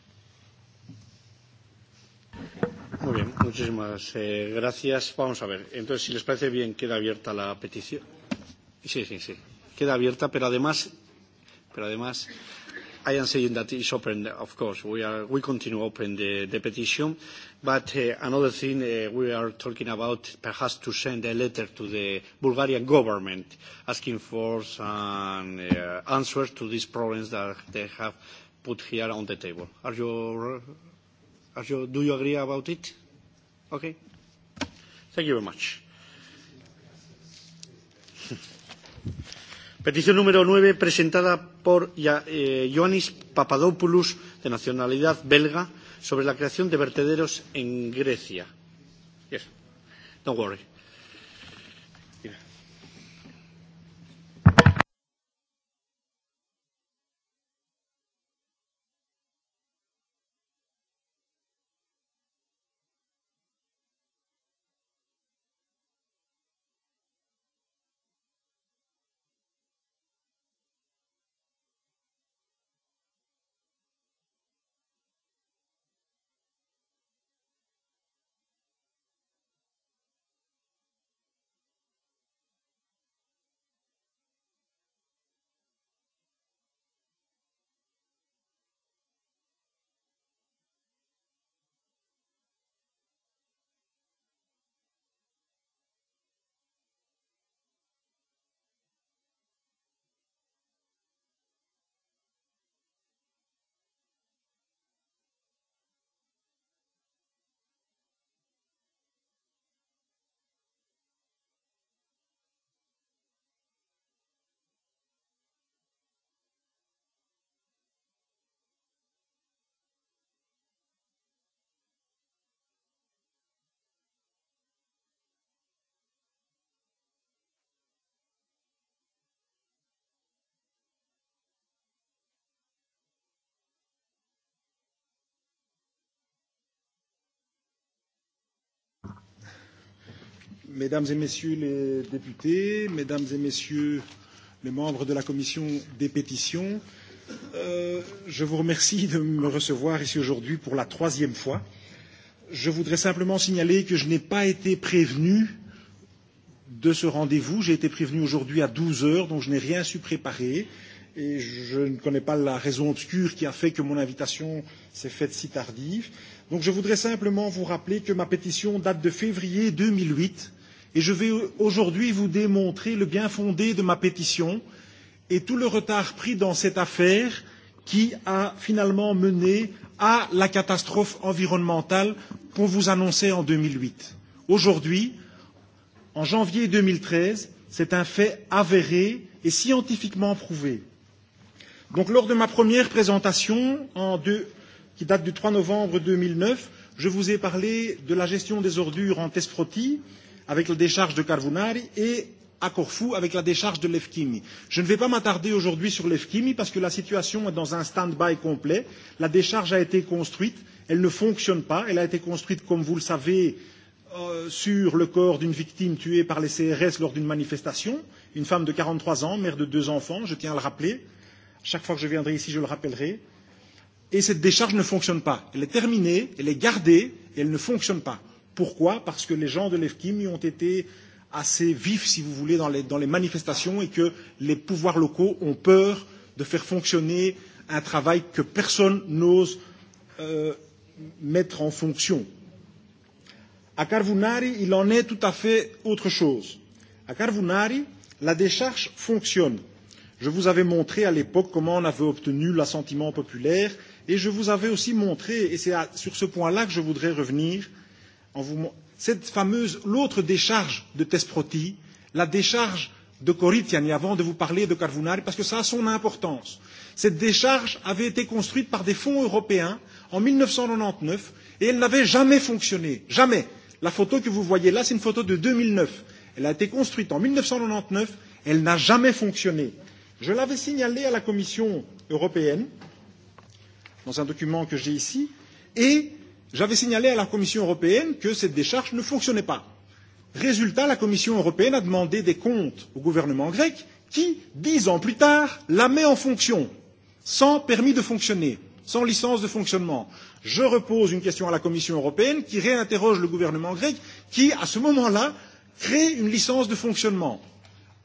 Muy bien, muchísimas eh, gracias. Vamos a ver. Entonces, si les parece bien, queda abierta la petición. Sí, sí, sí. Queda abierta, pero además, pero además, I am saying that it's open. Of course, we are we continue open the, the petition, but uh, another thing uh, we are talking about perhaps to send a letter to the Bulgarian government asking for some uh, answers to these problems that they have put here on the table. Are you Are you, do you agree about it? Okay. Thank you very much. Petición número 9, presentada por eh, Ioannis Papadopoulos, de nacionalidad belga, sobre la creación de vertederos en Grecia. Yes. Don't worry. Mesdames et messieurs les députés, mesdames et messieurs les membres de la commission des pétitions, euh, je vous remercie de me recevoir ici aujourd'hui pour la troisième fois. Je voudrais simplement signaler que je n'ai pas été prévenu de ce rendez-vous. J'ai été prévenu aujourd'hui à 12 heures, donc je n'ai rien su préparer. Et je ne connais pas la raison obscure qui a fait que mon invitation s'est faite si tardive. Donc je voudrais simplement vous rappeler que ma pétition date de février 2008 et je vais aujourd'hui vous démontrer le bien fondé de ma pétition et tout le retard pris dans cette affaire qui a finalement mené à la catastrophe environnementale qu'on vous annonçait en 2008. Aujourd'hui, en janvier 2013, c'est un fait avéré et scientifiquement prouvé. Donc lors de ma première présentation en deux, qui date du 3 novembre 2009, je vous ai parlé de la gestion des ordures en Tesproti avec la décharge de Carvunari et à Corfou avec la décharge de l'EFKIMI. Je ne vais pas m'attarder aujourd'hui sur l'EFKIMI parce que la situation est dans un stand-by complet. La décharge a été construite, elle ne fonctionne pas, elle a été construite, comme vous le savez, euh, sur le corps d'une victime tuée par les CRS lors d'une manifestation, une femme de 43 ans, mère de deux enfants, je tiens à le rappeler. Chaque fois que je viendrai ici, je le rappellerai. Et cette décharge ne fonctionne pas. Elle est terminée, elle est gardée et elle ne fonctionne pas. Pourquoi Parce que les gens de l'EFKIM y ont été assez vifs, si vous voulez, dans les, dans les manifestations et que les pouvoirs locaux ont peur de faire fonctionner un travail que personne n'ose euh, mettre en fonction. À Carvunari, il en est tout à fait autre chose. À Carvunari, la décharge fonctionne. Je vous avais montré à l'époque comment on avait obtenu l'assentiment populaire et je vous avais aussi montré, et c'est sur ce point-là que je voudrais revenir, euh, en vous, cette fameuse, l'autre décharge de Tesproti, la décharge de Corinthiani, avant de vous parler de Carvunari, parce que ça a son importance. Cette décharge avait été construite par des fonds européens en 1999 et elle n'avait jamais fonctionné. Jamais. La photo que vous voyez là, c'est une photo de 2009. Elle a été construite en 1999, elle n'a jamais fonctionné. Je l'avais signalé à la Commission européenne dans un document que j'ai ici et J'avais signalé à la Commission européenne que cette décharge ne fonctionnait pas. Résultat, la Commission européenne a demandé des comptes au gouvernement grec qui, dix ans plus tard, la met en fonction, sans permis de fonctionner, sans licence de fonctionnement. Je repose une question à la Commission européenne qui réinterroge le gouvernement grec qui, à ce moment-là, crée une licence de fonctionnement.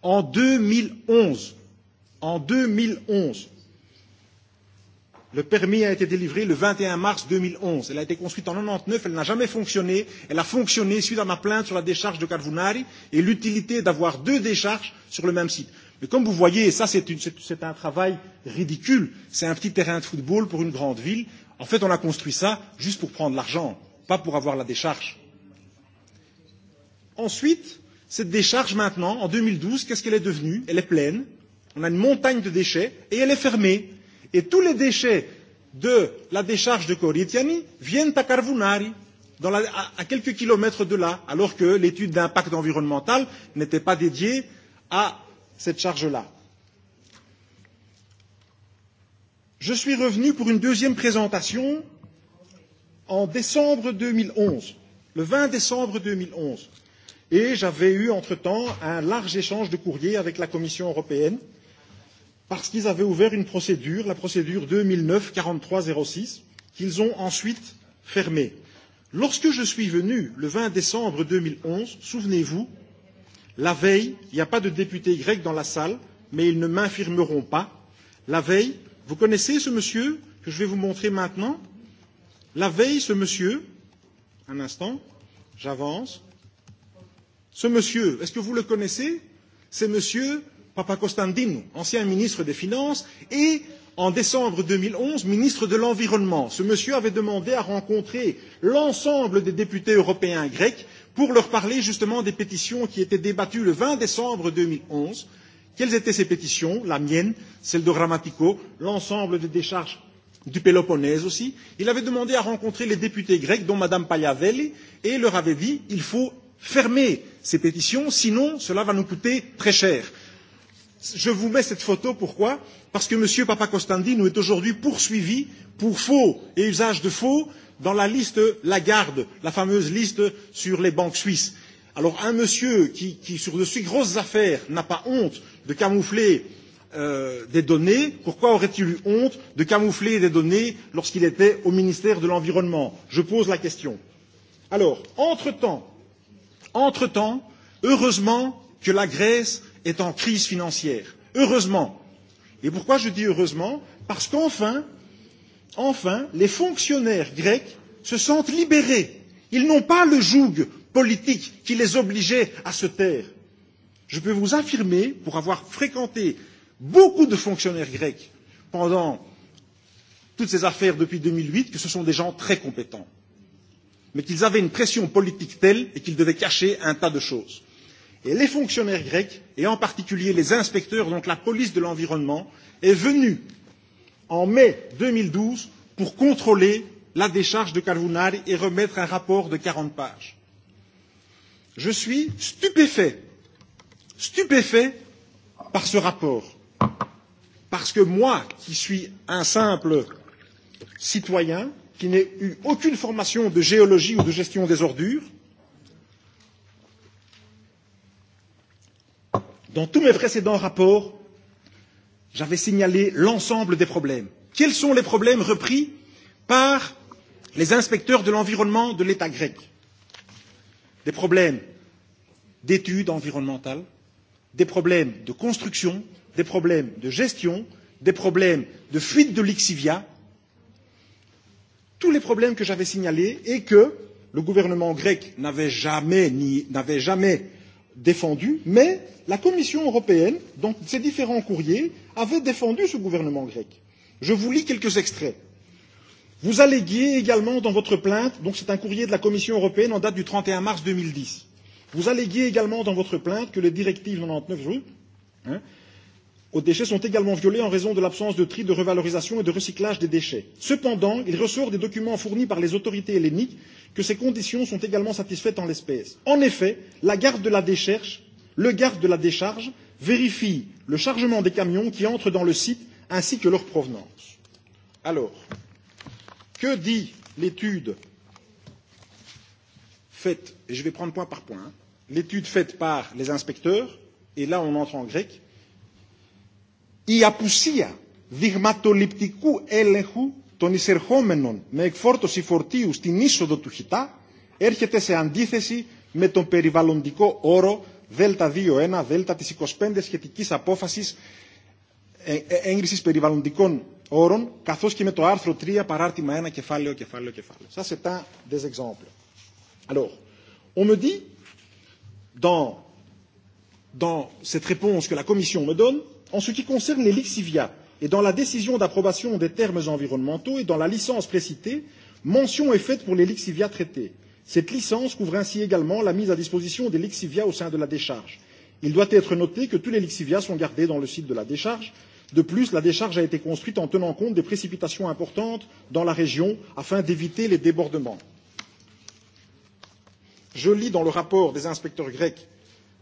En 2011, en 2011, Le permis a été délivré le 21 mars 2011. Elle a été construite en 99, elle n'a jamais fonctionné. Elle a fonctionné suite à ma plainte sur la décharge de Carvunari et l'utilité d'avoir deux décharges sur le même site. Mais comme vous voyez, ça c'est, une, c'est, c'est un travail ridicule. C'est un petit terrain de football pour une grande ville. En fait, on a construit ça juste pour prendre l'argent, pas pour avoir la décharge. Ensuite, cette décharge maintenant, en 2012, qu'est-ce qu'elle est devenue Elle est pleine. On a une montagne de déchets et elle est fermée. Et tous les déchets de la décharge de Coritiani viennent à Carvunari, dans la, à, à quelques kilomètres de là, alors que l'étude d'impact environnemental n'était pas dédiée à cette charge-là. Je suis revenu pour une deuxième présentation en décembre 2011, le 20 décembre 2011, et j'avais eu entre-temps un large échange de courriers avec la Commission européenne parce qu'ils avaient ouvert une procédure, la procédure 2009-4306, qu'ils ont ensuite fermée. Lorsque je suis venu le 20 décembre 2011, souvenez-vous, la veille, il n'y a pas de députés grecs dans la salle, mais ils ne m'infirmeront pas. La veille, vous connaissez ce monsieur que je vais vous montrer maintenant La veille, ce monsieur, un instant, j'avance. Ce monsieur, est-ce que vous le connaissez C'est monsieur Papakostandinu, ancien ministre des Finances, et en décembre 2011, ministre de l'Environnement. Ce monsieur avait demandé à rencontrer l'ensemble des députés européens grecs pour leur parler justement des pétitions qui étaient débattues le 20 décembre 2011. Quelles étaient ces pétitions La mienne, celle de Grammatico, l'ensemble des décharges du Péloponnèse aussi. Il avait demandé à rencontrer les députés grecs, dont Mme Paliavelli, et leur avait dit il faut fermer ces pétitions, sinon cela va nous coûter très cher. Je vous mets cette photo, pourquoi Parce que M. Papakostandino est aujourd'hui poursuivi pour faux et usage de faux dans la liste Lagarde, la fameuse liste sur les banques suisses. Alors un monsieur qui, qui sur de si grosses affaires, n'a pas honte de camoufler euh, des données, pourquoi aurait-il eu honte de camoufler des données lorsqu'il était au ministère de l'Environnement Je pose la question. Alors, entre-temps, entre-temps, heureusement que la Grèce est en crise financière. Heureusement. Et pourquoi je dis heureusement Parce qu'enfin, enfin, les fonctionnaires grecs se sentent libérés. Ils n'ont pas le joug politique qui les obligeait à se taire. Je peux vous affirmer, pour avoir fréquenté beaucoup de fonctionnaires grecs pendant toutes ces affaires depuis 2008, que ce sont des gens très compétents, mais qu'ils avaient une pression politique telle et qu'ils devaient cacher un tas de choses. Et les fonctionnaires grecs, et en particulier les inspecteurs, donc la police de l'environnement, est venue en mai 2012 pour contrôler la décharge de Cavounari et remettre un rapport de 40 pages. Je suis stupéfait, stupéfait par ce rapport. Parce que moi, qui suis un simple citoyen, qui n'ai eu aucune formation de géologie ou de gestion des ordures, Dans tous mes précédents rapports, j'avais signalé l'ensemble des problèmes. Quels sont les problèmes repris par les inspecteurs de l'environnement de l'État grec Des problèmes d'études environnementales, des problèmes de construction, des problèmes de gestion, des problèmes de fuite de lixivia, tous les problèmes que j'avais signalés et que le gouvernement grec n'avait jamais, ni, n'avait jamais défendu, mais la Commission européenne, dans ses différents courriers, avait défendu ce gouvernement grec. Je vous lis quelques extraits. Vous alléguez également dans votre plainte, donc c'est un courrier de la Commission européenne en date du 31 mars 2010, vous alléguez également dans votre plainte que les directives 99 hein, aux déchets sont également violées en raison de l'absence de tri, de revalorisation et de recyclage des déchets. Cependant, il ressort des documents fournis par les autorités helléniques que ces conditions sont également satisfaites en l'espèce. En effet, la garde de la décharge, le garde de la décharge vérifie le chargement des camions qui entrent dans le site ainsi que leur provenance. Alors, que dit l'étude faite, et je vais prendre point par point, hein, l'étude faite par les inspecteurs, et là on entre en grec, η απουσία δειγματοληπτικού έλεγχου των εισερχόμενων με εκφόρτωση φορτίου στην είσοδο του χιτά έρχεται σε αντίθεση με τον περιβαλλοντικό όρο ΔΕΛΤΑ 2.1, ΔΕΛΤΑ της 25 σχετικής απόφασης έγκρισης περιβαλλοντικών όρων, καθώς και με το άρθρο 3, παράρτημα 1, κεφάλαιο, κεφάλαιο, κεφάλαιο. Ça, c'est un des exemples. Alors, on me dit, dans, dans cette réponse que la Commission me donne, en ce qui concerne les lixiviates, et dans la décision d'approbation des termes environnementaux et dans la licence précitée, mention est faite pour les lixivia traités. Cette licence couvre ainsi également la mise à disposition des lixivia au sein de la décharge. Il doit être noté que tous les lixivia sont gardés dans le site de la décharge. De plus, la décharge a été construite en tenant compte des précipitations importantes dans la région afin d'éviter les débordements. Je lis dans le rapport des inspecteurs grecs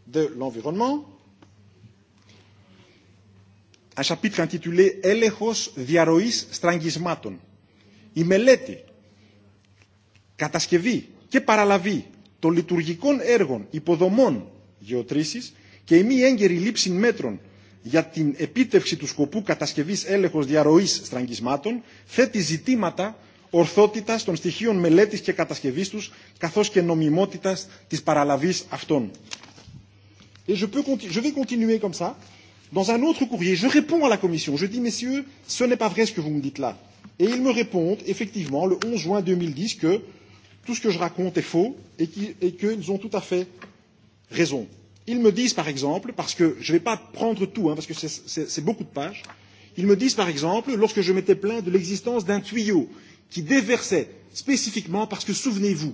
de l'environnement ένα σαπίτρο αντιτουλέ «Έλεγχος διαρροής στραγγισμάτων». Η μελέτη, κατασκευή και παραλαβή των λειτουργικών έργων υποδομών γεωτρήσης και η μη έγκαιρη λήψη μέτρων για την επίτευξη του σκοπού κατασκευής έλεγχος διαρροής στραγγισμάτων θέτει ζητήματα ορθότητας των στοιχείων μελέτης και κατασκευής τους καθώς και νομιμότητας της παραλαβής αυτών. Et je, peux, je vais continuer comme ça Dans un autre courrier, je réponds à la Commission. Je dis, messieurs, ce n'est pas vrai ce que vous me dites là. Et ils me répondent, effectivement, le 11 juin 2010, que tout ce que je raconte est faux et qu'ils qu ont tout à fait raison. Ils me disent, par exemple, parce que je ne vais pas prendre tout, hein, parce que c'est beaucoup de pages, ils me disent, par exemple, lorsque je m'étais plaint de l'existence d'un tuyau qui déversait spécifiquement, parce que souvenez-vous,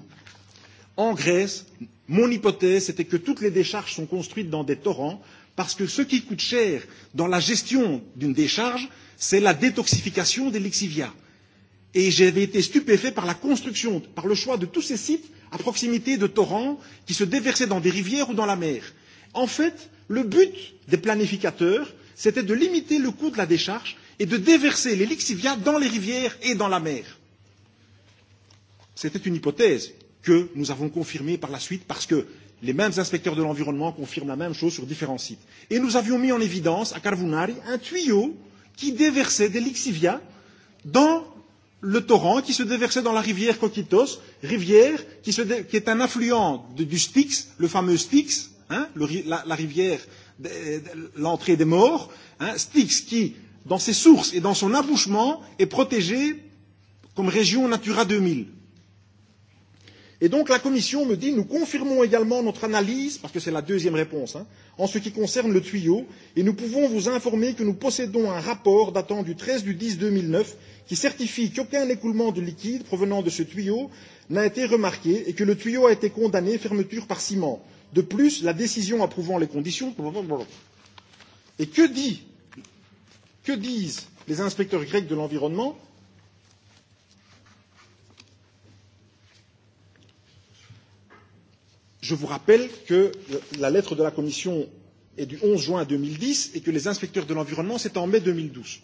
en Grèce, mon hypothèse, c'était que toutes les décharges sont construites dans des torrents Parce que ce qui coûte cher dans la gestion d'une décharge, c'est la détoxification des lixivia. Et j'avais été stupéfait par la construction, par le choix de tous ces sites à proximité de torrents qui se déversaient dans des rivières ou dans la mer. En fait, le but des planificateurs, c'était de limiter le coût de la décharge et de déverser les lixivia dans les rivières et dans la mer. C'était une hypothèse que nous avons confirmée par la suite parce que les mêmes inspecteurs de l'environnement confirment la même chose sur différents sites. Et nous avions mis en évidence à Carvunari un tuyau qui déversait des lixivia dans le torrent qui se déversait dans la rivière Coquitos, rivière qui, se dé... qui est un affluent de, du Styx, le fameux Styx, hein, le, la, la rivière, de, de, l'entrée des morts, hein, Styx qui, dans ses sources et dans son abouchement, est protégé comme région Natura 2000. Et donc la Commission me dit nous confirmons également notre analyse, parce que c'est la deuxième réponse, hein, en ce qui concerne le tuyau, et nous pouvons vous informer que nous possédons un rapport datant du 13 du 10 2009 qui certifie qu'aucun écoulement de liquide provenant de ce tuyau n'a été remarqué et que le tuyau a été condamné fermeture par ciment. De plus, la décision approuvant les conditions. Et que dit, que disent les inspecteurs grecs de l'environnement Je vous rappelle que la lettre de la Commission est du 11 juin 2010 et que les inspecteurs de l'environnement, c'est en mai 2012.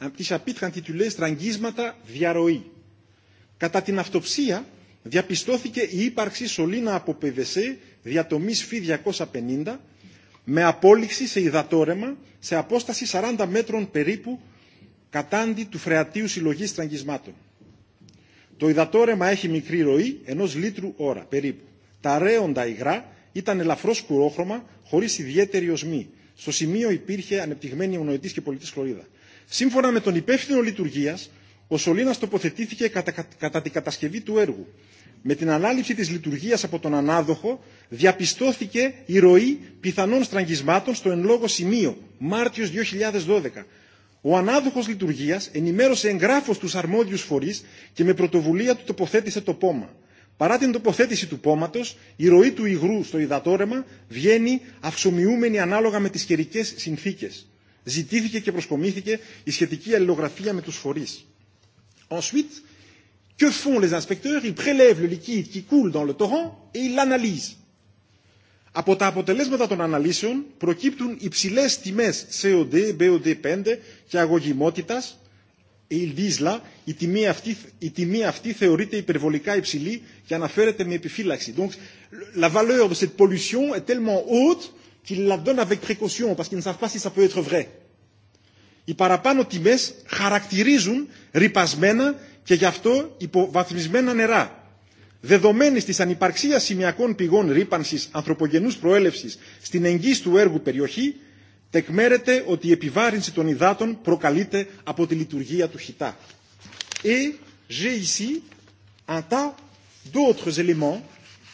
Un petit chapitre intitulé Strangismata Διαρροή. Κατά την αυτοψία διαπιστώθηκε η ύπαρξη σωλήνα από PVC διατομής Φ250 με απόλυξη σε υδατόρεμα σε απόσταση 40 μέτρων περίπου κατάντι του φρεατίου συλλογής στραγγισμάτων. Το υδατόρεμα έχει μικρή ροή ενός λίτρου ώρα περίπου. Τα αρέοντα υγρά ήταν ελαφρώς κουρόχρωμα, χωρίς ιδιαίτερη οσμή. Στο σημείο υπήρχε ανεπτυγμένη ομνοητής και πολιτής χλωρίδα. Σύμφωνα με τον υπεύθυνο λειτουργίας, ο σωλήνας τοποθετήθηκε κατά, κατά την κατασκευή του έργου. Με την ανάληψη της λειτουργίας από τον ανάδοχο διαπιστώθηκε η ροή πιθανών στραγγισμάτων στο εν λόγω σημείο, Μάρτιος 2012. Ο ανάδοχος λειτουργίας ενημέρωσε εγγράφος τους αρμόδιους φορείς και με πρωτοβουλία του τοποθέτησε το πόμα. Παρά την τοποθέτηση του πόματος, η ροή του υγρού στο υδατόρεμα βγαίνει αυξομοιούμενη ανάλογα με τις καιρικές συνθήκες. Ζητήθηκε και προσκομίθηκε η σχετική αλληλογραφία με τους φορείς. Ensuite, que font les inspecteurs Ils prélèvent le liquide qui coule dans le torrent et ils l'analysent. Από τα αποτελέσματα των αναλύσεων προκύπτουν υψηλές τιμές COD, BOD5 και αγωγημότητας il diesla, η τιμή, αυτή, η τιμή αυτή θεωρείται υπερβολικά υψηλή και αναφέρεται με επιφύλαξη. Donc, la valeur de cette pollution est tellement haute qu'ils la donnent avec précaution, parce qu'ils ne savent pas si ça peut être vrai. Οι παραπάνω τιμές χαρακτηρίζουν ρυπασμένα και γι' αυτό υποβαθμισμένα νερά. Δεδομένη τη ανυπαρξία σημειακών πηγών ρήπανση ανθρωπογενού προέλευση στην εγγύη του έργου περιοχή, τεκμέρεται ότι η επιβάρυνση των υδάτων προκαλείται από τη λειτουργία του χιτά. Et j'ai ici un tas d'autres éléments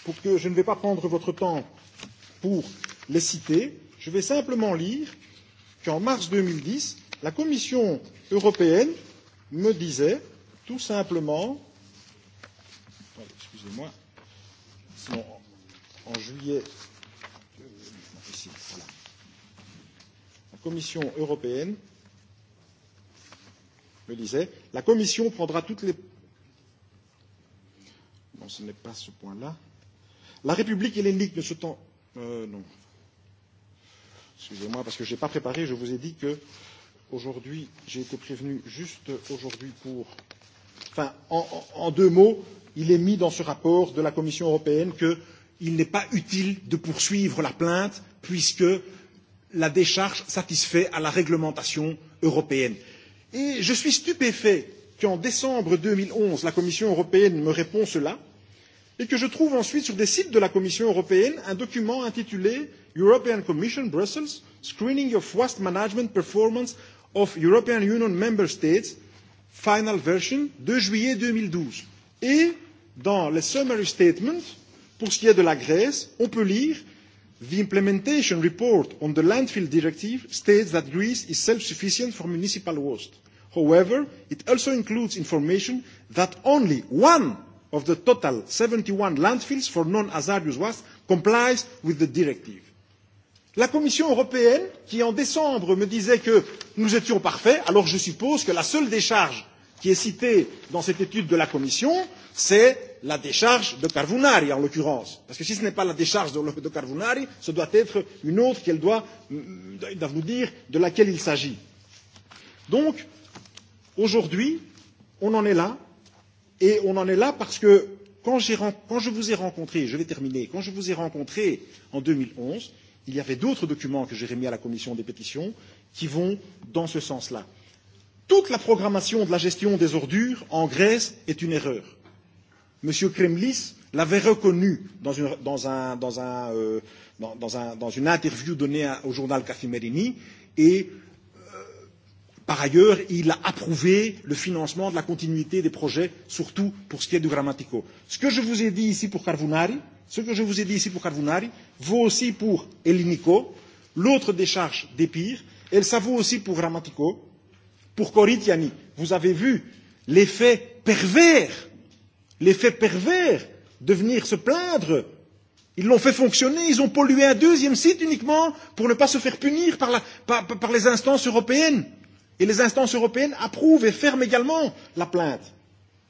pour que je ne vais pas prendre votre temps pour les citer. Je vais simplement lire qu'en mars 2010, la Commission européenne me disait tout simplement, excusez-moi, en juillet Commission européenne me disait La Commission prendra toutes les. Non, ce n'est pas ce point-là. La République hellénique ne se tend. Euh, non. Excusez-moi, parce que je n'ai pas préparé, je vous ai dit que aujourd'hui, j'ai été prévenu juste aujourd'hui pour. Enfin, en, en deux mots, il est mis dans ce rapport de la Commission européenne que euh, il n'est pas utile de poursuivre la plainte puisque la décharge satisfait à la réglementation européenne. Et je suis stupéfait qu'en décembre 2011, la Commission européenne me répond cela, et que je trouve ensuite sur des sites de la Commission européenne un document intitulé European Commission Brussels Screening of Waste Management Performance of European Union Member States, final version, 2 juillet 2012. Et dans les summary statements, pour ce qui est de la Grèce, on peut lire The implementation report on the landfill directive states that Greece is self-sufficient for municipal waste. However, it also includes information that only one of the total 71 landfills for non-hazardous waste complies with the directive. La Commission européenne, qui en décembre me disait que nous étions parfaits, alors je suppose que la seule décharge qui est citée dans cette étude de la Commission, c'est la décharge de Carvunari, en l'occurrence. Parce que si ce n'est pas la décharge de, de Carvunari, ce doit être une autre qu'elle doit, mm, doit nous dire de laquelle il s'agit. Donc, aujourd'hui, on en est là, et on en est là parce que quand, quand je vous ai rencontré, je vais terminer, quand je vous ai rencontré en 2011, il y avait d'autres documents que j'ai remis à la commission des pétitions qui vont dans ce sens-là toute la programmation de la gestion des ordures en Grèce est une erreur. M. Kremlis l'avait reconnu dans une, dans, un, dans, un, euh, dans, dans, un, dans une interview donnée à, au journal Cafimerini et euh, par ailleurs, il a approuvé le financement de la continuité des projets, surtout pour ce qui est du Grammatico. Ce que je vous ai dit ici pour Carvunari, ce que je vous ai dit ici pour Carvunari, vaut aussi pour Elinico, l'autre décharge des pires, et ça vaut aussi pour Grammatico, pour Corinthiani. Vous avez vu l'effet pervers, l'effet pervers de venir se plaindre. Ils l'ont fait fonctionner, ils ont pollué un deuxième site uniquement pour ne pas se faire punir par, la, par, par les instances européennes. Et les instances européennes approuvent et ferment également la plainte.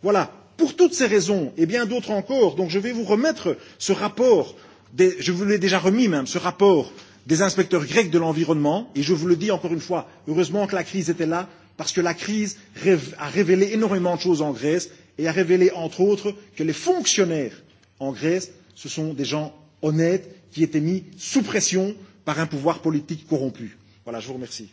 Voilà. Pour toutes ces raisons et bien d'autres encore, donc je vais vous remettre ce rapport, des, je vous l'ai déjà remis même, ce rapport des inspecteurs grecs de l'environnement, et je vous le dis encore une fois, heureusement que la crise était là parce que la crise a révélé énormément de choses en Grèce et a révélé, entre autres, que les fonctionnaires en Grèce, ce sont des gens honnêtes qui étaient mis sous pression par un pouvoir politique corrompu. Voilà, je vous remercie.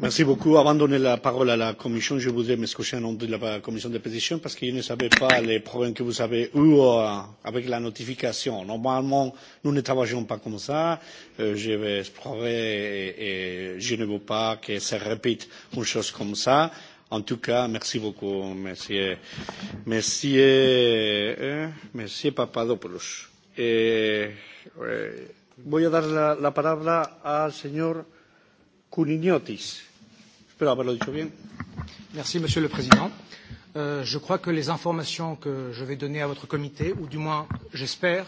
Merci beaucoup. Avant de donner la parole à la Commission, je voudrais m'excuser au nom de la Commission des pétitions parce que je ne savais pas les problèmes que vous avez eus euh, avec la notification. Normalement, nous ne travaillons pas comme ça. Euh, je vais explorer et, et je ne veux pas que ça répète une chose comme ça. En tout cas, merci beaucoup, monsieur, monsieur, euh, monsieur euh, Papadopoulos. Eh, eh, voy a dar la, la palabra al señor Kouniotis. J'espère haberlo dicho bien. Merci, Monsieur le Président. Euh, je crois que les informations que je vais donner à votre comité, ou du moins, j'espère,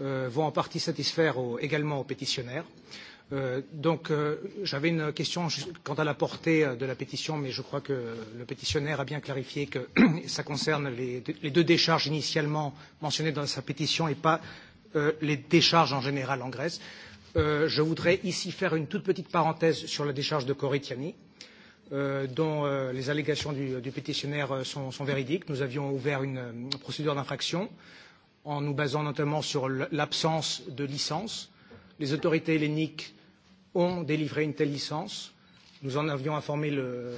euh, vont en partie satisfaire au, également aux pétitionnaires. Euh, donc, euh, j'avais une question quant à la portée euh, de la pétition, mais je crois que le pétitionnaire a bien clarifié que ça concerne les, les deux décharges initialement mentionnées dans sa pétition et pas euh, les décharges en général en Grèce. Euh, Euh, je voudrais ici faire une toute petite parenthèse sur la décharge de Coritiani, euh, dont euh, les allégations du, du pétitionnaire euh, sont, sont véridiques. Nous avions ouvert une, une euh, procédure d'infraction en nous basant notamment sur l'absence de licence. Les autorités helléniques ont délivré une telle licence. Nous en avions informé le,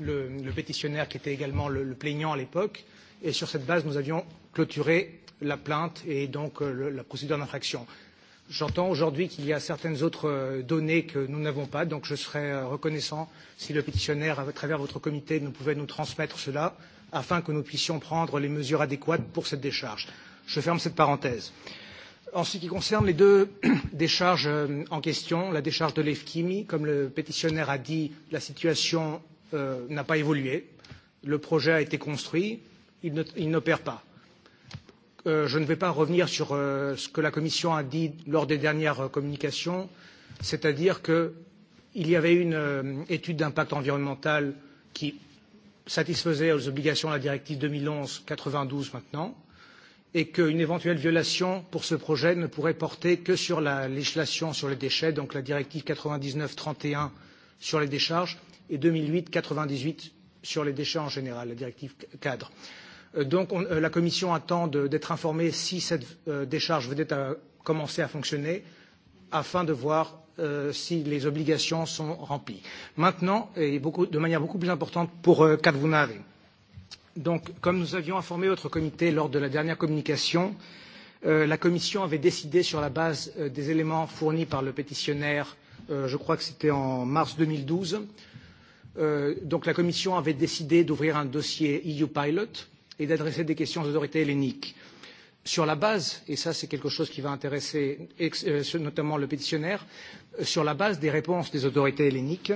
le, le, le pétitionnaire qui était également le, le plaignant à l'époque. Et sur cette base, nous avions clôturé la plainte et donc euh, le, la procédure d'infraction. J'entends aujourd'hui qu'il y a certaines autres euh, données que nous n'avons pas, donc je serais euh, reconnaissant si le pétitionnaire, à travers votre comité, nous pouvait nous transmettre cela afin que nous puissions prendre les mesures adéquates pour cette décharge. Je ferme cette parenthèse. En ce qui concerne les deux décharges euh, en question, la décharge de l'EFKIMI, comme le pétitionnaire a dit, la situation euh, n'a pas évolué. Le projet a été construit, il n'opère pas. Euh, je ne vais pas revenir sur euh, ce que la Commission a dit lors des dernières euh, communications, c'est-à-dire qu'il y avait une euh, étude d'impact environnemental qui satisfaisait aux obligations de la directive 2011-92 maintenant, et qu'une éventuelle violation pour ce projet ne pourrait porter que sur la législation sur les déchets, donc la directive 99-31 sur les décharges et 2008-98 sur les déchets en général, la directive cadre. Euh, Euh, donc on, euh, la Commission attend d'être informée si cette euh, décharge vedette a commencé à fonctionner afin de voir euh, si les obligations sont remplies. Maintenant, et beaucoup, de manière beaucoup plus importante pour euh, Kadvunave. Donc, comme nous avions informé votre comité lors de la dernière communication, euh, la Commission avait décidé, sur la base euh, des éléments fournis par le pétitionnaire, euh, je crois que c'était en mars 2012, euh, donc la Commission avait décidé d'ouvrir un dossier EU Pilot et d'adresser des questions aux autorités helléniques. Sur la base, et ça c'est quelque chose qui va intéresser ex, euh, notamment le pétitionnaire, euh, sur la base des réponses des autorités helléniques,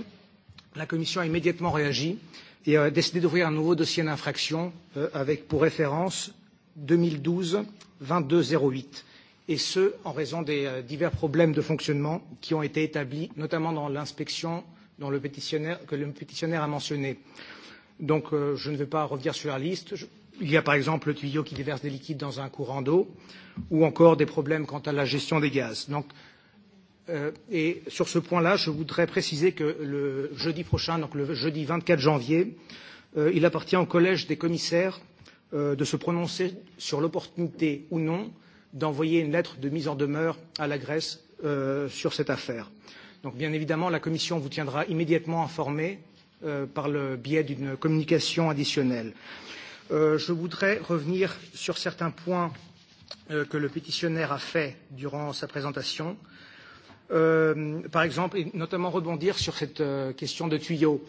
la Commission a immédiatement réagi et a décidé d'ouvrir un nouveau dossier d'infraction euh, avec pour référence 2012-2208, et ce, en raison des euh, divers problèmes de fonctionnement qui ont été établis, notamment dans l'inspection dont le pétitionnaire, que le pétitionnaire a mentionné. Donc euh, je ne vais pas revenir sur la liste. Je, Il y a par exemple le tuyau qui déverse des liquides dans un courant d'eau, ou encore des problèmes quant à la gestion des gaz. Donc, euh, et sur ce point-là, je voudrais préciser que le jeudi prochain, donc le jeudi 24 janvier, euh, il appartient au collège des commissaires euh, de se prononcer sur l'opportunité ou non d'envoyer une lettre de mise en demeure à la Grèce euh, sur cette affaire. Donc, bien évidemment, la Commission vous tiendra immédiatement informé euh, par le biais d'une communication additionnelle. Euh, Euh, je voudrais revenir sur certains points euh, que le pétitionnaire a fait durant sa présentation. Euh, par exemple, et notamment rebondir sur cette euh, question de tuyaux.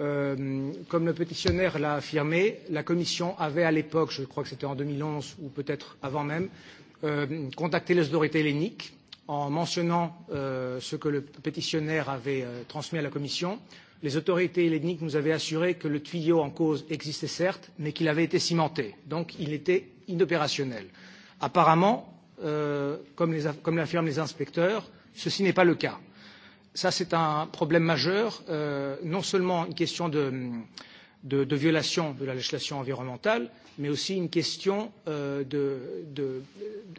Euh, comme le pétitionnaire l'a affirmé, la Commission avait à l'époque, je crois que c'était en 2011 ou peut-être avant même, euh, contacté les autorités helléniques en mentionnant euh, ce que le pétitionnaire avait euh, transmis à la Commission. Euh, les autorités helléniques nous avaient assuré que le tuyau en cause existait certes, mais qu'il avait été cimenté, donc il était inopérationnel. Apparemment, euh, comme l'affirment les, les inspecteurs, ceci n'est pas le cas. Ça, c'est un problème majeur, euh, non seulement une question de, de, de violation de la législation environnementale, mais aussi une question euh, de, de,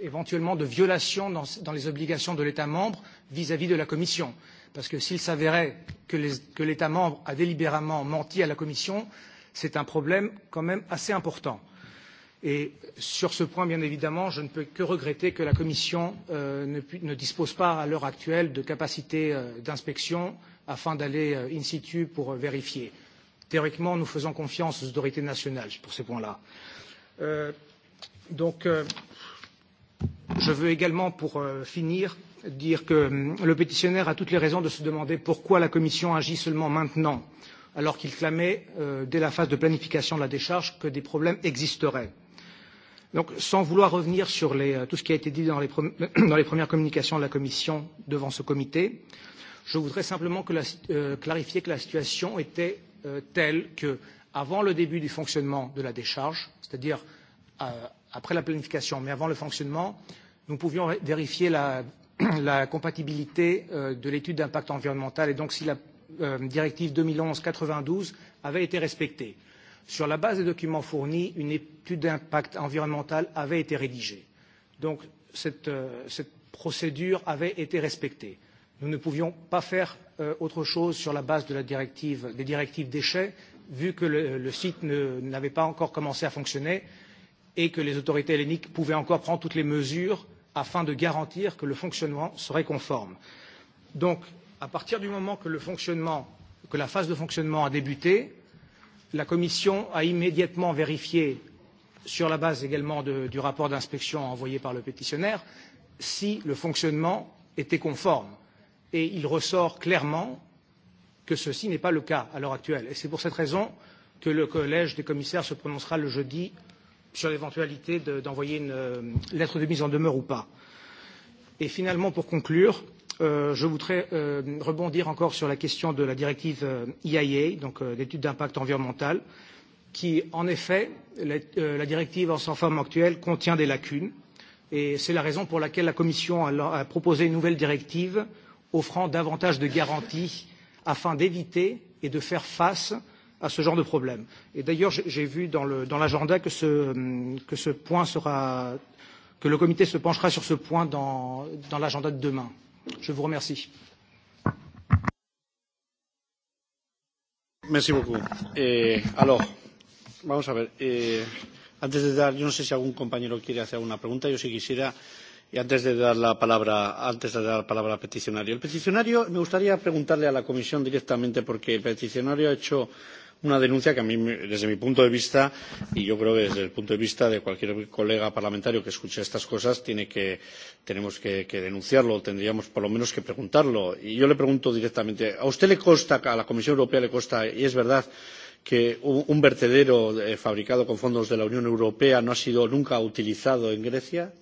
éventuellement de violation dans, dans les obligations de l'État membre vis-à-vis -vis de la Commission. Euh, parce que s'il s'avérait que l'État membre a délibérément menti à la Commission, c'est un problème quand même assez important. Et sur ce point, bien évidemment, je ne peux que regretter que la Commission euh, ne, ne dispose pas à l'heure actuelle de capacités euh, d'inspection afin d'aller euh, in situ pour euh, vérifier. Théoriquement, nous faisons confiance aux autorités nationales pour ces points-là. Euh, donc, euh, je veux également, pour euh, finir, dire que le pétitionnaire a toutes les raisons de se demander pourquoi la Commission agit seulement maintenant, alors qu'il clamait, euh, dès la phase de planification de la décharge, que des problèmes existeraient. Donc, sans vouloir revenir sur les, euh, tout ce qui a été dit dans les, dans les premières communications de la Commission devant ce comité, je voudrais simplement que la, euh, clarifier que la situation était euh, telle que, avant le début du fonctionnement de la décharge, c'est-à-dire euh, après la planification, mais avant le fonctionnement, nous pouvions vérifier la la compatibilité euh, de l'étude d'impact environnemental et donc si la euh, directive 2011-92 avait été respectée. Sur la base des documents fournis, une étude d'impact environnemental avait été rédigée. Donc cette, euh, cette procédure avait été respectée. Nous ne pouvions pas faire euh, autre chose sur la base de la directive, des directives déchets, vu que le, le site n'avait pas encore commencé à fonctionner et que les autorités helléniques pouvaient encore prendre toutes les mesures afin de garantir que le fonctionnement serait conforme. Donc, à partir du moment que, le fonctionnement, que la phase de fonctionnement a débuté, la Commission a immédiatement vérifié, sur la base également de, du rapport d'inspection envoyé par le pétitionnaire, si le fonctionnement était conforme. Et il ressort clairement que ceci n'est pas le cas à l'heure actuelle. Et c'est pour cette raison que le collège des commissaires se prononcera le jeudi sur l'éventualité d'envoyer de, une euh, lettre de mise en demeure ou pas. Et finalement, pour conclure, euh, je voudrais euh, rebondir encore sur la question de la directive euh, IIA, e, donc euh, l'étude d'impact environnemental, qui, en effet, la, euh, la directive en sa forme actuelle contient des lacunes. Et c'est la raison pour laquelle la Commission a, a proposé une nouvelle directive offrant davantage de garanties afin d'éviter et de faire face euh, à ce genre de problème. Et d'ailleurs, j'ai vu dans l'agenda dans que, ce, que ce point sera que le comité se penchera sur ce point dans, dans l'agenda de demain. Je vous remercie. Merci beaucoup. Eh, alors, vamos a ver. Eh, antes de dar, yo no sé si algún compañero quiere hacer alguna pregunta. Yo sí si quisiera, y antes de dar la palabra, antes de dar la palabra al peticionario. El peticionario, me gustaría preguntarle a la comisión directamente porque el peticionario ha hecho una denuncia que a mí, desde mi punto de vista, y yo creo que desde el punto de vista de cualquier colega parlamentario que escuche estas cosas, tiene que, tenemos que, que denunciarlo, tendríamos por lo menos que preguntarlo. Y yo le pregunto directamente, ¿a usted le consta, a la Comisión Europea le consta, y es verdad, que un vertedero eh, fabricado con fondos de la Unión Europea no ha sido nunca utilizado en Grecia,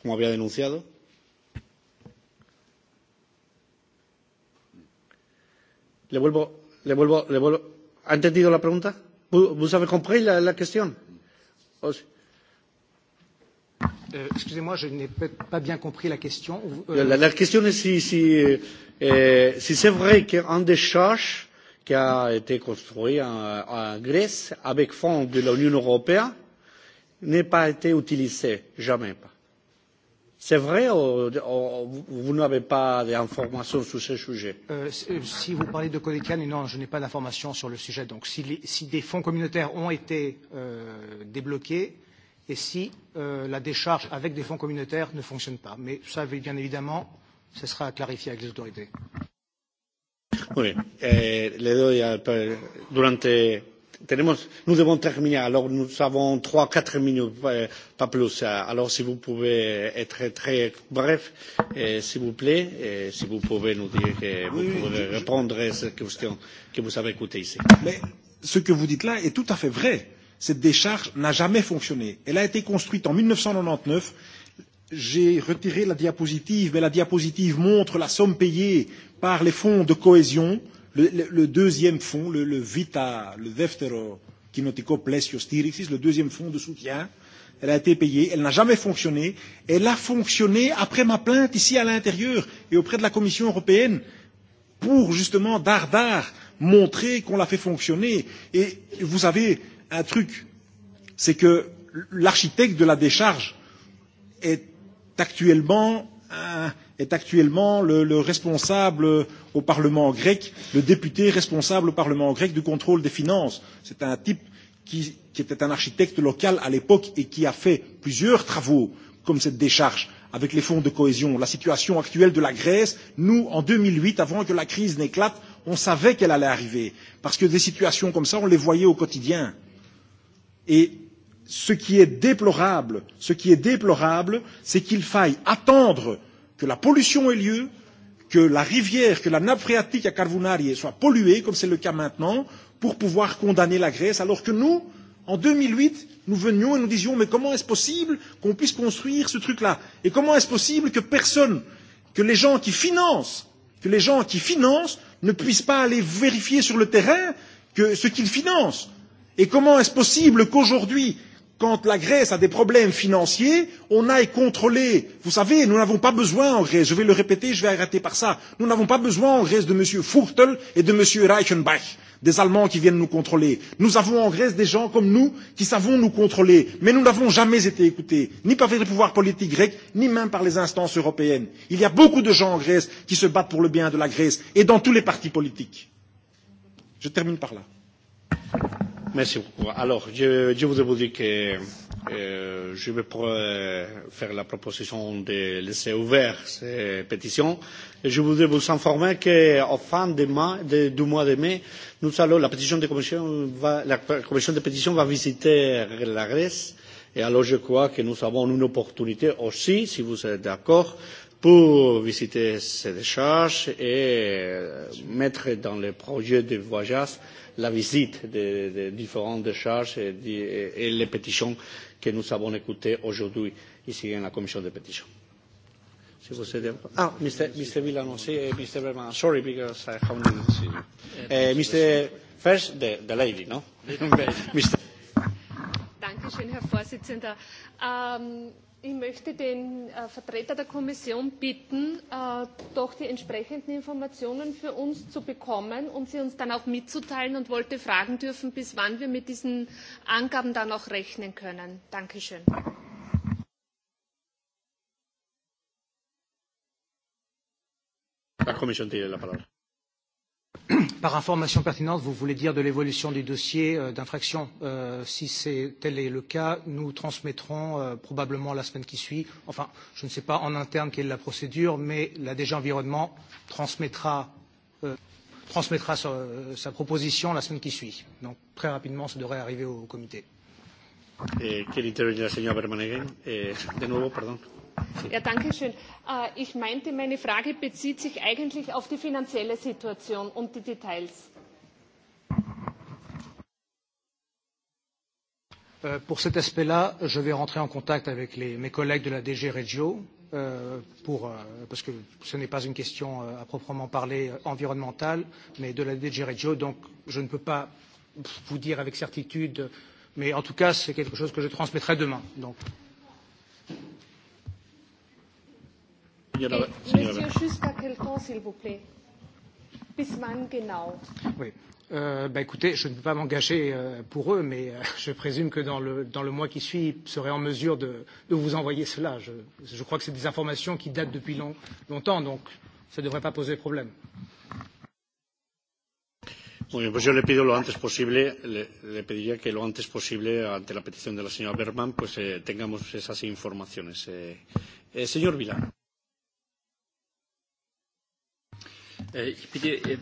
como había denunciado? Le vuelvo, le vuelvo, le vuelvo. ¿Ha entendido la pregunta? ¿Vous avez compris la, la question? Euh, Excusez-moi, je n'ai pas bien compris la question. Euh... La, la question est si, si, euh, euh, si c'est vrai qu'un des charges qui a été construit en, en Grèce avec fonds de l'Union européenne n'ait pas été utilisé, jamais pas. C'est vrai ou, ou vous n'avez pas d'informations sur ce sujet euh, Si vous parlez de Codécane, non, je n'ai pas d'informations sur le sujet. Donc si, les, si des fonds communautaires ont été euh, débloqués et si euh, la décharge avec des fonds communautaires ne fonctionne pas. Mais ça, bien évidemment, ce sera à clarifier avec les autorités. Oui. Eh, le doy a, durante tenemos, nous devons terminer. Alors nous avons trois, quatre minutes, euh, pas plus. Alors si vous pouvez être très bref, euh, s'il vous plaît, et euh, si vous pouvez nous dire que vous oui, pouvez je, répondre à cette question que vous avez écoutée ici. Mais ce que vous dites là est tout à fait vrai. Cette décharge n'a jamais fonctionné. Elle a été construite en 1999. J'ai retiré la diapositive, mais la diapositive montre la somme payée par les fonds de cohésion euh, Le, le, le deuxième fonds, le, le VITA, le δεύτερο κοινοτικό πλαίσιο στήριξης, le deuxième fonds de soutien, elle a été payée, elle n'a jamais fonctionné, elle a fonctionné après ma plainte ici à l'intérieur et auprès de la Commission européenne pour justement dardard montrer qu'on l'a fait fonctionner. Et vous savez, un truc, c'est que l'architecte de la décharge est actuellement un, est actuellement le, le responsable au Parlement grec, le député responsable au Parlement grec du contrôle des finances. C'est un type qui, qui était un architecte local à l'époque et qui a fait plusieurs travaux comme cette décharge avec les fonds de cohésion. La situation actuelle de la Grèce, nous, en 2008, avant que la crise n'éclate, on savait qu'elle allait arriver, parce que des situations comme ça, on les voyait au quotidien. Et ce qui est déplorable, ce qui est déplorable, c'est qu'il faille attendre euh, que la pollution ait lieu, que la rivière, que la nappe phréatique à Carvunarie soit polluée, comme c'est le cas maintenant, pour pouvoir condamner la Grèce, alors que nous, en 2008, nous venions et nous disions mais comment est-ce possible qu'on puisse construire ce truc-là Et comment est-ce possible que personne, que les gens qui financent, que les gens qui financent ne puissent pas aller vérifier sur le terrain que ce qu'ils financent Et comment est-ce possible qu'aujourd'hui, quand la Grèce a des problèmes financiers, on aille contrôler. Vous savez, nous n'avons pas besoin en Grèce, je vais le répéter, je vais arrêter par ça. Nous n'avons pas besoin en Grèce de M. Furtel et de M. Reichenbach, des Allemands qui viennent nous contrôler. Nous avons en Grèce des gens comme nous qui savons nous contrôler, mais nous n'avons jamais été écoutés, ni par les pouvoirs politiques grecs, ni même par les instances européennes. Il y a beaucoup de gens en Grèce qui se battent pour le bien de la Grèce, et dans tous les partis politiques. Je termine par là. Merci beaucoup. Alors, je, je voudrais vous dire que euh, je vais pour, euh, faire la proposition de laisser ouvert ces pétitions. Et je voudrais vous informer qu'en fin de mois, de, du mois de mai, nous allons, la, pétition de commission va, la commission de pétition va visiter la Grèce. Et alors, je crois que nous avons une opportunité aussi, si vous êtes d'accord, pour visiter ces décharges et mettre dans le projet de voyage euh, la visite des de différentes décharges et, de, et les pétitions que nous avons écoutées aujourd'hui ici à la commission des pétitions. Si vous êtes... Ah, Mr. Mr. Villanossi and eh, Mr. Berman. Sorry, because I haven't seen you. Uh, eh, eh, Mr. First, the, the lady, no? Mr. Dankeschön, Herr Vorsitzender. Um, Ich möchte den äh, Vertreter der Kommission bitten, äh, doch die entsprechenden Informationen für uns zu bekommen und um sie uns dann auch mitzuteilen und wollte fragen dürfen, bis wann wir mit diesen Angaben dann auch rechnen können. Dankeschön. La Comisión tiene la palabra. Par information pertinente, vous voulez dire de l'évolution du dossier euh, d'infraction. Euh, si c'est, tel est le cas, nous transmettrons euh, probablement la semaine qui suit. Enfin, je ne sais pas en interne quelle est la procédure, mais la DG Environnement transmettra, euh, transmettra sa, euh, sa proposition la semaine qui suit. Donc très rapidement, ça devrait arriver au comité. Eh, quiere intervenir la señora Bermaneguén. Eh, de nuevo, perdón. Ja, danke schön. Äh, ich meinte, meine Frage bezieht sich eigentlich auf die finanzielle Situation und die Details. Euh, pour cet aspect-là, je vais rentrer en contact avec les, mes collègues de la DG Regio, euh, pour, euh, parce que ce n'est pas une question euh, à proprement parler euh, environnementale, mais de la DG Regio, donc je ne peux pas vous dire avec certitude, mais en tout cas, c'est quelque chose que je transmettrai demain. Donc, Señora, eh, señora. Monsieur, jusqu'à quel temps, s'il vous plaît Bis wann genau Oui. Euh, bah écoutez, je ne peux pas m'engager euh, pour eux, mais euh, je présume que dans le, dans le mois qui suit, ils seraient en mesure de, de vous envoyer cela. Je, je crois que c'est des informations qui datent depuis long, longtemps, donc ça ne devrait pas poser problème. Muy bien, pues yo le pido lo antes posible, le, le pediría que lo antes posible, ante la petición de la señora Berman, pues eh, tengamos esas informaciones. Eh, eh, señor Vilán. Äh, ich bitte äh,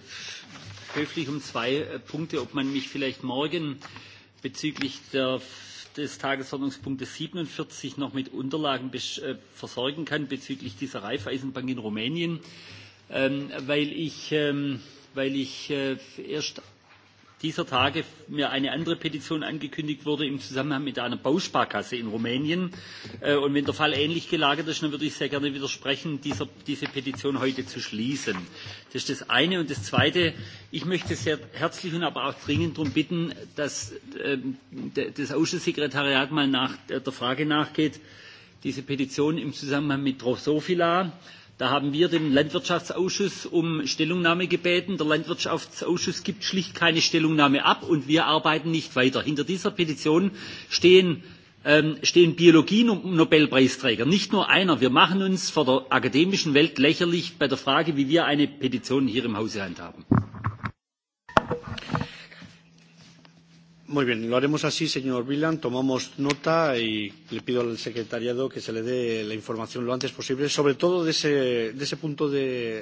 höflich um zwei äh, Punkte, ob man mich vielleicht morgen bezüglich der, des Tagesordnungspunktes 47 noch mit Unterlagen versorgen kann bezüglich dieser Raiffeisenbank in Rumänien, ähm, weil ich, ähm, weil ich äh, erst dieser Tage mir eine andere Petition angekündigt wurde im Zusammenhang mit einer Bausparkasse in Rumänien. Äh, und wenn der Fall ähnlich gelagert ist, dann würde ich sehr gerne widersprechen, dieser, diese Petition heute zu schließen. Das ist das eine. Und das zweite, ich möchte sehr herzlich und aber auch dringend darum bitten, dass äh, das Ausschusssekretariat mal nach, äh, der Frage nachgeht, diese Petition im Zusammenhang mit Drosophila, äh, Da haben wir den Landwirtschaftsausschuss um Stellungnahme gebeten. Der Landwirtschaftsausschuss gibt schlicht keine Stellungnahme ab und wir arbeiten nicht weiter. Hinter dieser Petition stehen ähm, stehen Biologie-Nobelpreisträger, nicht nur einer. Wir machen uns vor der akademischen Welt lächerlich bei der Frage, wie wir eine Petition hier im Hause handhaben. Muy bien, lo haremos así, señor Vilan. Tomamos nota y le pido al secretariado que se le dé la información lo antes posible, sobre todo de ese, de ese punto de,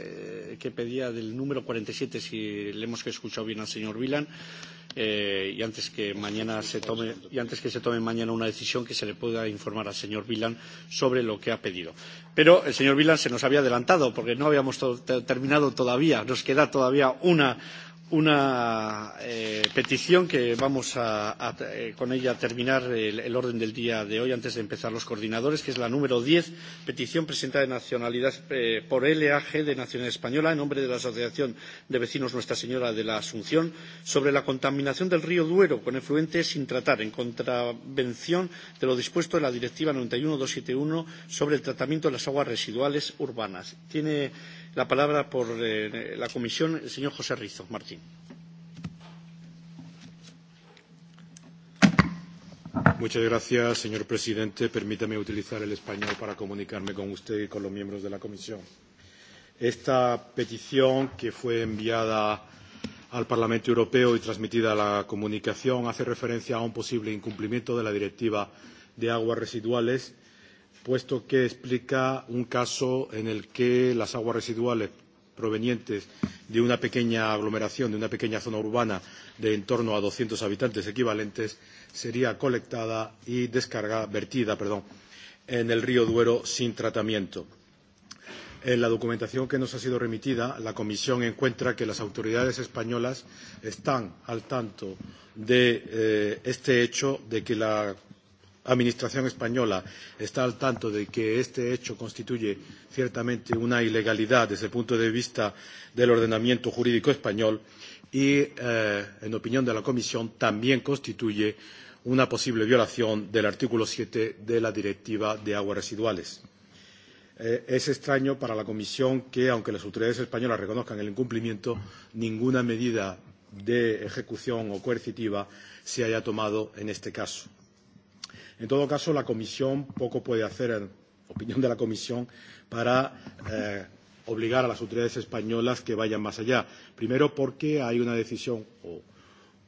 eh, que pedía del número 47, si le hemos escuchado bien al señor Vilan, eh, y antes que mañana se tome y antes que se tome mañana una decisión que se le pueda informar al señor Vilan sobre lo que ha pedido. Pero el señor Vilan se nos había adelantado porque no habíamos to terminado todavía. Nos queda todavía una una eh, petición que vamos a, a eh, con ella a terminar el, el orden del día de hoy antes de empezar los coordinadores, que es la número 10, petición presentada de nacionalidad eh, por LAG de Nacionalidad Española en nombre de la Asociación de Vecinos Nuestra Señora de la Asunción sobre la contaminación del río Duero con efluentes sin tratar en contravención de lo dispuesto en la Directiva 91271 sobre el tratamiento de las aguas residuales urbanas. Tiene la palabra por eh, la comisión el señor José Rizo. Martín. Muchas gracias, señor presidente. Permítame utilizar el español para comunicarme con usted y con los miembros de la comisión. Esta petición, que fue enviada al Parlamento Europeo y transmitida a la comunicación, hace referencia a un posible incumplimiento de la Directiva de aguas residuales puesto que explica un caso en el que las aguas residuales provenientes de una pequeña aglomeración, de una pequeña zona urbana de en torno a 200 habitantes equivalentes, sería colectada y descargada, vertida, perdón, en el río Duero sin tratamiento. En la documentación que nos ha sido remitida, la Comisión encuentra que las autoridades españolas están al tanto de eh, este hecho, de que la Administración española está al tanto de que este hecho constituye ciertamente una ilegalidad desde el punto de vista del ordenamiento jurídico español y, eh, en opinión de la Comisión, también constituye una posible violación del artículo 7 de la Directiva de Aguas Residuales. Eh, es extraño para la Comisión que, aunque las autoridades españolas reconozcan el incumplimiento, ninguna medida de ejecución o coercitiva se haya tomado en este caso. En todo caso, la Comisión poco puede hacer, en opinión de la Comisión, para eh, obligar a las autoridades españolas que vayan más allá. Primero, porque hay una decisión o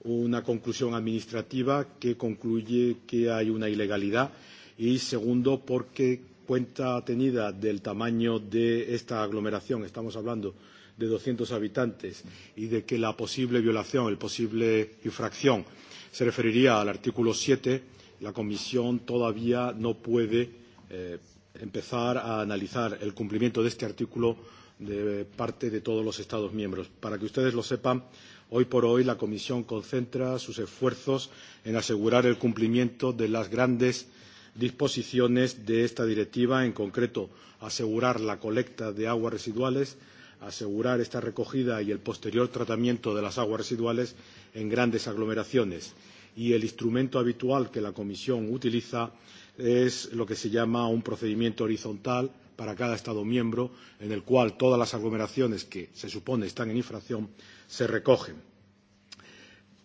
una conclusión administrativa que concluye que hay una ilegalidad. Y segundo, porque cuenta tenida del tamaño de esta aglomeración, estamos hablando de 200 habitantes, y de que la posible violación, el posible infracción, se referiría al artículo 7 la Comisión todavía no puede eh, empezar a analizar el cumplimiento de este artículo de parte de todos los Estados miembros. Para que ustedes lo sepan, hoy por hoy la Comisión concentra sus esfuerzos en asegurar el cumplimiento de las grandes disposiciones de esta directiva, en concreto asegurar la colecta de aguas residuales, asegurar esta recogida y el posterior tratamiento de las aguas residuales en grandes aglomeraciones y el instrumento habitual que la Comisión utiliza es lo que se llama un procedimiento horizontal para cada Estado miembro, en el cual todas las aglomeraciones que se supone están en infracción se recogen.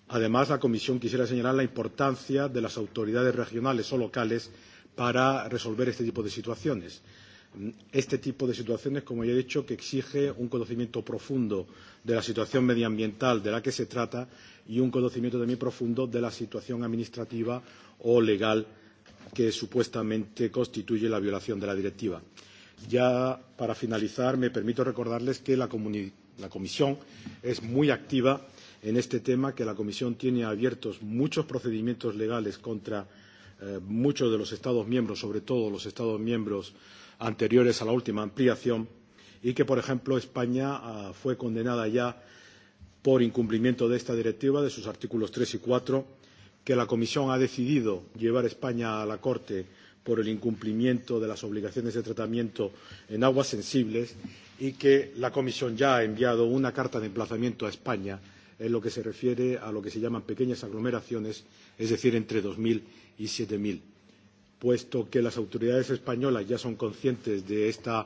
Además, la Comisión quisiera señalar la importancia de las autoridades regionales o locales para resolver este tipo de situaciones. Eh, este tipo de situaciones, como ya he dicho, que exige un conocimiento profundo de la situación medioambiental de la que se trata y un conocimiento también profundo de la situación administrativa o legal que supuestamente constituye la violación de la directiva. Ya para finalizar, me permito recordarles que la, la Comisión es muy activa en este tema, que la Comisión tiene abiertos muchos procedimientos legales contra eh, muchos de los Estados miembros, sobre todo los Estados miembros eh, anteriores a la última ampliación y que, por ejemplo, España uh, fue condenada ya por incumplimiento de esta directiva, de sus artículos 3 y 4, que la Comisión ha decidido llevar a España a la Corte por el incumplimiento de las obligaciones de tratamiento en aguas sensibles y que la Comisión ya ha enviado una carta de emplazamiento a España en lo que se refiere a lo que se llaman pequeñas aglomeraciones, es decir, entre 2.000 y 7.000 puesto que las autoridades españolas ya son conscientes de esta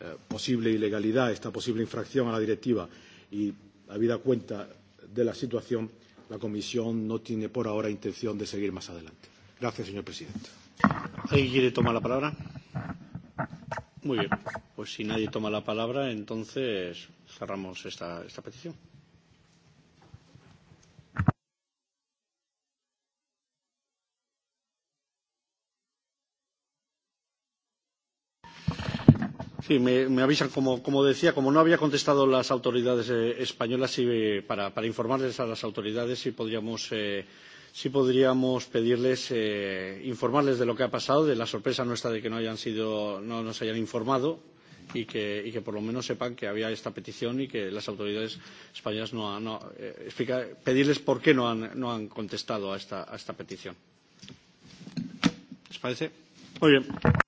eh, posible ilegalidad, esta posible infracción a la directiva y habida cuenta de la situación, la Comisión no tiene por ahora intención de seguir más adelante. Gracias, señor presidente. ¿Alguien quiere tomar la palabra? Muy bien. Pues si nadie toma la palabra, entonces cerramos esta, esta petición. Sí, me, me avisan, como, como decía, como no había contestado las autoridades eh, españolas, y, eh, para, para informarles a las autoridades si podríamos, eh, si podríamos pedirles, eh, informarles de lo que ha pasado, de la sorpresa nuestra de que no, hayan sido, no nos hayan informado y que, y que por lo menos sepan que había esta petición y que las autoridades españolas no han... No, eh, explica, pedirles por qué no han, no han contestado a esta, a esta petición. ¿Les parece? Muy bien.